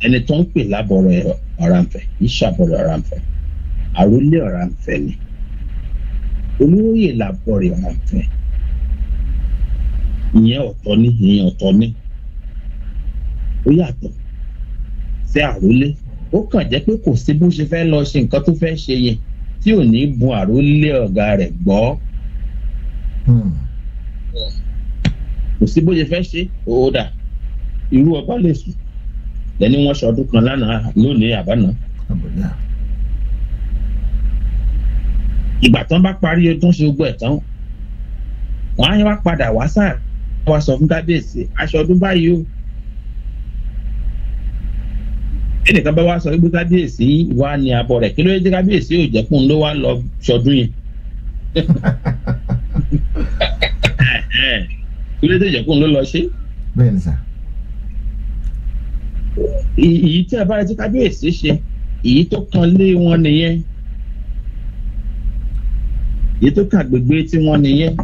ẹni tó ń pè lábọ̀rọ̀ Ọ̀rànfẹ̀ kì í ṣàbọ̀rọ̀ Ọ̀rànfẹ̀ àròlé Ọ̀rànfẹ̀ ni olóyè làbọ̀rẹ̀ Ọ̀rànfẹ̀ ìyẹn ọ̀tọ̀ ni ìyẹn ọ̀tọ̀ ni ó yàtọ̀ sí àrólé ó kàn jẹ́ pé kò sí bó ṣe fẹ́ lọ ṣe nǹkan tó fẹ́ ṣe yẹn tí ò ní bun àrólé ọ̀gá rẹ̀ gbọ́ hmm. kò sí bó ṣe fẹ́ ṣe ó dà irú ọba lè sùn lẹ́ni wọ́n ṣọdún kan lánàá lónìí àbáná ìgbà tán bá parí ọdún ṣe gbogbo ẹ̀ tán wọ́n á yẹn wá padà wá sáà wá sọ fún kábíyèsí aṣọ ọdún báyìí o ẹnìkan bá wá sọ pé kábíyèsí wà ní abọ rẹ kí ló yẹ kí kábíyèsí ò jẹkùn ló wá lọ sọdún yẹn [laughs] kí ló yẹ kí jẹkùn ló lọ ṣe. bẹ́ẹ̀ni sá. èyí tí a bá rẹ tí kábíyèsí ṣe èyí tó kan lé wọn nìyẹn èyí tó kan gbègbè tí wọn nìyẹn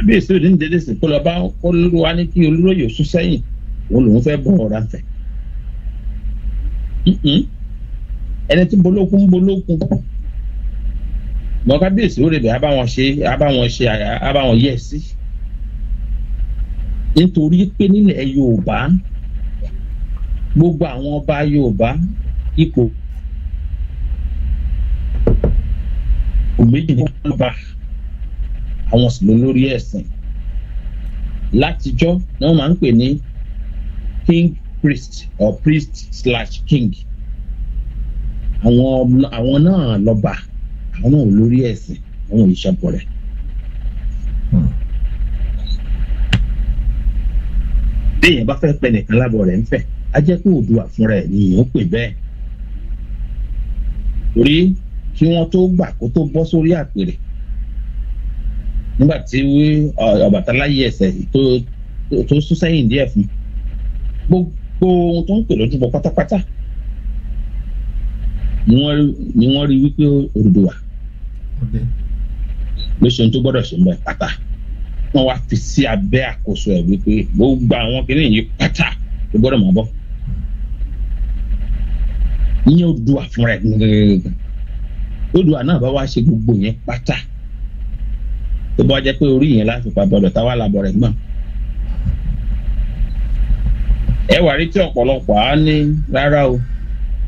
abẹ́yẹsí òní délé sí kó lọ bá olúwo wa ní kí olúróyè sún sẹ́yìn òun lòún fẹ́ bọ̀ ọ̀rá fẹ́ ẹni tí bolókun bolókun mọ kábíyèsí ó lè bẹ̀ abáwọn ṣe abáwọn ṣe abáwọn yẹ̀ sí nítorí pé nílẹ̀ Yorùbá gbogbo àwọn ọba Yorùbá ipò méjì ní wọn bá àwọn sì ló lórí ẹ̀sìn látijọ́ ni wọ́n máa ń pè ní king priest or priest slash king àwọn àwọn náà lọ́ba àwọn náà lórí ẹ̀sìn àwọn òyìnbó rẹ̀. Hmm. béèyàn bá fẹ́ pẹ nìkan lábọ̀ rẹ̀ ń fẹ́ á jẹ́ pé Oòduà fúnra ẹ̀ ni èèyàn pè bẹ́ẹ̀ torí kí wọ́n tó gbà kó tó bọ́ sórí àpèrè nígbà tí Ọbàtálá yí ẹsẹ̀ tó sún sẹ́yìn díẹ̀ fún gbogbo ohun tó ń pè lójúbọ pátápátá ni wọ́n rí wípé Odùduwà ló ṣe ohun tó gbọ́dọ̀ ṣe ń bẹ pátá wọ́n wá fi sí abẹ́ àkóso ẹ̀ wípé gbogbo àwọn kìnìún yìí pátá ló gbọ́dọ̀ máa bọ́ ìyẹn Odùduwà fúnra ẹ̀ gbọ̀ngàn Odùduwà náà bá wá ṣe gbogbo yẹn pátá tó bá jẹ́ pé orí yẹn láti pa bọ́dọ̀ táwa làbọ̀ rẹ̀ gbọ̀n. ẹ wà rí tí ọ̀pọ̀lọpọ̀ á ní rárá o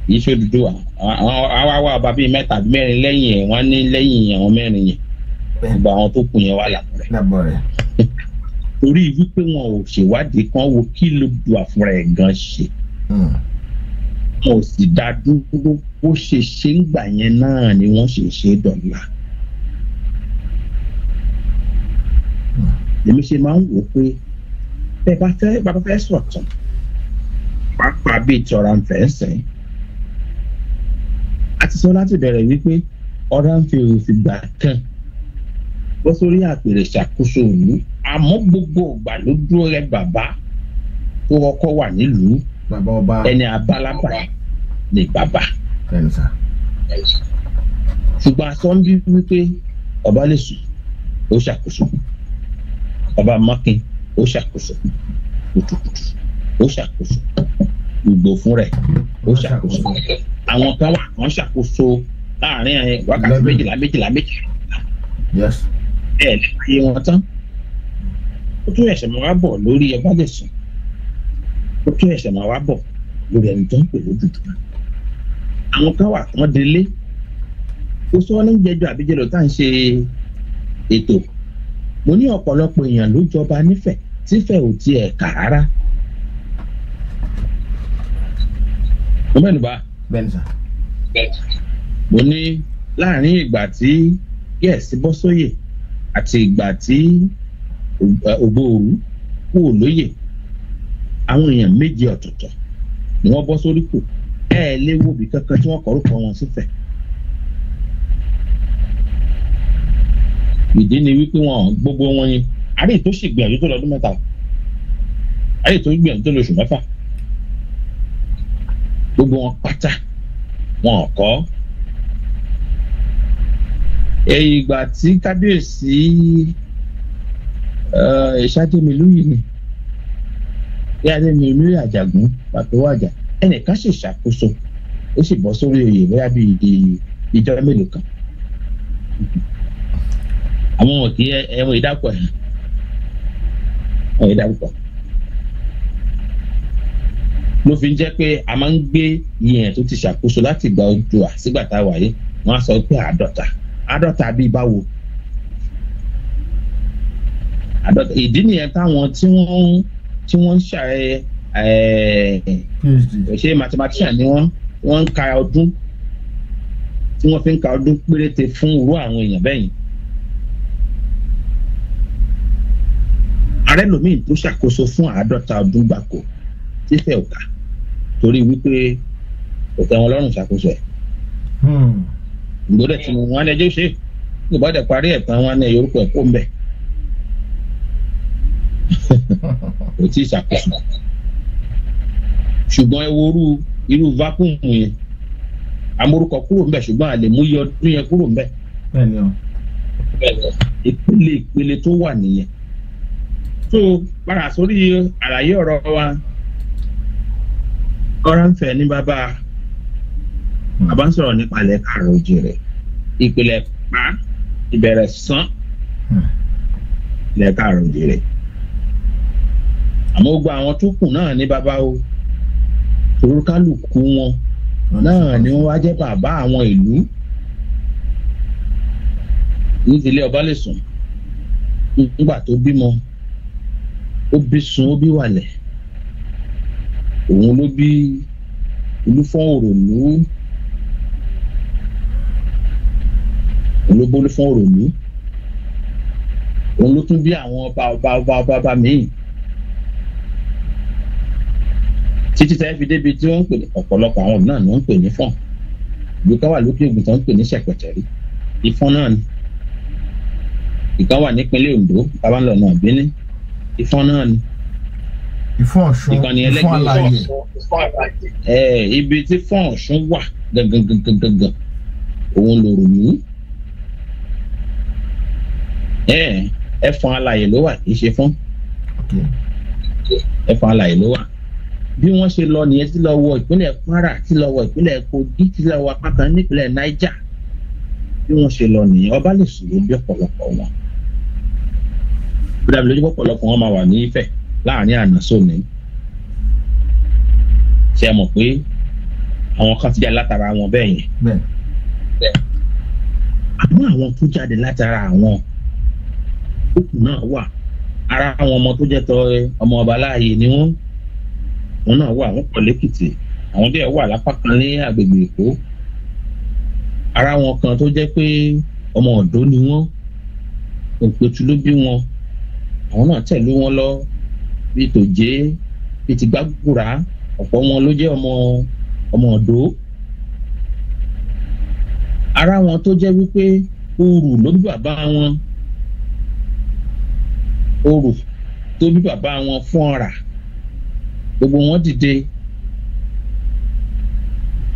kì í ṣe Odùduwà àwọn àwa ọba bíi mẹ́ta mẹ́rin lẹ́yìn ẹ̀ wọ́n ní lẹ́yìn àwọn mẹ́rin yẹn gbogbo àwọn tó kù yẹn wà làbọ̀ rẹ̀. torí wípé wọn ò ṣèwádìí kan wo kí ló du àfúrà ẹ̀ gan ṣe hmm. wọn ò sì dá dúró bó ṣe ṣe ń gbà yẹn náà ni wọ́n ṣe ṣe dọ̀la. èmi ṣe máa ń wò ó pé bẹ́ẹ̀ bá fẹ́ bàbá fẹ́ sọ̀tàn pàápàá bíi tọ́ra ń fẹ́ sìn. a ti sọ láti bẹ̀rẹ̀ wípé ọ̀rá ń fi òfin gbà kan bọ́ sórí àpèrè ṣàkóso òní àmọ́ gbogbo ìgbà ló dúró rẹ bàbá tó kọ́kọ́ wà nílùú ẹni abálábà ni bàbá. ṣùgbọ́n a sọ ń bí wípé ọba lè sùn ó ṣàkóso bàbá mọ́kin ó ṣàkóso kùtùkùtù ó ṣàkóso gbogbo fún rẹ̀ ó ṣàkóso àwọn kan wà kan ṣàkóso láàrin eh, wákàtí méjìlá méjìlá méjìlá ẹ lè pàyè wọn tán ó tún ẹsẹ̀ máa wá bọ̀ lórí ẹgbẹ́ àdẹ̀sùn ó tún ẹsẹ̀ máa wá bọ̀ lórí ẹni tó ń pè lójú tó àwọn kan wà kan délé ó sọ ní jẹjọ àbíjẹlò tá à ń ṣe ètò mo ní ọ̀pọ̀lọpọ̀ èèyàn ló jọba nífẹ̀ tífẹ̀ ò tiẹ̀ kà rárá. mo mẹ́nuba mo ní láàrin ìgbà tí Gẹ̀ẹ́sì bọ́ sóyè àti ìgbà tí Ògbóòrú kú òlóyè àwọn èèyàn méje ọ̀tọ̀ọ̀tọ̀ ni wọ́n bọ́ sórí kù ẹ̀ẹ́dẹ́gbòbí kankan tí wọ́n kọ́ orúkọ wọn sífẹ̀ẹ́ ìdí ni wípé wọn gbogbo wọn ni àárẹ̀ tó ṣègbìyànjú tó lọ́dún mẹ́ta àárẹ̀ tó gbìyànjú tó lọ́ṣù mẹ́fà gbogbo wọn pátá wọn kọ́ ẹ̀yìn ìgbà tí kábíyèsí ìṣàjẹmílúyì ni ìṣàjẹmílúyì àjàgún pàtó àjà ẹnìkan sì ṣàkóso ó sì bọ́ sórí oyè bóyá bíi ìjọba mélòó kan àwọn ò kí ẹwọn ìdápọ̀ ẹ̀ ẹwọn ìdápọ̀ ló fi ń jẹ́ pé a máa ń gbé yẹn tó ti ṣàkóso láti gba ojú à sígbà tá a wáyé wọ́n á sọ pé àádọ́ta àádọ́ta bíi báwo àádọ́ta ìdí nìyẹn táwọn tí wọ́n tí wọ́n ń ṣàyẹ ṣe mathematician ni wọ́n wọ́n ń ka ọdún tí wọ́n fi ń ka ọdún péréte fún irú àwọn èèyàn bẹ́yìn ààrẹ lomi tó ṣàkóso fún àádọ́ta ọdún gbáko títẹ̀ ọ̀ka torí wípé kò tẹ́ wọn lọ́rùn ṣàkóso ẹ̀. Hmm. ìgbọ́dọ̀ tí mo wọn ẹjọ́ ṣe ìgbọ́dọ̀ parí ẹ̀ tán wọn ní orúkọ ẹ̀ kó ń bẹ̀. kò tí ì ṣàkóso. ṣùgbọ́n ẹ wo irú irú vacuum yẹn amórúkọ kúrò ńbẹ ṣùgbọ́n a lè mú iye ọdún yẹn kúrò ńbẹ. ìpele ìpele tó wà nìyẹn tó padà sórí àlàyé ọ̀rọ̀ wa ọ̀rànfẹ́ ní bàbá bàbá ń sọ̀rọ̀ nípa ilẹ̀ káàrọ̀ oòjíire ìpìlẹ̀ pa ìbẹ̀rẹ̀ sán ilẹ̀ káàrọ̀ oòjíire àmọ́ gba àwọn tó kù náà ní bàbá o orúkálùkù wọn náà ni wọ́n wá jẹ́ bàbá àwọn ìlú ní ìdílé ọba lè sùn nígbà tó bímọ ó bí sun ó bí wàlẹ̀ òun ló bí olúfọ́n òrònú òun ló bí olúfọ́n òrònú òun ló tún bí àwọn ọba ọba ọba ọba ọba míì títí tẹ́ fi débi tí wọ́n ń pè ní ọ̀pọ̀lọpọ̀ àwọn náà ni wọ́n ń pè ní fọ́n ìgbéká wà lókè ògùn tó ń pè ní ṣẹ̀pẹ̀tẹ̀rí ìfọ́n náà ni ìkan wà nípínlẹ̀ Ondo babalọ̀ náà bíní ìfọn náà ni. ìfọn ọ̀ṣun ìfọn àlàyé ẹ ibi tí fọn ọ̀ṣun wà gangan òun lòrò mí. ẹfọn àlàyé ló wà kì í ṣe fún ẹfọn àlàyé ló wà bí wọ́n ṣe lọ nìyẹn tí lọ wọ ìpínlẹ̀ Kwara tí lọ wọ ìpínlẹ̀ Kogi tí lọ wọ apákan nípínlẹ̀ Niger bí wọ́n ṣe lọ nìyẹn ọba lè sùn lórí ọ̀pọ̀lọpọ̀ wọn ó dàbí lójú pọ̀pọ̀lọpọ̀ wọn máa wà ní Ifẹ̀ láàrin àná sóni ṣe mọ̀ pé àwọn kan ti jáde látara wọn bẹ́ẹ̀ yẹn àmọ́ àwọn tó jáde látara àwọn òkú náà wà ara àwọn ọmọ tó jẹ́ tọ́ ọmọ ọba láàyè ni wọ́n wọn náà wà wọ́n pọ̀ lẹ́kìtì àwọn díẹ̀ wà lápá kan ní agbègbè Èkó ara wọn kan tó jẹ́ pé ọmọ ọ̀dọ́ ni wọ́n òpètù ló bí wọn àwọn náà tẹ̀lé wọn lọ bí tòjé bí ti gbàgbúra ọ̀pọ̀ wọn ló jẹ́ ọmọ ọmọ ọ̀dọ́ ara wọn tó jẹ́ wípé oòrù ló bí bàbá wọn oòrù tó bí bàbá wọn fọ́nra gbogbo wọn dìde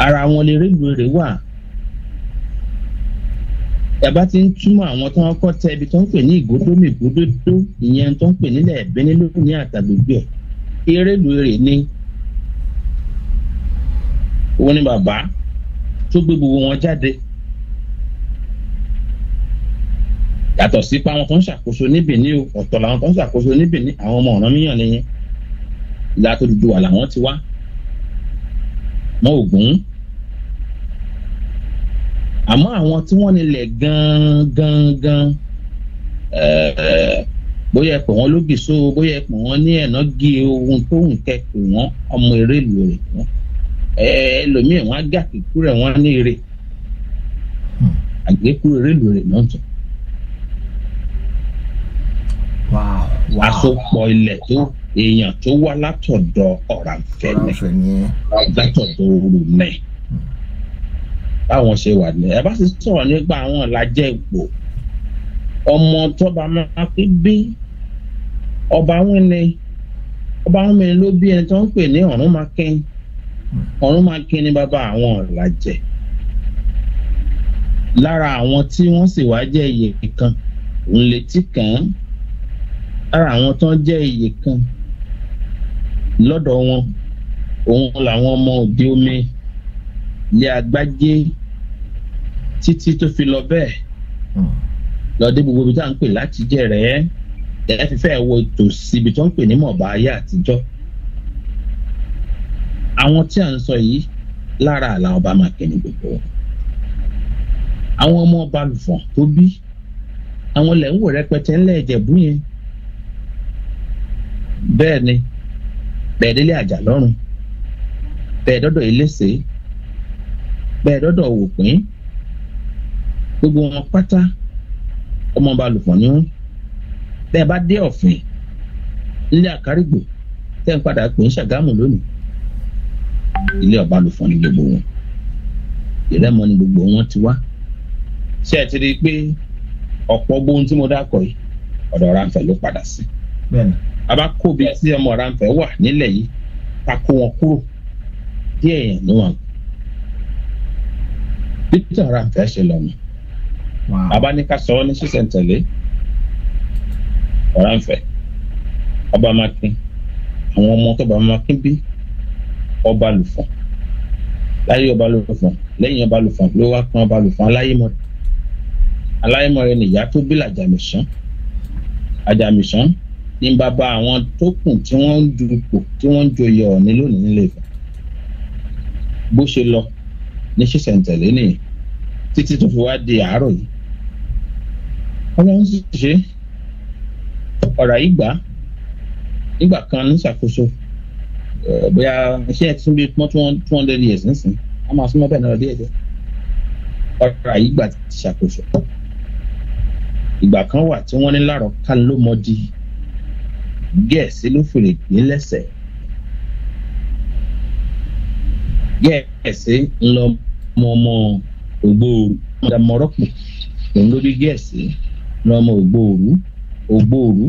ara wọn lè rélùwé rè wà tàbá ti ń túmọ̀ àwọn tó ń kọ́ tẹ ibi tó ń pè ní ìgbódómì ìgbódódó ìyẹn tó ń pè nílẹ̀ ẹ̀bẹ́ni lónìí àtàgbègbè ẹ̀ erélùrè ni òun ni bàbá tó gbé gbogbo wọn jáde yàtọ̀ sí pé àwọn tó ń ṣàkóso ní Benin ọ̀tọ̀ làwọn tó ń ṣàkóso ní àwọn ọmọ Ọ̀rànmíyàn nìyẹn ìlà tó dúdú wà làwọn ti wá mọ́ Ògún àmọ́ àwọn tí wọ́n nílẹ̀ gan gan gan eh, bóyá ẹ pè wọ́n lóbìso bóyá ẹ pè wọ́n ní ẹ̀nà gé ohun tó ń kẹ pè wọ́n ọmọ eré ìlú rẹ̀ wọ́n eh, ẹlòmíì wọ́n á gé àkíkú rẹ̀ wọ́n á ní eré àgbékú eré ìlú rẹ̀ náà tán. àsopọ̀ ilẹ̀ tó èèyàn tó wá látọ̀dọ̀ Ọ̀rànfẹ̀lẹ̀ látọ̀dọ̀ Orùnẹ̀ báwọn ṣe wà ní ẹ bá sì sọ̀rọ̀ nípa àwọn ìlàjẹ ipò ọmọ tọba máa fi bí ọba wọn ni ọba wọn mi ló bí ẹni tó ń pè ní Ọ̀rúnmákin Ọ̀rúnmákin ni bàbá àwọn ìlàjẹ lára àwọn tí wọ́n sì wá jẹ́ iye kan ńlẹtí kan lára àwọn tó ń jẹ́ iye kan lọ́dọ̀ wọn òun làwọn ọmọ òde omi ilé agbájé títí tó fi lọ bẹ́ẹ̀ hmm. lọ dé gbogbo ibi tá à ń pè láti jẹ̀rẹ́ ẹ fi fẹ́ wo tòsí ibi tó ń pè ní mọ̀bá ayé àtijọ́ àwọn tí à ń sọ yìí lára àlà ọba màkẹ́ni gbogbo àwọn ọmọ ọba lùfọ̀n tó bí àwọn ilẹ̀ rẹpẹtẹ ńlẹ̀ ìjẹ̀bú yẹn bẹ́ẹ̀ ni bẹ́ẹ̀ délé àjà lọ́rùn bẹ́ẹ̀ dọ́dọ̀ iléṣèé bẹ́ẹ̀ dọ́dọ̀ wò pín gbogbo wọn pátá ọmọ balùwọ̀n ni wọn bẹ́ẹ̀ bá dé ọ̀fìn nílé àkárìgbò tẹ́ ń padà pè ń ṣàgámù lónìí ilé ọba ló fọ́n ní gbogbo wọn ìrẹ́mọ ni gbogbo wọn ti wá ṣé ẹ ti rí i pé ọ̀pọ̀ gbóhun tí mo dákọ̀ yìí ọ̀dọ̀ ráńfẹ́ ló padà sí abá tí ọmọ ráńfẹ́ wà nílẹ̀ yìí ká wọn kúrò díẹ̀ yẹn ló wà peter ram fẹ́ ṣe lọ́nà bàbá ní ká sọ ní sísẹ̀ntẹ̀lé ọ̀rànfẹ́ ọba makin àwọn ọmọ tó bàbá makin bí ọba lùfọ̀n láyé ọba lùfọ̀n lẹ́yìn ọba lùfọ̀n ló wá kan ọba lùfọ̀n aláyémọ̀rẹ́ aláyémọ̀rẹ́ nìyá tó bí làjàmẹ̀sán àjàmẹ̀sán ní bàbá àwọn tó kù tí wọ́n ń dupò tí wọ́n ń joyè ọ̀ní lónìí nílé Ifẹ̀ bó ṣe lọ ní sísẹ̀ntẹ̀lé nìyẹn títí tó fi wá di àárọ̀ yìí ọlọ́run sì ṣe ọ̀rọ̀ yìí gbà kan ní ṣàkóso bóyá iṣẹ́ ẹ̀ tún bí two hundred years nísìnyí a máa súnmọ́ bẹ́ẹ̀ náà díẹ̀ díẹ̀ ọ̀rọ̀ yìí gbà ti ṣàkóso ìgbà kan wà tí wọ́n ní láàrọ̀ ká ló mọ di gẹ̀ẹ́sì ló fèrè gbé lẹ́sẹ̀ gẹ̀ẹ́sì ńlọmọmọ ògbóoru damọrọpò òun ló bí gẹ̀ẹ́sì lọ́mọ ògbóoru ògbóoru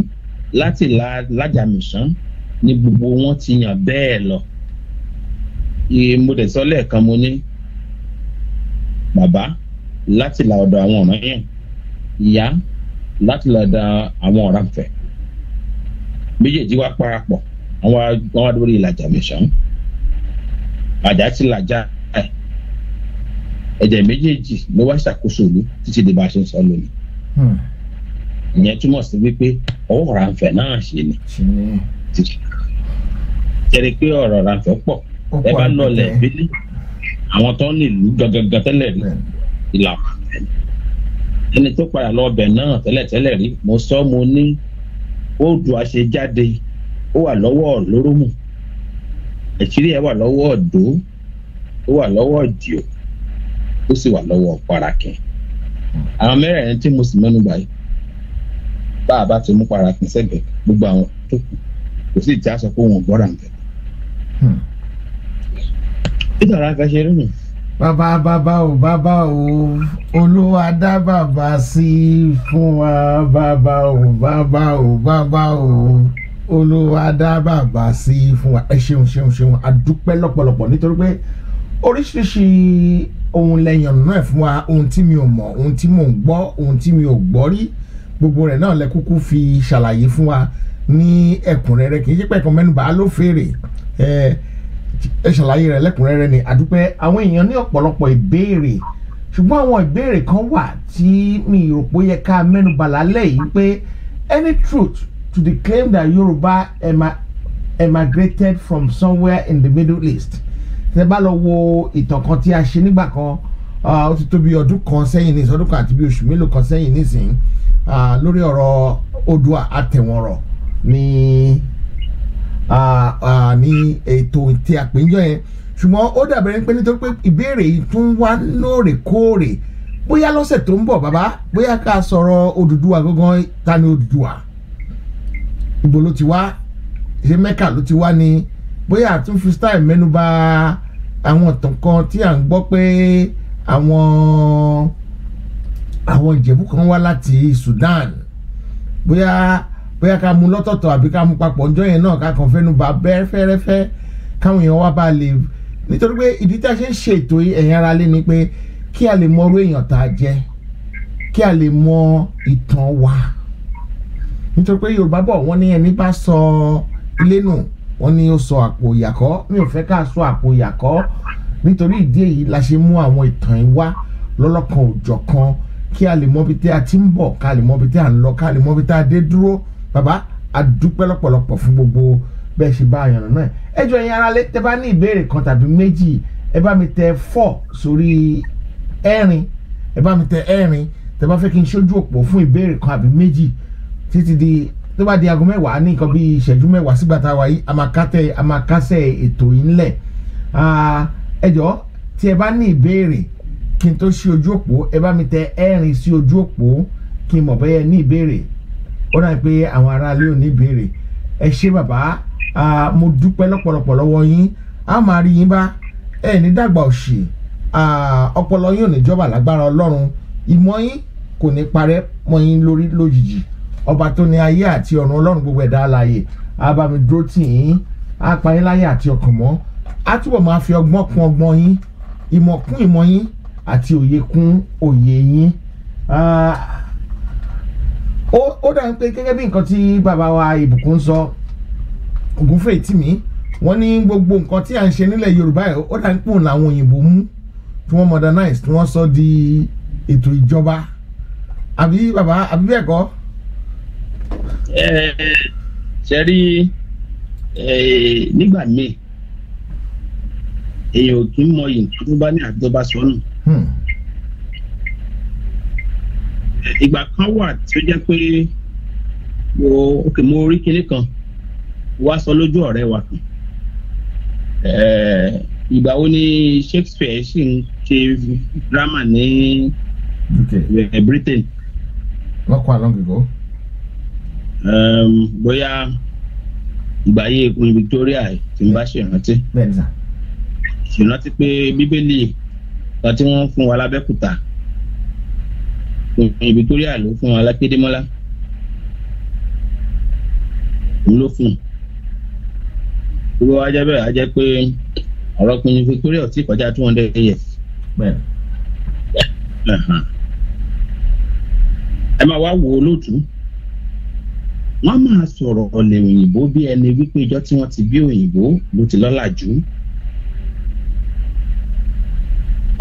láti lájàmìsàn ni gbogbo wọn ti yàn bẹ́ẹ̀ lọ mo dẹ̀ sọ lẹ́ẹ̀kan mo ní bàbá láti là ọ̀dọ̀ àwọn ọ̀ràn yẹn ìyá láti là ọ̀dọ̀ àwọn ọ̀ràn fẹ̀ méjèèjì wá parapọ̀ àwọn adúlórí ìlàjà mìsàn àjà ti làjà ẹ̀jẹ̀ méjèèjì ló wá ṣàkóso mi títí di bá a ṣe ń sọ lónìí hmm. ìyẹn túmọ̀ sí wípé ọwọ́ ránfẹ́ náà ṣe ni tẹ̀lé pé ọ̀rọ̀ ránfẹ́ pọ̀ ẹ bá lọlẹ̀ ìbílẹ̀ àwọn tó ń nílùú gangan tẹ́lẹ̀ rí ìlà ẹni tó padà lọ ọbẹ̀ náà tẹ́lẹ̀ tẹ́lẹ̀ rí mo sọ mo ní òòdù àṣejáde ó wà lọ́wọ́ lórómù ẹ̀kírí ẹ̀ wà lọ́wọ́ ọ̀dọ́ ó wà lọ́wọ́ ìdìò ó sì wà lọ́wọ́ parakin àwọn mẹ́rẹ̀ẹ̀rin tí mo sì mẹ́nu bà yìí bá a bá ti mú parakin sẹ́gbẹ̀ẹ́ gbogbo àwọn tó kù kò sí ìjà sọ pé wọn ò gbọ́ra nǹkan. Hmm. peter rafa ṣe rí mi. bàbá bàbá o bàbá o olúwa dá bàbá sí fún wa bàbá o bàbá o bàbá o olúwa dá bàbá sí fún wa ẹ ṣeun ṣeun ṣeun a dúpẹ́ lọ́pọ̀lọpọ̀ nítorí pé oríṣiríṣi ohun lẹ́yìn náà fún wa ohun tí mi ò mọ̀ ohun tí mò ń gbọ́ ohun tí mi ò gbọ́ rí gbogbo rẹ̀ náà lẹ kúkú fi ṣàlàyé fún wa ní ẹ̀kúnrẹ́rẹ́ kì í ṣe pẹ̀kan mẹ́nubà ló fèrè ẹ ẹ ṣàlàyé rẹ̀ lẹ́kúnrẹ́rẹ́ ni àdúpẹ́ àwọn èèyàn ní ọ̀pọ̀lọpọ̀ ìbéèrè ṣùgbọ́n àwọn ìbéèrè kan wà tí mi rò pé yẹ ká mẹ́nubà lálẹ́ yìí pé any truth to the claim that Yoruba emigrated from somewhere in the Middle East tẹ́ bá lọ wo ìtàn kan tí a ṣe nígbà kan ó ti tó bí ọdún kan sẹ́yìn ní ìsọdún kan àti bí oṣù mélòó kan sẹ́yìn nísìnyí lórí ọ̀rọ̀ Oòduà àtẹ̀wọ̀nrọ̀ ní ní ètò tí a pè ń jọ yẹn ṣùgbọ́n ó dàbẹ̀rẹ̀ pé nítorí pé ìbéèrè yìí tún wá lóòrèkóòrè bóyá lọ́sẹ̀ tó ń bọ̀ bàbá bóyá ká sọ̀rọ̀ Odùduwà gangan ta ni Odùduwà ibo ló ti wá ṣe Mẹ́kà ló ti wá ni bóyá àtún freestyle mẹ́nuba àwọn ìtàn kan tí à ń gbọ́ pé àwọn àwọn ìjẹ̀bú kan wá láti Sudan bóyá bóyá ká mú lọ́tọ̀ọ̀tọ̀ àbí ká mú papọ̀ ọjọ́ yẹn náà ká kàn fẹ́nu bá bẹ́ẹ́ fẹ́rẹ́fẹ́ káwọn èèyàn wá bá lè nítorí pé ìdí tá a ṣe ń ṣètò ẹ̀yìn ara lé ni pé kí a lè mọ orú èèyàn tá a jẹ́ kí a lè mọ ìtàn wa nítorí pé Yorùbá bọ̀ wọ́n ní ẹni bá sọ ilé nù. No wọ́n ní ó sọ àpò ìyàkọ́ mi ò fẹ́ ká sọ àpò ìyàkọ́ nítorí ìdí èyí la ṣe mú àwọn ìtàn ìwá lọ́lọ́kan òjọ̀kan kí a lè mọbi tí a ti ń bọ̀ ká lè mọbi tí a ń lọ ká lè mọbi tí a dé dúró bàbá a dúpẹ́ lọ́pọ̀lọpọ̀ fún gbogbo bẹ́ẹ̀ ṣe bá àyànnà náà ẹ jọ ẹ̀yin aráalé tẹ́ bá ní ìbéèrè kan tàbí méjì ẹ bá mi tẹ fọ́ sórí ẹ̀rin ẹ bá mi tẹ ẹ̀rin tẹ́ bá fẹ́ kí n ṣojú òpó fún ìbéèrè kan àbí méjì títí di tó bá di aago mẹ́wàá ní nǹkan bíi ìṣẹ́jú mẹ́wàá sígbà tá a wáyé àmàkátẹ́ àmàkásẹ̀ ètò yìí ńlẹ̀ ẹ jọ̀ọ́ tí ẹ bá ní ìbéèrè kí n tó ṣí ojú òpó ẹ bá mi tẹ ẹ̀rin sí ojú òpó kí n mọ̀ bẹ́ẹ̀ ní ìbéèrè ó dà pé àwọn aráalé ò ní ìbéèrè ẹ ṣé bàbá mo dúpẹ́ lọ́pọ̀lọpọ̀ lọ́wọ́ yín a máa rí yín bá ẹ ní dàgbà òṣì ọpọlọ yín ò ní jọba lágbára ọlọ́run ìmọ̀ yín kò ní parẹ́ mọ́ yín lórí lójijì ọba tó ní ayé àti ọ̀run ọlọ́run gbogbo ẹ̀dá alààyè á bá mi dúró tì yín á pa yín láyé àti ọkàn mọ́ á túbọ̀ máa fi ọgbọ́n kún ọgbọ́n yín ìmọ̀ kún ìmọ̀ yín àti òye kún òye yín ó dà pé gẹ́gẹ́ bí nǹkan tí bàbá wa ìbùkún sọ ògúnfẹ́ mi wọ́n ní gbogbo nǹkan tí à ń ṣe nílẹ̀ yorùbá ẹ̀ ó dà ń pòun làwọn òyìnbó mú tí wọ́n modernize tí wọ́n sọ di ètò ìjọba àbí bàbá àbí bẹ́ẹ̀ kọ́ ṣe rí nígbà míì èèyàn ò kí ń mọyì tó bá ní àjọba sọnù. Hmm. ìgbà kan wà tí ó jẹ́ pé mo ok mo rí kinní kan wá sọ lójú ọ̀rẹ́ wa kan ìgbà wo ni Shakespeare ṣì ń ṣe drama ní Britain. not quite long ago bóyá ìgbà ayé ikun Victoria tí n bá ṣèrántí ṣèrántí pé bíbélì kan tí wọ́n fún wa lábẹ́kúta ìpín Victoria ló fún wa lákédémọ́lá òun ló fún un gbogbo ajẹ́ bẹ́ẹ̀ ajẹ́ pé ọ̀rọ̀ pinnu Victoria ò tí ì kọjá two hundred years. ẹ máa wá wo olóòtú wọ́n máa sọ̀rọ̀ ọ̀lẹ̀ òyìnbó bí ẹni wípé ìjọ tí wọ́n ti bí òyìnbó ló ti lọ́lá jù.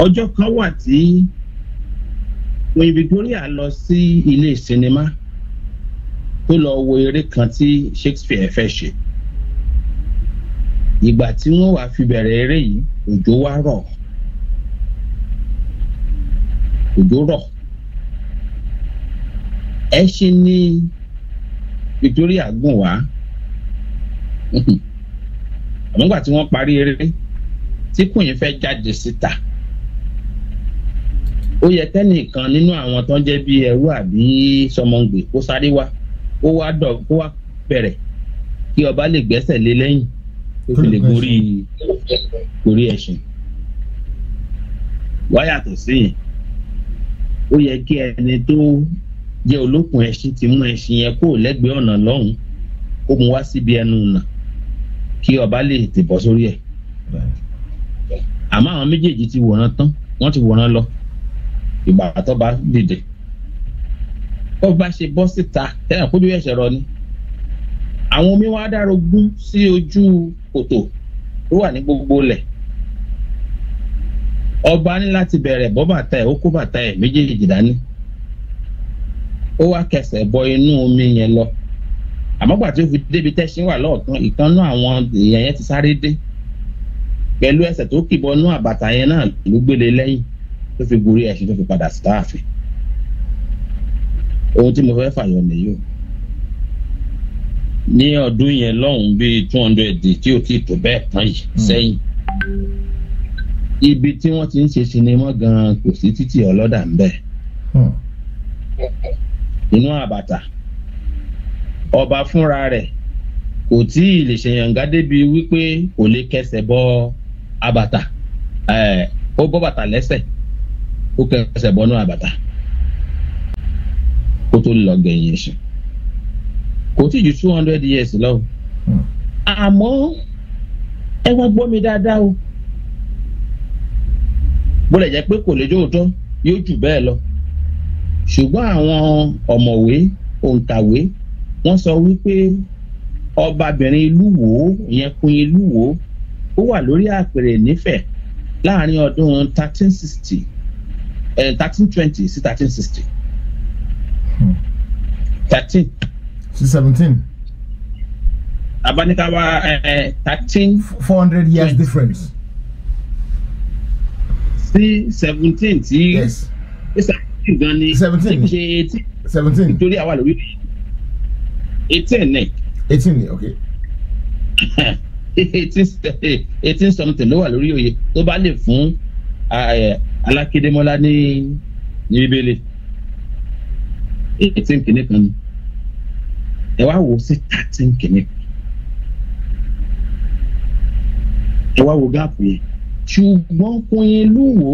ọjọ́ kan wà tí Queen Victoria lọ sí ilé sinimá tó lọ wo eré kan tí Shakespeare fẹ́ ṣe. ìgbà tí wọ́n wàá fi bẹ̀rẹ̀ eré yìí òjò wá rọ̀ òjò rọ̀ ẹṣin ni. Victoria gùn wá àmọ́ nígbà tí wọ́n parí eré tí Queen fẹ́ jáde síta ó yẹ kẹ́nìkan nínú àwọn tó ń jẹ́ bí ẹrú àbí sọmọǹgbè kó sáré wá kó wá dọ̀ kó wá bẹ̀rẹ̀ kí ọba lè gbẹ́sẹ̀ lé lẹ́yìn tó fi lè gorí gorí ẹṣin wáyà tó sí yẹn ó yẹ kí ẹni tó jẹ́ olókùn ẹṣin ti mú ẹṣin yẹn kó lẹ́gbẹ̀ẹ́ ọ̀nà lọ́hùn kó mu wá síbi ẹnu ọ̀nà kí ọba lè tè bọ́ sórí ẹ̀ àmọ́ àwọn méjèèjì ti wòran tán wọ́n ti wòran lọ ìgbà àtọ́ba dìde bó bá ṣe bọ́ síta tẹ́lẹ̀ kójú ẹ̀ṣẹ̀ rọ ni àwọn omi wa dárogún sí ojú kòtò tó wà ní gbogbo lẹ̀ ọba ní láti bẹ̀rẹ̀ bọ́ bàtà ẹ̀ ó kó bàtà ẹ̀ méjèèjì dání ó wá kẹsẹ̀ bọ inú omi yẹn lọ àmọ́gbà tí ó fi débi tẹ́sán wà lọ́ọ̀tún ìkànnú àwọn èèyàn yẹn ti sáré dé pẹ̀lú ẹsẹ̀ tó kìbọ inú àbàtà yẹn náà ló gbélé lẹ́yìn tó fi gorí ẹṣin tó fi padà sí ohun tí mo fẹ́ fàyọ nìyí o ní ọdún yẹn lọ́hùn bíi two hundred tí ò tí tó bẹ́ẹ̀ tán yìí hmm. sẹ́yìn ibi tí wọ́n ti ń ṣe sinimá gan-an kò sí títì ọlọ́dà ń bẹ̀. Hmm inú àbàtà ọba fúnra rẹ̀ kò tí ì lè ṣèyànga débi wípé kò lè kẹsẹ̀ bọ àbàtà ó bọ́ bàtà lẹ́sẹ̀ ó kẹsẹ̀ bọ́nú àbàtà kó tó lọ gẹ̀yìn ẹ̀sìn kò tí ju two hundred years lọ àmọ́ ẹ wá gbọ́ mi dáadáa o bó lè jẹ́ pé kò lè jó òótọ́ yóò jù bẹ́ẹ̀ lọ ṣùgbọ́n àwọn ọ̀mọ̀wé òǹkàwé wọ́n sọ wípé ọbabìnrin Lúwo ìyẹn Queen Lúwo ó wà lórí àpèrè nífẹ̀ẹ́ láàrin ọdún thirteen sixty eh, thirteen twenty sí thirteen sixty hmm. thirteen sí seventeen abanikawa eh, thirteen four hundred years 20. difference sí seventeen sí yes eighteen gan ni seventeen seventeen nítorí àwa lórí eighteen ní. eighteen ni Okay. eighteen eighteen something ló wà lórí oyè tó bá lè fún alákédémọ́lá ní ìrìbẹ̀lẹ̀ eighteen kìíní kan ni ẹ wá wò ó sí thirteen kìíní kan ẹ wá wo gáàpù yẹn ṣùgbọ́n kun yẹn ló wò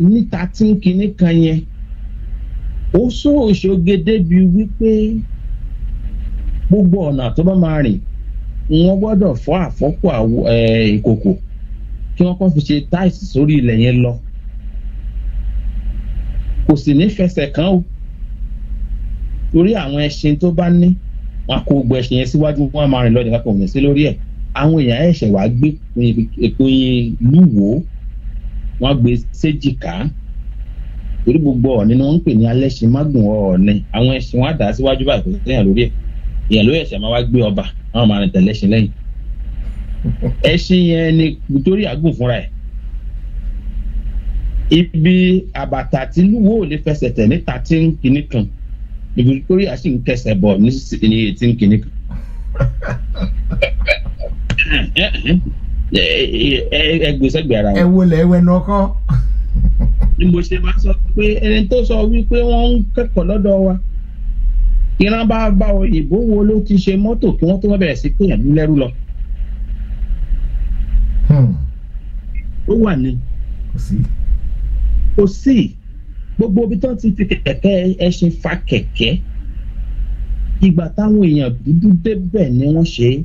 ó ní thirteen kìíní kan yẹn ó sún òṣogbe débi wípé gbogbo ọ̀nà tó bá máa rìn wọ́n gbọ́dọ̀ fọ́ àfọ́kù ìkòkò kí wọ́n kọ́ fi ṣe táìsì sórí ilẹ̀ yẹn lọ kò sì ní fẹsẹ̀ kan o torí àwọn ẹṣin tó bá ní wọn kó gbogbo ẹṣin yẹn síwájú wọn máa rìn lọ́dẹ̀ kápẹ́ òun sí lórí ẹ̀ àwọn èèyàn ẹ̀ṣẹ̀ wàá gbé ìpín lúwo wọn gbé séjìká torí gbogbo ọ̀ọ́ni ni wọ́n ń pè ní alẹ́sìmágùn ọ̀ọ́ni àwọn ẹ̀sìn wọn àdá síwájú báyìí kò sẹ́yìn lórí ẹ̀ èèyàn lórí ẹ̀sẹ̀ máa wá gbé ọba àwọn máa rìn tẹ̀lẹ́sìn lẹ́yìn ẹ̀sìn yẹn ni torí àgùn fúnra ẹ̀ ibi àbàtà tí lúwo ò lè fẹsẹ̀ tẹ̀ ní thirteen kìíní kan ibi torí àṣì ń kẹsẹ̀ bọ̀ ní eighteen kìíní kan ẹgbẹ́sẹ̀gbẹ̀ ara wọn. ẹ wo lẹ́wẹ̀ náà kọ́ ni mo ṣe máa sọ pé ẹni tó sọ wípé wọ́n ń kẹ́kọ̀ọ́ lọ́dọ̀ wa ìran bá bá òyìnbó wo ló ti ṣe mọ́tò kí wọ́n tó bẹ̀rẹ̀ sí pé ẹ̀mí lẹ́rú lọ. Hmm. ó wà ní kò sí gbogbo ibi tó ti fi kẹ̀kẹ́ ẹṣin fa kẹ̀kẹ́ ìgbà táwọn èèyàn dúdú débẹ̀ ni wọ́n ṣe é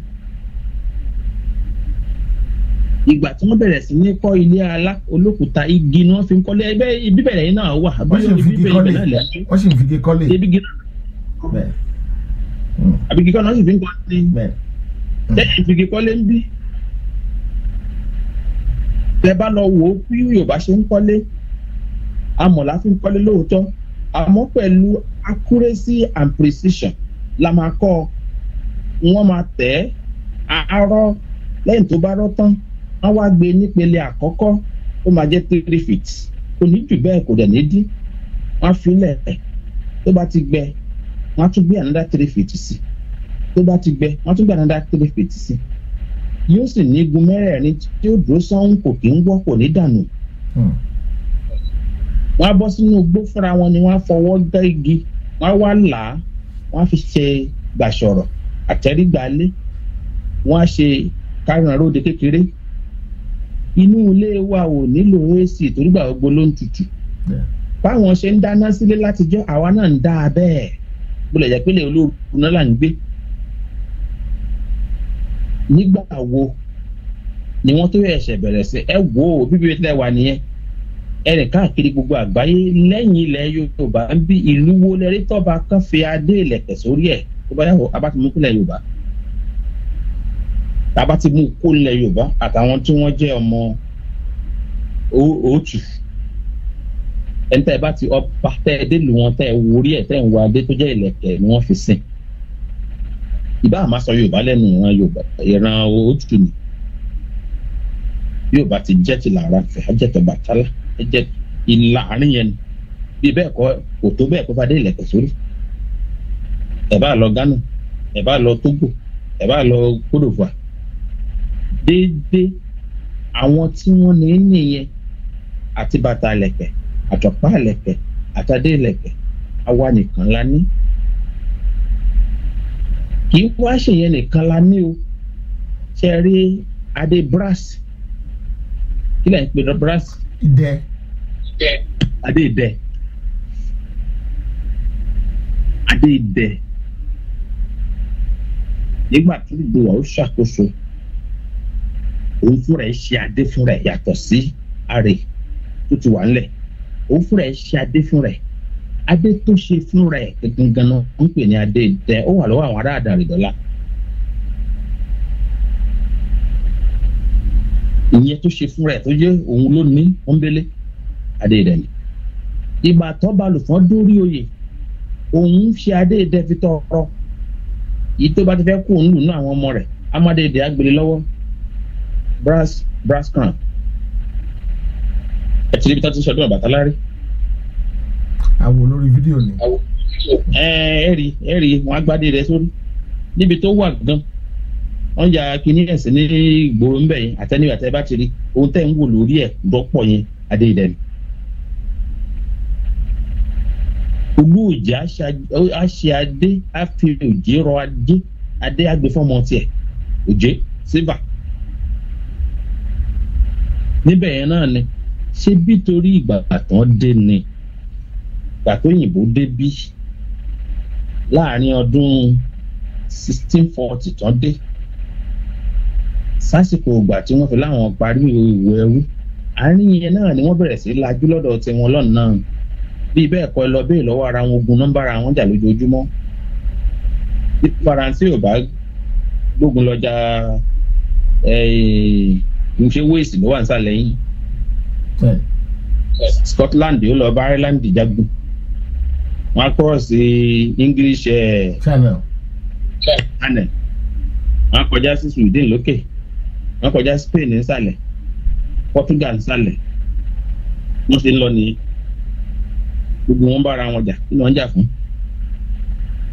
ìgbà tí wọ́n bẹ̀rẹ̀ sí ní kọ́ ilé alá olókùúta igi ni wọ́n fi ń kọ́lé ẹgbẹ́ ibi bẹ̀rẹ̀ yìí náà wà wọ́n sì ń fi gé kọ́lé ibi gíga hmm. àbí gíga náà sì fi ń kọ́ ní lẹ́yìn fi gé kọ́lé ń bí tẹ bá lọ wò ó bí Yorùbá ṣe ń kọ́lé amọ̀ la fi ń kọ́lé lóòótọ́ àmọ́ pẹ̀lú accuracy and precision la máa kọ́ wọ́n máa tẹ̀ ẹ́ arọ́ lẹ́yìn tó bá rọ́ tán wọ́n wá gbé nípele àkọ́kọ́ ó máa jẹ́ three feet kò ní jù bẹ́ẹ̀ kò dẹ̀ ní dín wọ́n á filẹ̀ tó bá ti gbẹ wọ́n á tún gbé another three feet sí tó bá ti gbẹ wọ́n á tún gbé another three feet sí yóò sì ní igun mẹ́rẹ̀ẹ̀rin tí ó dúró sọ́hún kò kí ń wọ́ ní dànù hmm. wọ́n bọ́ sínú igbó fúnra wọn ni wọ́n fọwọ́ gbẹ́ igi wọ́n á wá là á wọ́n á fi ṣe gbàṣọ̀rọ̀ àtẹrígbàlé wọ́n á ṣe kárùn-ún àròde kékeré inú ilé wa ò nílò ac torí gbà gbogbo ló ń tutù báwọn ṣe ń dáná sílé láti àwa náà ń dá a bẹ́ẹ̀ gbọ́dọ̀ jẹ́ pé olóògùn náà là ń gbé nígbà wo ni wọ́n tó ẹ̀ṣẹ̀ bẹ̀rẹ̀ sí ẹ wò ó bíbí tẹ́ wà nìyẹn ẹnì káàkiri gbogbo àgbáyé lẹ́yìn ilẹ̀ yorùbá ń bí ìlú wo lẹ́rí tọ́ba kan fi adé ìlẹ̀kẹ̀ sórí ẹ̀ tó bá yàgò abátìmúkúlẹ̀ yorùbá tábà ti mú kó ilẹ̀ yorùbá àtàwọn tí wọ́n jẹ́ ọmọ òòtù ẹni tẹ́ ẹ bá ti ọba tẹ́ ẹ dé lu wọn tẹ́ ẹ wórí ẹ̀ tẹ́ ẹ ń wo adé tó jẹ́ ìlẹ̀kẹ̀ ni wọ́n fi sìn ìbá àmà sọ yorùbá lẹ́nu ìran yorùbá ìran òòtù ni yorùbá ti jẹ́ ti làárá fẹ́ ajẹ́ tó bàtálá ajẹ́ ìlà yẹn bí bẹ́ẹ̀ kọ́ kò tó bẹ́ẹ̀ kó fadé ìlẹ̀kẹ̀ sórí ẹ̀ bá lọ Ghana ẹ̀ bá lọ Togo ẹ̀ bá lọ Cote déédéé àwọn tí wọ́n ní nìyẹn àti bàtà lẹ̀kẹ̀ àtọ̀pá lẹ̀kẹ̀ àtàdé lẹ̀kẹ̀ àwa nìkan la ní. kì í wá ṣèyẹn nìkan la ní o ṣe rí adé brass kí lẹ́yìn pé brass. ìdẹ. ìdẹ. adé ìdẹ. adé ìdẹ. nígbà tí ìgbéyàwó ṣàkóso òun fúnra ẹ̀ ṣe adé fúnra ẹ̀ yàtọ̀ sí àrè tó ti wà ńlẹ̀ òun fúnra ẹ̀ ṣe adé fúnra ẹ̀ adé tó ṣe fúnra ẹ̀ gangan náà ń pè ní adé ìdẹ ó wà lọ́wọ́ àwọn ará àdàrídọ́lá ìyẹn tó ṣe fúnra ẹ̀ tó jẹ́ òun ló ní adé ìdẹ ni ìgbà tó balùfọ́n dórí oyè òun ṣe adé ìdẹ fi tọrọ yìí tó bá ti fẹ́ kó òun lù ní àwọn ọmọ rẹ̀ amadé agbèrè lọ́wọ́ brass brass crown ẹ ti rí ibi tí wọ́n ti ń ṣọdún àbàtà lárí. àwò lórí fídíò ni. àwò ẹ ẹ rí ẹ rí wọn agbádé rẹ sórí níbi tó wà gan wọ́n ya kinní ẹ̀sìn ní ìgboro ńbẹ̀ yẹn àtẹnìwé àtẹ bá ti rí ohun tẹ́ ń wò lórí ẹ̀ lọ́pọ̀ yẹn adé ìdẹ́nu. olóòjì àṣẹ adé àfi òjì rọ adé adé àgbẹ̀fọ́mọ tiẹ̀ òjì silver níbẹ̀ yẹn náà ni ṣé bí torí ìgbà dé ni ìgbà tó yìnbó dé bí láàrin ọdún sixteen forty tán dé sásìkò ìgbà tí wọ́n fi láwọn parí ìwò ẹrú àárín yẹn náà ni wọ́n bẹ̀rẹ̀ sí lajú lọ́dọ̀ tiwọn lọ́nà náà bíi bẹ́ẹ̀ kọ́ ẹ lọ bẹ́ẹ̀ lọ́wọ́ ara wọn ogun nọ́mbà ara wọn jà lójoojúmọ́ bí faransé ò bá gbógun lọ́jà n ṣe wéèsì ló wà nísàlẹ̀ yìí Scotland ó lọ bá Ireland jagun wọn cross English eh, Channel Channel wọn kọjá sí Sweden lókè wọn kọjá Spain nísàlẹ̀ Portugal nísàlẹ̀ wọn ṣe ń lọ nìyẹn gbogbo wọn bára wọn jà kí ni wọn jà fún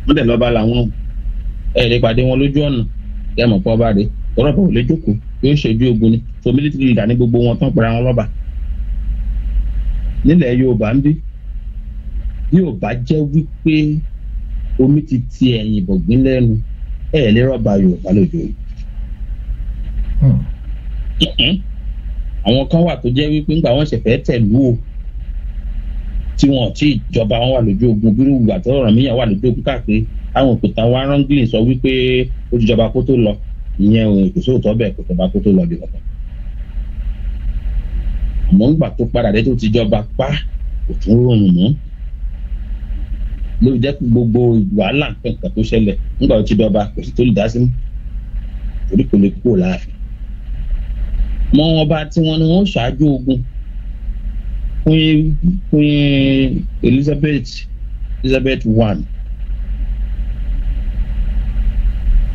wọn dẹ̀ lọ́ba làwọn ẹ̀ẹ́dẹ́gbàdé wọn lójú ọ̀nà kí ẹ mọ̀ pọ́ bá rèé ọlọ́ba ò lè jókòó yóò ṣẹ́jú ogun ni so military leader ní gbogbo wọn tán pẹ̀lú àwọn ọlọ́ba nílẹ̀ yorùbá ń bí yorùbá jẹ́ wípé omi ti ti ẹ̀yìn bọ̀gbín lẹ́nu ẹ̀ lè rọ́bà yorùbá lójó yìí. Hmm. àwọn kan wà tó jẹ́ wípé ńgbà wọ́n ṣẹ̀fẹ̀ tẹ̀lú o tí wọn tí ìjọba wọn wà lójú ogun bírú ìgbà tó rọrùn míyàn wà lójú ogun káàkiri àwọn òkúta wa rangling sọ wípé ó ti jọba kó tó lọ ìyẹn ò kò sóòótọ́ bẹ́ẹ̀ kò tó bá kó tó lọ bí kankan àmọ́ ńgbà tó padà dé tó ti jọba pa kò tún rọrùn mọ́ ló jẹ́ pé gbogbo wàhálà nǹkan tó ṣẹlẹ̀ ńgbà tó ti dọba kò sí tó lè dá sí mọ́ torí kò lè kúrò láàfin mọ ọba tí wọn ni wọn ṣáájú ogun queen elizabeth elizabeth one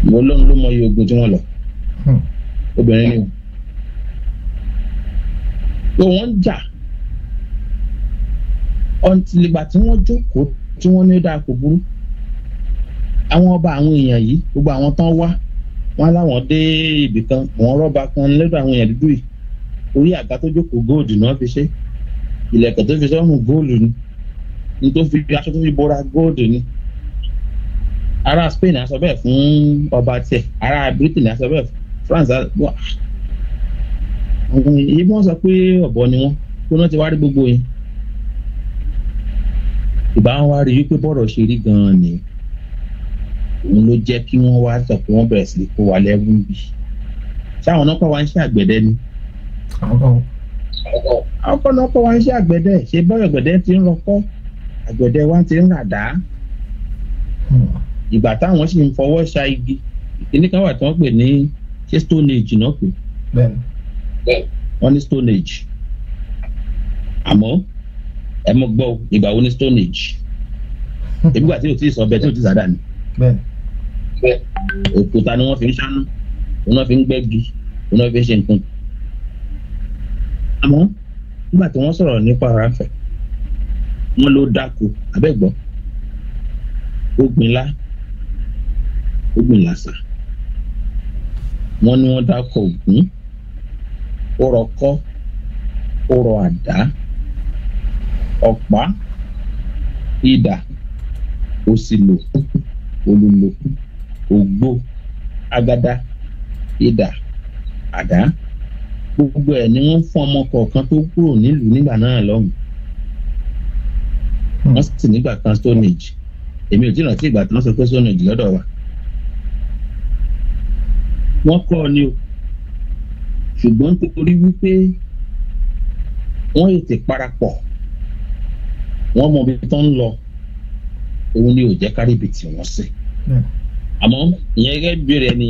mo lọ́run ló mọ iye ogun tí wọ́n lọ hmm. obìnrin ni o pé wọ́n ń jà until ìgbà tí wọ́n jókòó tí wọ́n ní ó dáa kò burú àwọn ọba àwọn èèyàn yìí gbogbo àwọn tán wá wọn láwọn dé ibì kan wọn rọba kan lọ́dọ̀ àwọn èèyàn dúdú yìí orí àga tó jókòó góòdù náà fi ṣe ilẹ̀kẹ̀ tó fi sọ́run góòlù ni ní tó fi aṣọ tó fi bora góòdù ni ará Spain á sọ bẹ́ẹ̀ fún ọba tiẹ̀ ará Britain á sọ bẹ́ẹ̀ fún France àwọn èyí wọ́n sọ pé ọ̀bọ ni wọ́n kó náà ti wá rí gbogbo yẹn ìbá wọn wá rí wípé bọ́rọ̀ ṣe rí gan-an ni òun ló jẹ́ kí wọ́n wá sọ pé wọ́n bẹ̀rẹ̀ sí kó wa lẹ́rú bí sáwọn náà kọ́ wa ń ṣe àgbẹ̀dẹ ni àwọn náà kọ́ wa ń ṣe àgbẹ̀dẹ ṣe bọ́rọ̀ àgbẹ̀dẹ ti ń rọkọ́ àgbẹ̀dẹ wa ti ń ràdá. Hmm ìgbà táwọn sì ń fọwọ́ ṣa igi ìkíní kan wà tí wọ́n pè ní ṣé stone age náà pè wọ́n ní stone age àmọ́ ẹ mọ̀ gbọ́ ìgbà wo ní stone age èmi gbà tí o ti sọ bẹ́ẹ̀ tí o ti sàdá ni òkúta ni wọ́n fi ń ṣáná òun fi ń gbẹ́gi òun fi ń ṣe nǹkan àmọ́ nígbà tí wọ́n sọ̀rọ̀ nípa ráńfẹ̀ wọ́n ló dáko abẹ́gbọ́ ó gbin ogun làṣà wọn ni wọn dákọ ògún ó rọkọ ó rọ àdá ọ̀pá idà òsìlò agada ida àdá gbogbo ẹ̀ ni wọ́n fún ọmọ kọ̀ọ̀kan tó kúrò nílùú nígbà náà lọ́hùn wọ́n sì nígbà kan stone age èmi ò tí ì rántí ìgbà tí wọ́n sọ pé stone age wa wọ́n kọ́ ni o ṣùgbọ́n nítorí wípé wọ́n ètè parapọ̀ wọ́n mọ ibi tó ń lọ òun ni ò jẹ́ kárìbì tí wọ́n sí àmọ́ ìyẹn gẹ́gẹ́ bí rẹ̀ ni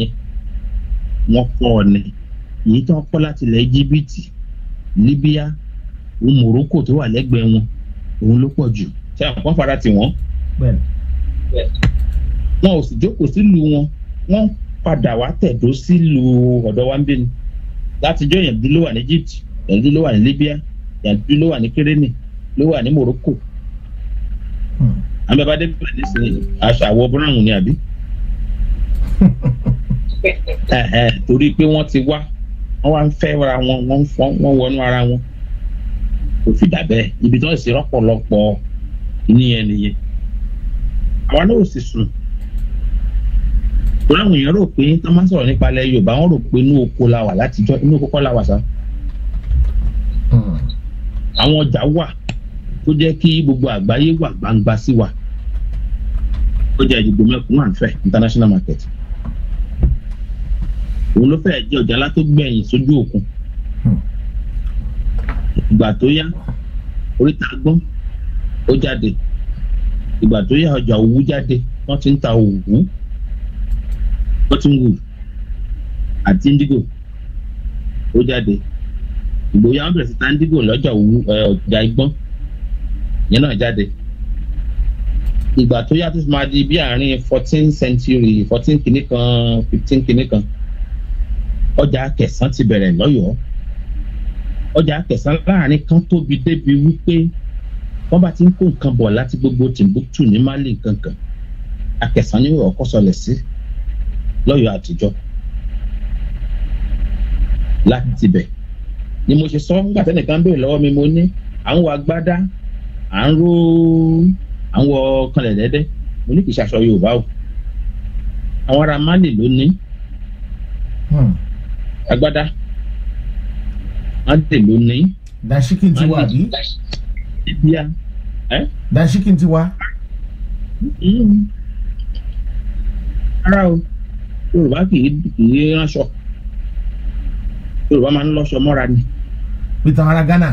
wọ́n kọ́ ni èyí tó ń kọ́ láti ilẹ̀ íjíbítì libya morocco tó wà lẹ́gbẹ̀ẹ́ wọn òun ló pọ̀ jù ṣé àwọn fara ti wọ́n wọn ò sì jókòó sílùú wọn wọ́n padà wá tẹ̀dó sílùú ọ̀dọ̀ wa ń bí ni látijọ́ ìyànjú ló wà ní Egypt ìyànjú ló wà ní Libya ìyànjú ló wà ní kérénì ló wà ní Morocco àmì abadé bẹ̀rẹ̀ nísìnyí aṣọ àwọ̀ brown ni àbí torí pé wọ́n ti wá wọ́n wá ń fẹ́ ra wọn wọ́n wọ́n wọnú ara wọn kò fi dà bẹ́ẹ̀ ibi tí wọ́n sì rọ́pọ̀lọpọ̀ ní ẹnìyẹn àwa náà ò sì sùn láwọn èèyàn rò pé tó máa ń sọ̀rọ̀ nípa ilẹ̀ Yorùbá wọ́n rò pé inú oko la wà látijọ́ inú oko kọ́ la wà sá. Hmm. àwọn ọjà wà tó jẹ́ kí gbogbo àgbáyé wà gbangba sí wa ó jẹ́ ìdìbò mẹ́kùnún àǹfẹ̀ international market òun ló fẹ́ẹ̀ jẹ́ ọjà látó gbẹ̀yìn sójú òkun hmm. ìgbà tó yá oríta gbọ́n ó jáde ìgbà tó yá ọjà òwú jáde wọ́n ti ń ta òwú cottonwood àti indigo ó jáde ìgbòho àwọn bẹ̀rẹ̀ sí ta indigo lọ́jà òwú ọjà igbọ́n yẹn náà jáde ìgbà tó yàtọ̀ sí máa di bí àárín fourteen century fourteen kìíní kan fifteen kìíní kan ọjà kẹsàn ti bẹ̀rẹ̀ lọ́yọ̀ọ́ ọjà kẹsàn láàrin kan tóbi débi wípé wọ́n bá ti ń kó nǹkan bọ̀ láti gbogbo Timbuktu ní Mali kankan akẹsàn ni wọ́n kọ́ sọlẹ̀ sí. Si lọ́yọ̀ọ́ àtijọ́ láti tibẹ̀ ni mo ṣe sọ nígbà tẹ́nìkan béèrè lọ́wọ́ mi mo ní à ń wọ agbádá à ń ró à ń wọ kanlẹ̀ dẹ́dẹ́ mo ní kì í ṣaṣọ Yorùbá o àwọn ará Mali ló ní hmm. agbádá Mali ló ní. dashikin ti wà bí. dashikin ti wà. Hmm. rárá o yorùbá kì í kì í ránṣọ yorùbá máa ń lọ́ṣọ mọ́ra ni. peter ara ghana.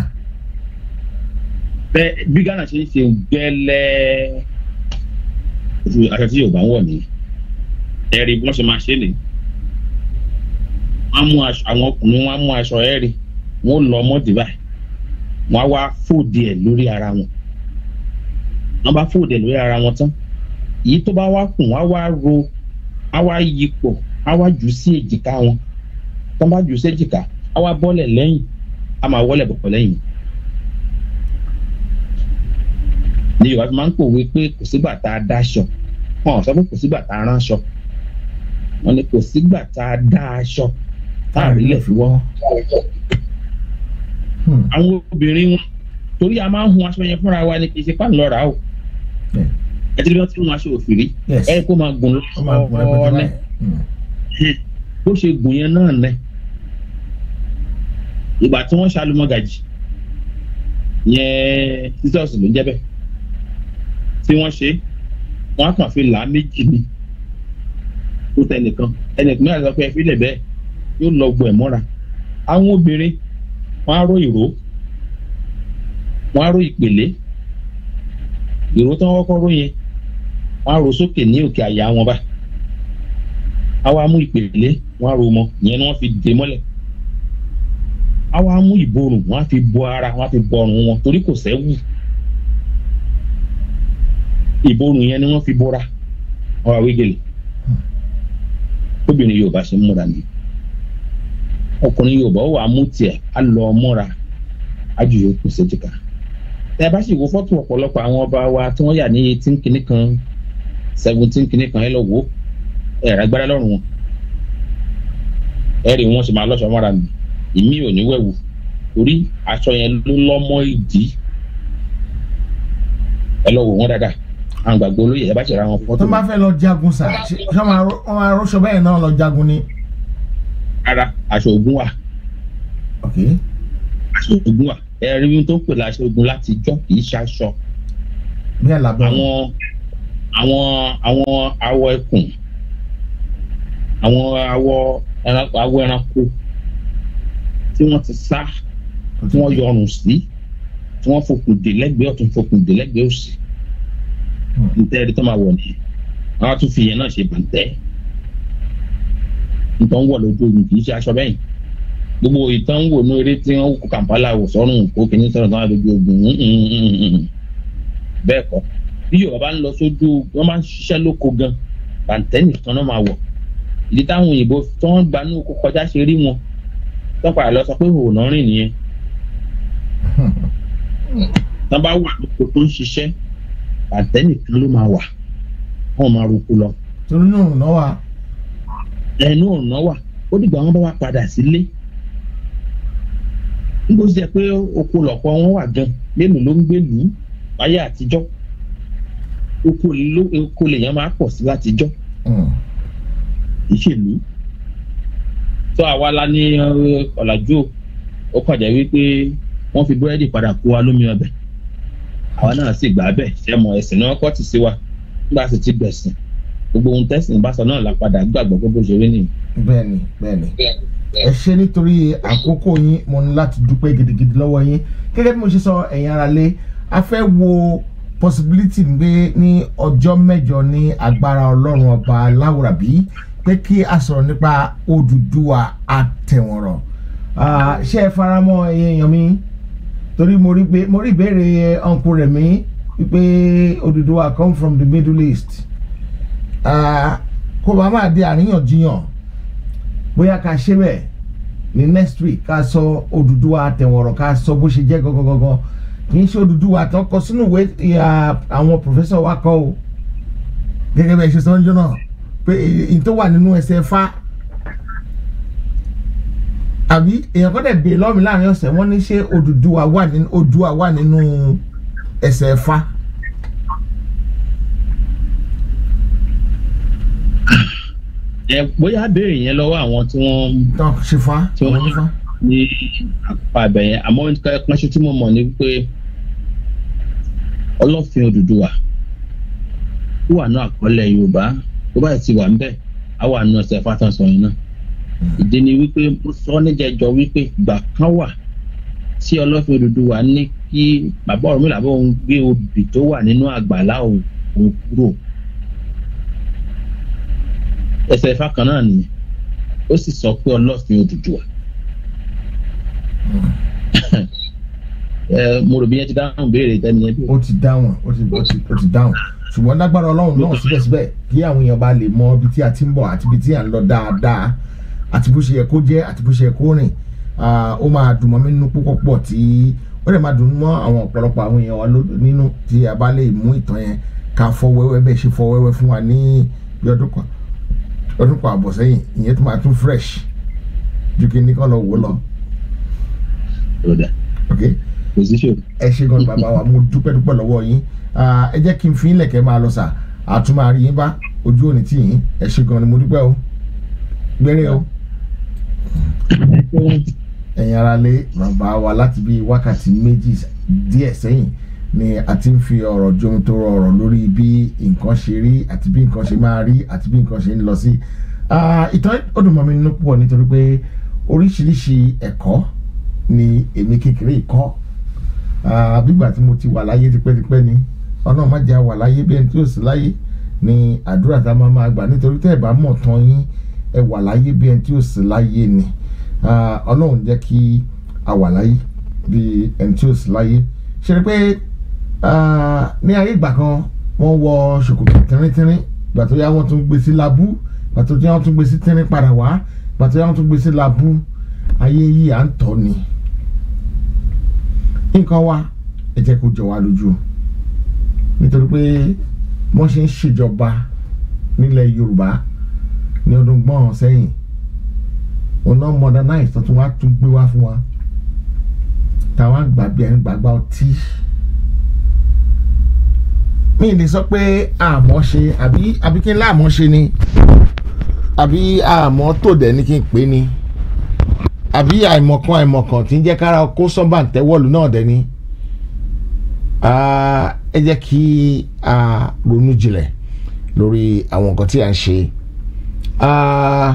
bẹ́ẹ̀ bí ghana ṣe ń ṣe gbẹ́lẹ́ aṣọ tí yorùbá ń wọ̀ nìyí ẹ̀rí bí wọ́n ṣe máa ṣe nìyí wọ́n mú aṣọ àwọn ọkùnrin wọ́n mú aṣọ ẹ̀rí wọ́n lọ ọmọdé báyìí wọ́n á wá fòdì ẹ̀ lórí ara wọn wọ́n bá fòdì ẹ̀ lórí ara wọn tán èyí tó bá wá kù wọ́n á wá ro á wá yípo á wá jù sí èjìká wọn tó bá jù sí èjìká á wá bọ́lẹ̀ lẹ́yìn á máa wọ́lẹ̀ bọ̀pọ̀ lẹ́yìn. ní yorùbá fi máa ń pòwe pé kò sígbà tá a dáṣọ wọn ò sọ pé kò sígbà tá a ránṣọ wọn ni kò sígbà tá a dá aṣọ tá a rí lẹ̀ fi wọ́. Hmm. àwọn obìnrin wọn torí a máa ń hun aṣọ yẹn fúnra wa ni kì í ṣe pàǹlọ́ra o ẹtí bí wọ́n ti ń wọn aṣọ òfìrí ẹ kó máa gùn lọ́wọ́ ní bó ṣe gùn yẹn náà ní ìgbà tí wọ́n ṣàlùmọ́gàjì yẹn jesus ló ń jẹ́ bẹ́ẹ̀ tí wọ́n ṣe wọ́n á kàn fi làá méjì ni tó tẹ nìkan ẹnìkan náà sọ pé ẹ fi lè bẹ́ẹ̀ yóò lọ gbọ́ ẹ̀ mọ́ra àwọn obìnrin wọ́n á ró ìró wọ́n á ró ìpèlé ìró tí wọ́n kọ́kọ́ ró yẹn wọ́n á ro sókè ní òkè àyà wọn bá a mú ìpèlé wọ́n ro mọ́ ìyẹn ni wọ́n fi dè mọ́lẹ̀ a wá mú ìborùn wọ́n á fi bo ara wọ́n fi bọrùn wọn torí kò sẹ́wù ìborùn yẹn ni wọ́n fi bora ọ̀rọ̀ àwégele obìnrin Yorùbá ṣe ń múra nìyí ọkùnrin Yorùbá ó wà á mú tiẹ̀ á lọ múra ájú yòókù ṣèjìká ẹ bá sì wo fọ́tò ọ̀pọ̀lọpọ̀ àwọn ọba wa tí wọ́n yà ní etí kìnnìkan seventeen kìíní kan ẹ lọ wò ẹ agbára lọ́rùn wọn ẹ rí wọn sì máa lọ́sọ̀ọ́ mọ́ra mi ìmí ò ní wẹ̀wù torí aṣọ yẹn ló lọ́mọ ìdí ẹ lọ wò wọn dáadáa àwọn gbàgbọ́ olóyè ẹ bá ṣe ra wọn fọ́tò. tó bá fẹ́ lọ jagun sà ṣé máa rọ́ṣọ bẹ́ẹ̀ náà lọ jagun ni. ara aṣọ ogun wa aṣọ ogun wa ẹ rí ohun tó pè láṣọ ogun láti jọ kì í ṣaṣọ. bí ẹ làbọ̀ àwọn àwọn àwọn awọ ẹkùn àwọn awọ ẹranko awọ ẹranko tí wọ́n ti sá tí wọ́n yọrùn sí tí wọ́n fòkùn dè lẹ́gbẹ̀ẹ́ ọ̀tún fòkùn dè lẹ́gbẹ̀ẹ́ òsì ntẹ́rì tó máa wọ̀ ni wọ́n á tún fi yẹn náà ṣe bàǹtẹ́ ntọ́ ń wọ̀ lójú omi kì í ṣe aṣọ bẹ́yìn gbogbo ìtàn ń wò ní eré tí wọ́n kó Kampala wò sọ́run kó kìíní sọ̀rọ̀ tó wà lójú ogun bẹ́ẹ̀ kọ́ bí Yorùbá bá ń lọ sójú wọn bá ń ṣiṣẹ́ lóko gan pàǹtẹ́nì kan náà máa wọ̀ ìdí táwọn òyìnbó tí wọ́n gbanú oko kọjá ṣe rí wọn tọ́pọ̀ àlọ́ sọ pé òun náà rìn nìyẹn [laughs] tọ́ bá wà lóko tó ń ṣiṣẹ́ pàǹtẹ́nì kan ló máa wà wọn máa roko lọ. torí náà ọ̀nà wà. ẹnu ọ̀nà wà ó dìgbà wọn bá wá padà sílé nígbó sì jẹ́ pé oko wọn wà gan mélòó ló ń gbèlú láyé àtijọ́ oko lèèyàn máa pọ̀ sí látijọ́ hmm. ìṣèlú tó àwa la ní uh, ọ̀làjú ó kọjá wípé wọ́n fi búrẹ́dì padà kó wa lómi ọbẹ̀ àwa náà sì gbà bẹ́ẹ̀ sẹ́mọ̀ ẹ̀sìn náà kọ́ ti sí wa nígbà sì ti gbẹ̀sìn gbogbo ohun tẹ́sìn bá sọ náà la padà gbàgbọ́ gbogbo ṣeré nìyí. bẹ́ẹ̀ni bẹ́ẹ̀ni ẹ ṣe nítorí àkókò yín mo ní láti dúpẹ́ gidigidi lọ́wọ́ yín gẹ́gẹ́ bí mo ṣe sọ ẹ̀yin aráalé a fẹ́ wo possibility ń gbé ní ọjọ́ mẹ́jọ ní agbára ọlọ́run ọba láwùrábí pé kí a sọ̀rọ̀ nípa Odùduwà àtẹ̀wọ̀nrọ̀ ṣé ẹ faramọ́ èèyàn mi torí mo rí ìbéèrè ọ̀nkù rẹ̀ mi wípé Odùduwà come from the Middle East kó bá máa di àríyànjiyàn bóyá ká ṣe bẹ́ẹ̀ ní next week ká sọ Odùduwà àtẹ̀wọ̀nrọ̀ ká sọ bó ṣe jẹ́ gangan gangan kì í ṣe Odùduwà tán kọ sínú ìwé àwọn pòfẹ́sọ̀ wa kọ o gẹ́gẹ́ bẹ́ẹ̀ ṣe sọ ọjọ́ náà pé èyí tó wà nínú ẹsẹ̀ fa àbí èèyàn kọ́ dẹ̀ bèè lọ́mí láàrin ọ̀sẹ̀ wọ́n ní ṣé Odùduwà wà nínú Odùduwà wà nínú ẹsẹ̀ fa. ẹ bóyá béèrè yẹn lọ́wọ́ àwọn tí wọ́n. tán ṣe fa àwọn nífa ní apá abẹ̀yẹn àmọ́ kánṣe tí mo mọ̀ ni pé ọlọ́fin Odùduwà ó wà ní àkọọ́lẹ̀ Yorùbá tó báyìí ti wà ńbẹ̀ á wà nù ọ̀sẹ̀ fátàsọ yẹn náà ìdí ni wípé mo sọ níjẹjọ wípé ìgbà kan wà tí ọlọ́fin Odùduwà ní kí bàbá Ọ̀rúnmìlà bá òun gbé obì tó wà nínú àgbàlá òun kúrò ẹsẹ̀ Ifá kan náà nìyẹn ó sì sọ pé ọlọ́fin Odùduwà Eh, mo rò bí yẹn ti dáhùn béèrè tẹ́ni yẹn. ó ti dáhùn ó ti ó ti dáhùn ṣùgbọ́n lágbára ọlọ́run náà síbẹ̀síbẹ̀ kí àwọn èèyàn bá lè mọ ibi tí a ti ń bọ̀ àti ibi tí a ń lọ dáadáa àti bó ṣe yẹ kó jẹ́ àti bó ṣe yẹ kó rìn ó máa dùn mọ́ mi nínú púpọ̀ pọ̀ tí ó lè máa dùn mọ́ àwọn ọ̀pọ̀lọpọ̀ àwọn èèyàn wa nínú tí a bá lè mú ìtàn yẹn ká fọ wẹ́wẹ́ bẹ́ẹ̀ ṣe fọ wẹ́wẹ́ fún wa ní bí ọdún kan ọdún kan àbọ̀ sẹ́yìn ìyẹn tó máa tún fresh ju kí ní kán lọ wò lọ broda. kò sí ṣòro. ẹ ṣe gan bàbá wa mo dúpẹ́ dúpẹ́ lọ́wọ́ yín ẹ jẹ́ kí n fi ilẹ̀kẹ́ máa lọ sà àtúmọ̀ àrí yín bá ojú òní tì yín ẹ ṣe gan ni mo dúpẹ́ o gbẹ́rẹ́ o. ẹ̀yin ara lé bàbá wa láti bíi wákàtí méjì díẹ̀ sẹ́yìn ni a ti ń fi ọ̀rọ̀ jomi tó rọrọ̀ lórí bí nǹkan ṣe rí àti bí nǹkan ṣe máa rí àti bí nǹkan ṣe ń lọ sí. ìtàn ó dùn nínú púpọ̀ nítorí pé oríṣiríṣi ẹ̀kọ́ ni èmi kékeré ìkọ́ àbígbà tí mo ti wà láyé tipẹ́tipẹ́ ni ọlọ́run má jẹ́ wà láyé bẹ́ẹ̀ tí ó sì láyé ni àdúrà tá a máa máa gbà nítorí tẹ́ ẹ̀ bá mọ̀ tán yín ẹ wà láyé bẹ́ẹ̀ tí ó sì láyé ni ọlọ́run jẹ́ kí a wà láyé bí ẹni tí ó sì láyé ṣe ni pé ní ayé ìgbà kan wọ́n wọ ṣòkòtò tínríntín ìgbà tó yá wọ́n tún gbé sí labú ìgbà tó yá wọ́n tún gbé sí tínrín padà wá ìgbà tó yá wọ́n tún gbé sí labú ayé yìí à ń tọ́ ni nǹkan wa ẹ jẹ́ kó jọ wá lójú nítorí pé wọ́n ṣe ń ṣèjọba nílẹ̀ Yorùbá ní ọdún gbọ́n sẹ́yìn ọ̀nà modernize tó tún wá tún gbé wá fún wa táwa ń gbàgbé ẹni gbàgbá ọtí mi ní sọ pé àmọ́ ṣe àbí àbí kí n láàmọ́ ṣe ni àbí àmọ́ tòdẹ̀ ni kí n pè ni àbí àìmọ̀kan àìmọ̀kan tí ń jẹ́ kára kó sọ́mbà ń tẹ́wọ́lù náà dẹ̀ ni ẹ jẹ́ kí a ronú jinlẹ̀ lórí àwọn nǹkan tí a ń ṣe. Uh,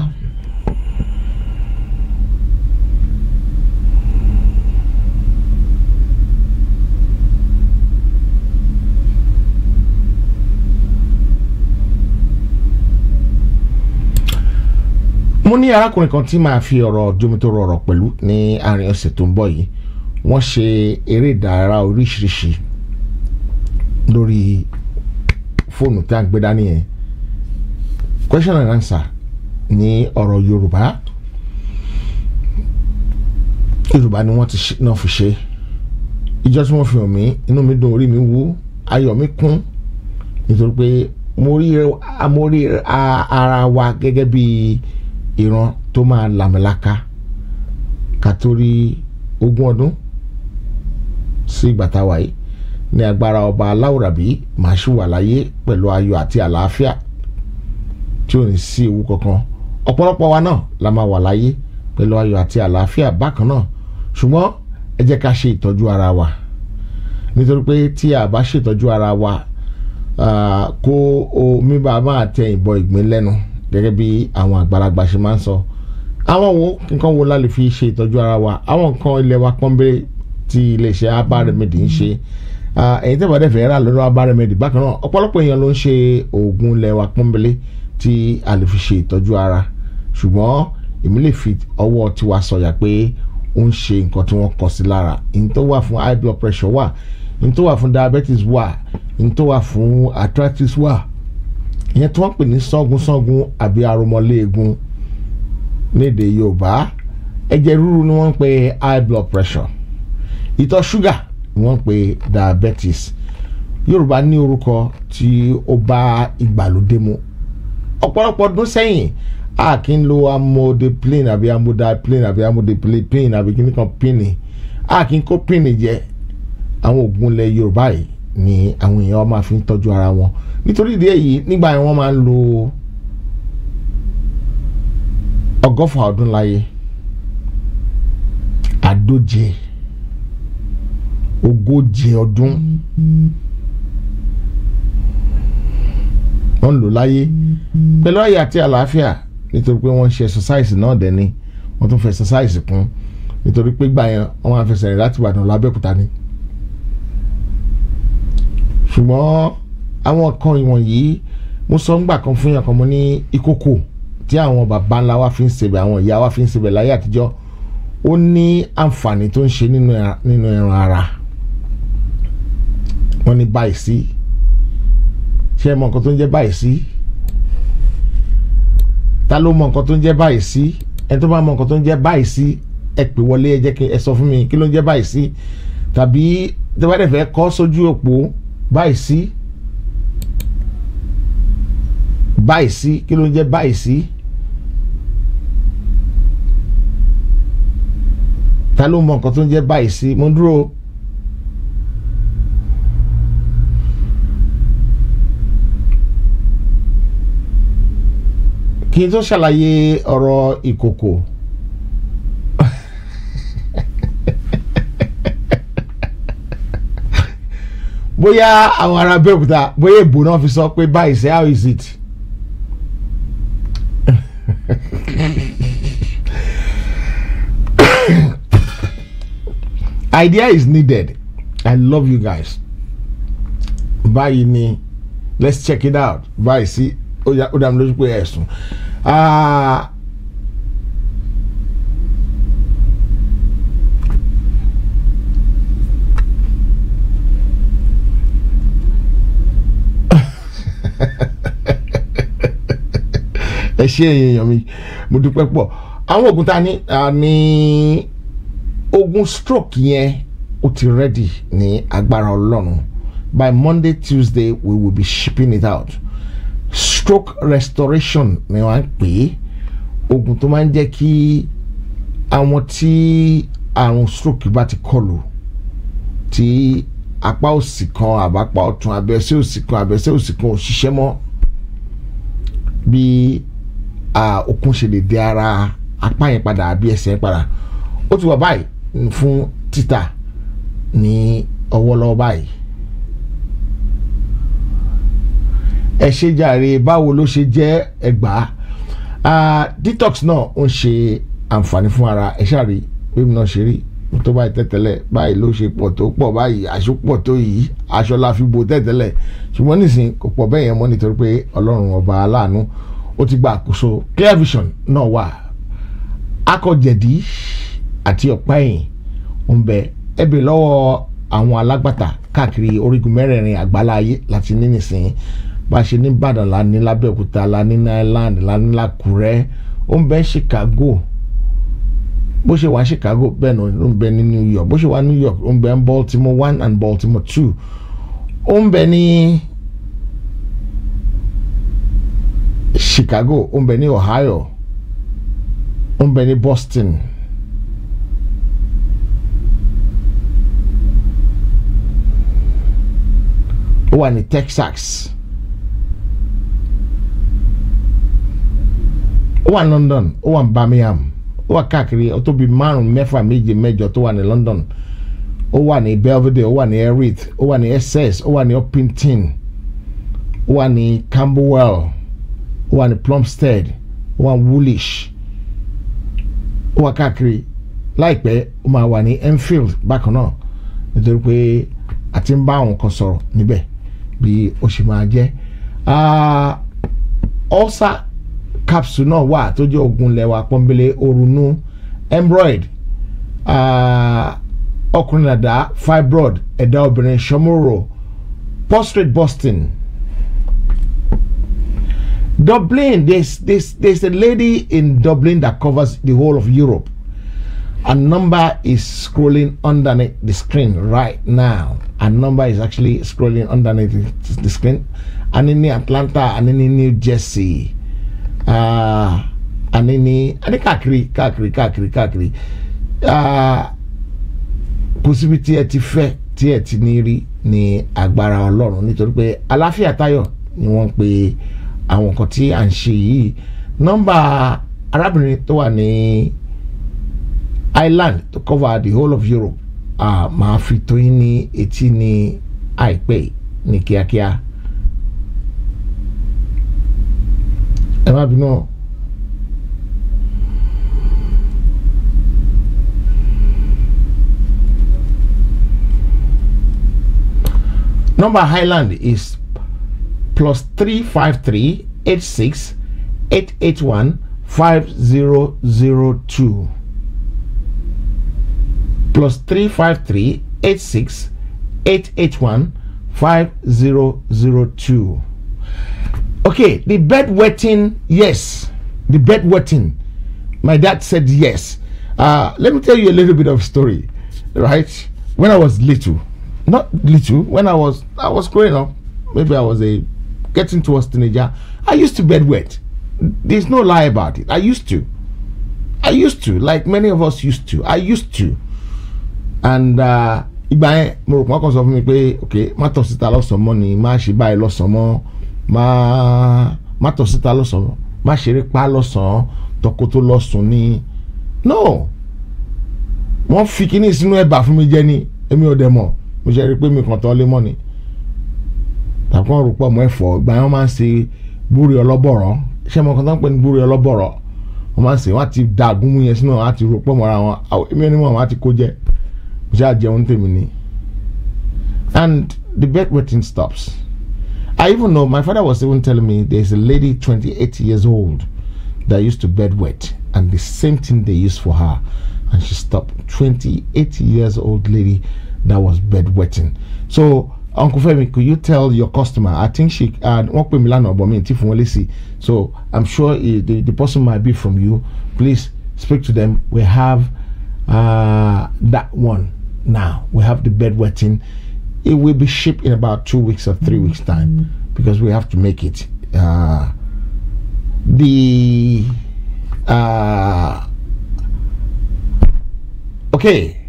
mo ní arákùnrin kan tí màá fi ọ̀rọ̀ jomitoro ọ̀rọ̀ pẹ̀lú ní àárín ọ̀sẹ̀ tó ń bọ̀ yìí wọ́n ṣe eré ìdárayá oríṣiríṣi lórí fóònù tí a gbé dání yẹn question and answer ní ọ̀rọ̀ yorùbá yorùbá ni wọ́n ti náà fi ṣe ìjọ tí wọ́n fi hàn mí inú mi dùn orí mi wú ayọ̀ mi kún nítorí pé mo rí ara wa gẹ́gẹ́ bíi ìran tó máa làmìlaka kàtórí ogún ọdún sí ìgbà táwa yìí ní agbára ọba aláwùrábí máa ṣì wà láyé pẹ̀lú ayọ̀ àti àlàáfíà tí ò ní sí ewu kankan ọ̀pọ̀lọpọ̀ wa náà la máa wà láyé pẹ̀lú ayọ̀ àti àlàáfíà bákan náà ṣùgbọ́n ẹ jẹ́ ká ṣe ìtọ́jú ara wa nítorí pé tí a bá ṣètọ́jú ara wa kó omi bá máa tẹ ìbọn ìgbín lẹ́nu gẹ́gẹ́ bí àwọn àgbàlagbà ṣe máa ń sọ àwọn wo nǹkan wo la lè fi ṣe ìtọ́jú ara wa àwọn nǹkan ilẹ̀ wa pọ́nbélé tí iléeṣẹ́ abá remedy ń ṣe ẹ̀yin tẹ́ bá dẹ̀ fẹ́ rà lọ́dọ̀ abá remedy bákan náà ọ̀pọ̀lọpọ̀ èèyàn ló ń ṣe oògùn ilẹ̀ wa pọ́nbélé tí a lè fi ṣe ìtọ́jú ara ṣùgbọ́n èmi lè fi ọwọ́ tiwa sọ̀yà pé ó ń ṣe nǹkan tí wọ́n kọ sí lára ní tó wà fún high blood pressure wà ní tó wà fún diabetes wà ní tó wà fún arthritis wà ìyẹn tí wọ́n pè ní sangunsangun àbí aromọléegun níde yorùbá ẹ̀jẹ̀ ríru ni wọ́n ń high blood pressure ìtọ̀ ṣúgà ni wọ́n ń diabetes yorùbá ní orúkọ tí ó bá ìgbàlódé mu ọ̀pọ̀lọpọ̀ ọdún sẹ́yìn a kì í lo amodiplin àbí amodiplin àbí amodiplin àbí kíní kan pínì a kì í kó pínì jẹ àwọn oògùn ilẹ̀ yorùbá yìí ni àwọn èèyàn máa fi ń tọ́jú ara wọn nítorí ìdí èyí nígbà yẹn wọ́n máa ń lo ọgọ́fà ọdún láyé àdóje ogóje ọdún wọ́n ń lò láyé pẹ̀lú àyè àti àlàáfíà nítorí pé wọ́n ń ṣe exercise náà dẹ̀ ni wọ́n tún fẹ́ exercise kún nítorí pé gbà yẹn wọ́n máa fẹsẹ̀ rìn láti Ìbàdàn lọ Abẹ́òkúta ni ṣùgbọ́n àwọn kan ìwọ̀nyí mo sọ ń gbà kan fún yàn kan mo ní ìkòkò tí àwọn bàbá ńlá wa fi ń sebẹ̀ àwọn ìyá wa fi ń sebẹ̀ láyé àtijọ́ ó ní àǹfààní tó ń ṣe nínú ẹran ara wọ́n ní báyìí sí ṣé ẹ mọ nǹkan tó ń jẹ́ báyìí sí ta ló mọ nǹkan tó ń jẹ́ báyìí sí ẹ tó bá mọ nǹkan tó ń jẹ́ báyìí sí ẹ pè wọlé ẹ jẹ́ kí ẹ sọ fún mi kí ló ń jẹ́ báyìí sí tàbí tí wọ́n bá dẹ̀ fẹ́ kọ sójú òpó báyìí sí báyìí sí kí ló ń jẹ́ báyìí sí ta ló mọ nǹkan tó ń jẹ́ báyìí sí mo dúró kí n tó ṣàlàyé ọ̀rọ̀ ìkòkò bóyá àwọn ará Abẹ́òkúta bóyá èbò náà fi sọ pé báyìí say how is it. [coughs] idea is needed I love you guys báyìí ni let's check it out báyìí sí ó dá mi lójú pé ẹ̀sùn. Ah, ẹ ṣe èèyàn mi mo dúpẹ́ pọ̀ àwọn oògùn tá a ní oògùn stroke yẹn ó ti ready ní agbára ọlọ́run by Monday Tuesday we will be shipping it out stroke restoration ni wọ́n á pè é oògùn tó máa ń jẹ́ kí àwọn tí àrùn stroke bá ti kọlù tí apá òsì kan àbápá ọ̀tún abẹ́sẹ̀ òsì kan abẹ́sẹ̀ òsì kan òṣìṣẹ́ mọ́ bí okun ṣe lè dé ara apá yẹn padà àbí ẹsẹ̀ yẹn padà ó ti wà báyìí fún títà ní ọwọ́lọ́wọ́ báyìí. ẹ ṣe jàre báwo ló ṣe jẹ́ ẹgbàá detox náà ń ṣe àǹfààní fún ara ẹ ṣáà bí mi náà ṣe rí tó báyìí tẹ́tẹ́lẹ̀ báyìí ló ṣe pọ̀ tó pọ̀ báyìí aṣọ pọ̀ tó yìí aṣọ la fi bo tẹ́tẹ́lẹ̀ ṣùgbọ́n nísìn kò pọ̀ bẹ́ẹ̀ yẹn mọ́ nítorí pé ọlọ́run ọba aláàánú ó ti gba àkóso clear vision náà wà akọ̀jẹ̀dí àti ọ̀pá ẹ̀yìn ń bẹ ẹbí lọ́wọ́ àwọn alágbàtà káàkiri orígun mẹ́rẹ̀ẹ̀rin àgbálá ayé láti ní nísìn bá a ṣe ní Ìbàdàn la ní l'Abẹ́òkúta la ní Island la ní l'Àkúrẹ́ Chicago bó ṣe wà Chicago bẹ́ẹ̀ náà ló ń bẹ ní New York bó ṣe wà New York ó ń bẹ ní Baltimore one and Baltimore two ó ń bẹ ní Chicago ó ń bẹ ní Ohio ó ń bẹ ní Boston. ó wà ní Texas ó wà London ó wà Birmingham ó wà káàkiri ó tóbi márùn mẹ́fà méje mẹ́jọ tó wà ní London ó wà ní Belvedere ó wà ní Erith ó wà ní Essex ó wà ní Uppington ó wà ní Camberwell ó wà ní Plumstead ó wà ní Woolwich ó wà káàkiri láìpẹ́ ó máa wà ní Enfield bákan náà nítorí pé a ti ń bá àwọn kan sọ̀rọ̀ níbẹ̀ bí ó ṣe máa jẹ́ ọ̀sà. Ah, uh, capsule no wà tó jẹ́ ogun lẹ́wà pọ́nbélé orunú embroid ọkùnrin nàdá fibroid ẹ̀dá obìnrin ṣọmúrò prostate busting. Dublin, there's, there's, there's a lady in Dublin that covers the whole of Europe. A number is scrolling underneath the screen right now. A number is actually scrolling underneath the screen. And in Atlanta and in New Jersey. uh, ah, anini ani kakiri kakiri kakiri kakiri kò ah, síbi tí ẹ ti fẹ́ tí ẹ ti ní rí ní agbára ọlọ́run nítorí pé aláfíà tayọ̀ ni wọ́n ń pe àwọn nǹkan tí à ń ṣe yìí nọ́mbà arábìnrin tó wà ní Ireland to cover the whole of Europe uh, máa fi tó yín ní etí ní àìpẹ́ ní kíákíá. ẹ má bínú Number Highland is plus three five three eight six eight eight one five zero zero two plus three five three eight six eight eight one five zero zero two. Okay, the bed wetting, yes. The bed wetting. My dad said yes. Uh, let me tell you a little bit of story, right? When I was little, not little, when I was I was growing up, maybe I was a getting towards teenager, I used to bed wet. There's no lie about it. I used to. I used to, like many of us used to. I used to. And uh, ìgbà yẹn mo rò pọ́n kàn sọ fún mi pé okay má tọ̀ síta lọ́sàn-án mọ́ ni má ṣe báyìí lọ́sàn-án máa má tọ̀ síta lọ́sàn-án má ṣeré pa lọ́sàn-án tọkoto lọ́sùn ni no wọ́n fi kíní sínú ẹ̀bà fún mi jẹ́ ni èmi ò dẹ̀ mọ̀ mo ṣe rí i pé mi kàn tán lé mọ́ ni tàbí wọ́n rò pọ̀ mọ́ ẹ̀fọ́ ìgbà yẹn wọ́n máa ń ṣe búrì ọlọ́bọ̀rọ̀ ṣé mo kàn tán pé ní búrì ọlọ́bọ̀rọ̀ wọ́n máa ń ṣe wọ́n á ti da àgúnmu yẹn sínú wọ́n á ti rò pọ̀ mọ́ra wọn èmi ò ní mọ̀ wọ́n á ti kó jẹ́ mo ṣe àjẹun tèmi ni and the bedwetting stops. I even know my father was even telling me there's a lady 28 years old that used to bed wet and the same thing they used for her and she stopped 28 years old lady that was bed wetting so uncle femi could you tell your customer i think she uh won pe mi lana obo mi ti so i'm sure it, the, the person might be from you please speak to them we have uh, that one now we have the bed wetting it will be shipped in about two weeks or three weeks time mm-hmm. because we have to make it uh, the uh, okay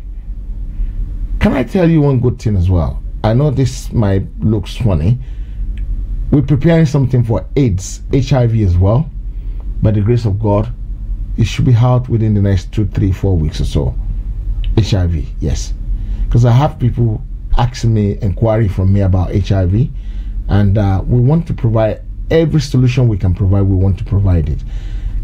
can i tell you one good thing as well i know this might looks funny we're preparing something for aids hiv as well by the grace of god it should be out within the next two three four weeks or so hiv yes because i have people ask me inquiry from me about HIV, and uh, we want to provide every solution we can provide. We want to provide it.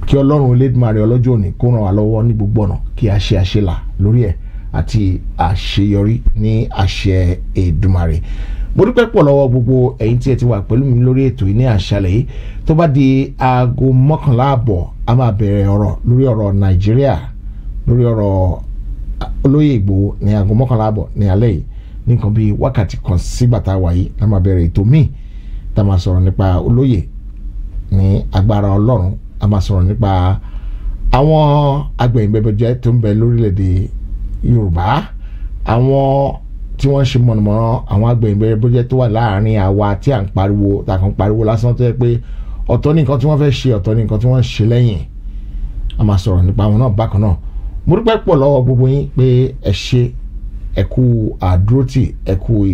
kí ọlọ́run lẹ́dùmarè ọlọ́jọ́ òní kó ràn wá lọ́wọ́ ní gbogbo ọ̀nà kí a ṣe àṣelà lórí ẹ̀ àti àṣeyọrí ní àṣẹ Èdùmarè mo dúpẹ́ pọ̀ lọ́wọ́ gbogbo ẹ̀yin tí ẹ ti wà pẹ̀lú mi lórí ètò yìí ní àṣálẹ́ yìí tó bá di aago mọ́kànlá àbọ̀ a máa bẹ̀rẹ̀ ọ̀rọ̀ lórí ọ̀rọ̀ Nàìjíríà lórí ọ̀rọ̀ olóyè Ìgbòho ní aago mọ́kànlá àbọ̀ ní alẹ́ yìí ní nǹkan bíi wákàtí kan sígbà tá a wà yìí lámà bẹ̀rẹ̀ ètò míì tá a máa sọ̀rọ̀ nípa olóyè ní agbára ọlọ́run a máa sọ̀rọ̀ nípa àwọn agbẹ̀yìnbẹ̀bẹ̀jẹ́ tó ń bẹ lórílẹ̀‐èdè yorùbá àwọn tí wọ́n ń ṣe mọ̀nàmọ́ná àwọn agbẹ̀yìnbẹ̀bẹ̀jẹ́ tó wà láàárín àwa tí à ń pariwo tá a kàn pariwo lásán tó yẹ pé ọ̀tọ̀ ní nǹkan tí wọ́n fẹ́ ṣe ọ̀tọ̀ ní nǹkan tí wọ́n ṣe lẹ́yìn a máa sọ̀rọ̀ nípa àwọn náà bákan náà mo dúpẹ́ pọ̀ lọ́wọ́ gbogbo yín pé ẹ ṣe ẹ kú àdúrótì ẹ kú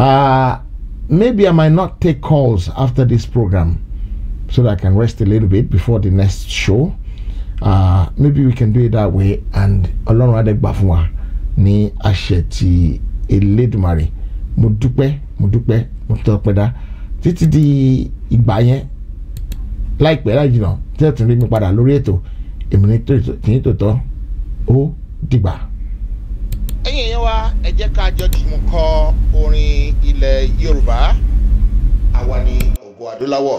Ah, maybe I might not take calls after this program so that I can rest a little bit before the next show uh, maybe we can do it that way and Ọlọ́run adẹ́gbà fún wa ni àṣẹ ti Elédùmarè mo dúpẹ́ mo dúpẹ́ mo tọpẹ́ dá títí di ìgbà yẹn láìpẹ́ láì jìnnà tẹ́tùn rí mi padà lórí ètò èmi ní tòótọ́ ó dìgbà ẹ̀yin ẹ̀yẹn wa ẹ jẹ́ ká jọ dìmú kọ orin ilẹ̀ Yorùbá àwa ni ògo adúláwọ̀.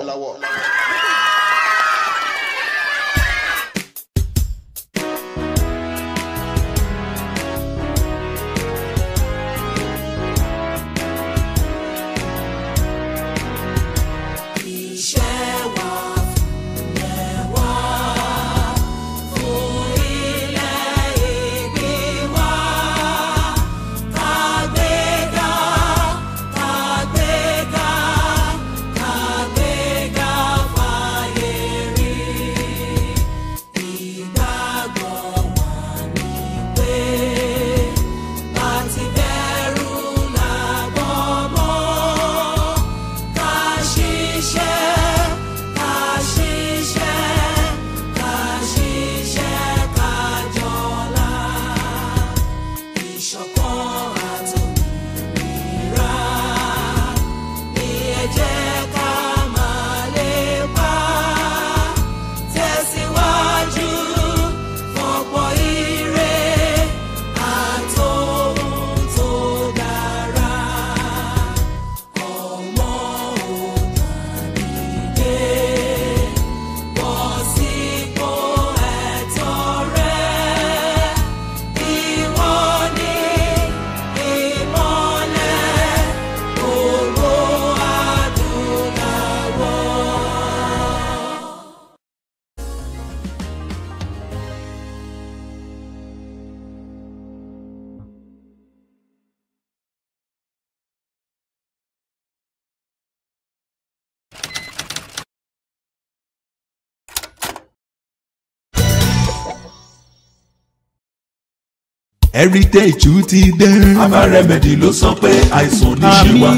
Everyday, heritage ti dé. herbal remedy ló sọ pé àìsàn ní ṣe wá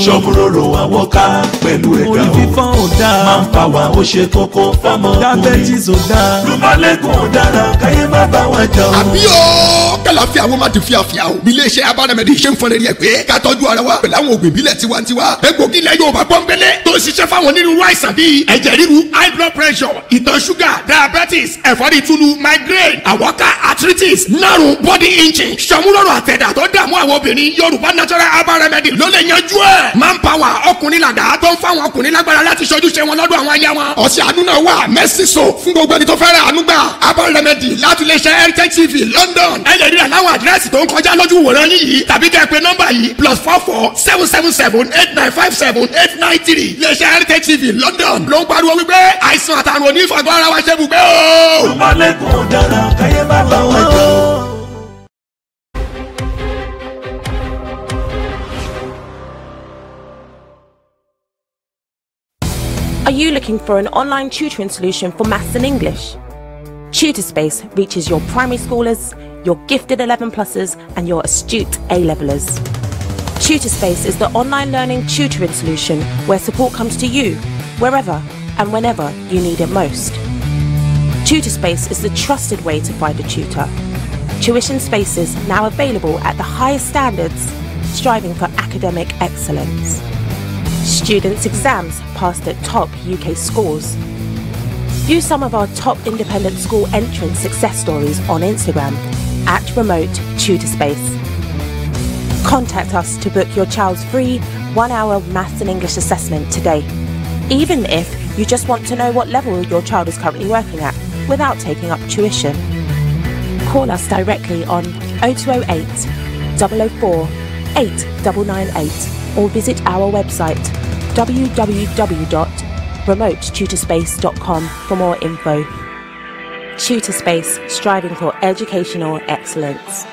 ṣọ́mùrọ̀rọ̀ àwọn ká pẹ̀lú ẹ̀dá o fífọ́ ò dáa máa ń pa wá ó ṣe kókó fámọ́ diabetes ò dáa rúmálẹ́kùn ò dára káyé má bá wa jà o. àbí o kàlàfíà wọn má ti fi àfíà o bí iléeṣẹ́ herbal remedy ṣe ń fọn rẹ̀ pé ká tọ́jú ara wa pẹ̀lú àwọn òògùn ìbílẹ̀ tiwantiwa egbògi ilẹ̀ Yorùbá pọ́npẹ́lẹ́ tó ń ṣiṣẹ́ fáwọn onírúurú àìsàn bíi ẹ̀jẹ̀ ríru high blood pressure ìtọ̀ ṣúgà diabetes ẹ̀fọ́rí túlù migraine àwọ̀ká arthritis nárùn body engine sọmúlọ́rọ̀ àtẹ̀dá tó dààmú àwọn obìnrin yorùbá natural herbal remedy ló lè yanjú ẹ̀. man power ọkùnrin làdá tó ń fáwọn ọkùnrin lágbára láti ṣojúṣe wọn lọ́dọ̀ àwọn aya wọn. ọ̀sẹ̀ àánú náà wà mercy soap fún gbogbo ẹni tó fẹ́ràn àánú gbà herbal remedy láti lè ṣe heritage tv london. ẹ lè rí àláwọ̀ àdírẹ́sì tó ń kọjá lójú wòran yìí tàbí kẹ́ ẹ pe nọ́mbà yìí plus four four seven seven seven eight nine five seven eight nine three lè ṣe heritage tv london ló ń pariwo wípé àìsàn àtàrùn onífàgbọ́ra wa ṣe bùgbé o. ọmọlẹ́kùn dára káyé bá bá wọn jọ. Are you looking for an online tutoring solution for maths and English? Tutorspace reaches your primary schoolers, your gifted 11 pluses, and your astute A levelers. Tutorspace is the online learning tutoring solution where support comes to you, wherever and whenever you need it most. Tutorspace is the trusted way to find a tutor. Tuition spaces now available at the highest standards, striving for academic excellence. Students' exams passed at top UK schools. View some of our top independent school entrance success stories on Instagram at Remote Tutor Space. Contact us to book your child's free one hour maths and English assessment today, even if you just want to know what level your child is currently working at without taking up tuition. Call us directly on 0208 004 89998 or visit our website www.remotetutorspace.com for more info. Tutorspace, striving for educational excellence.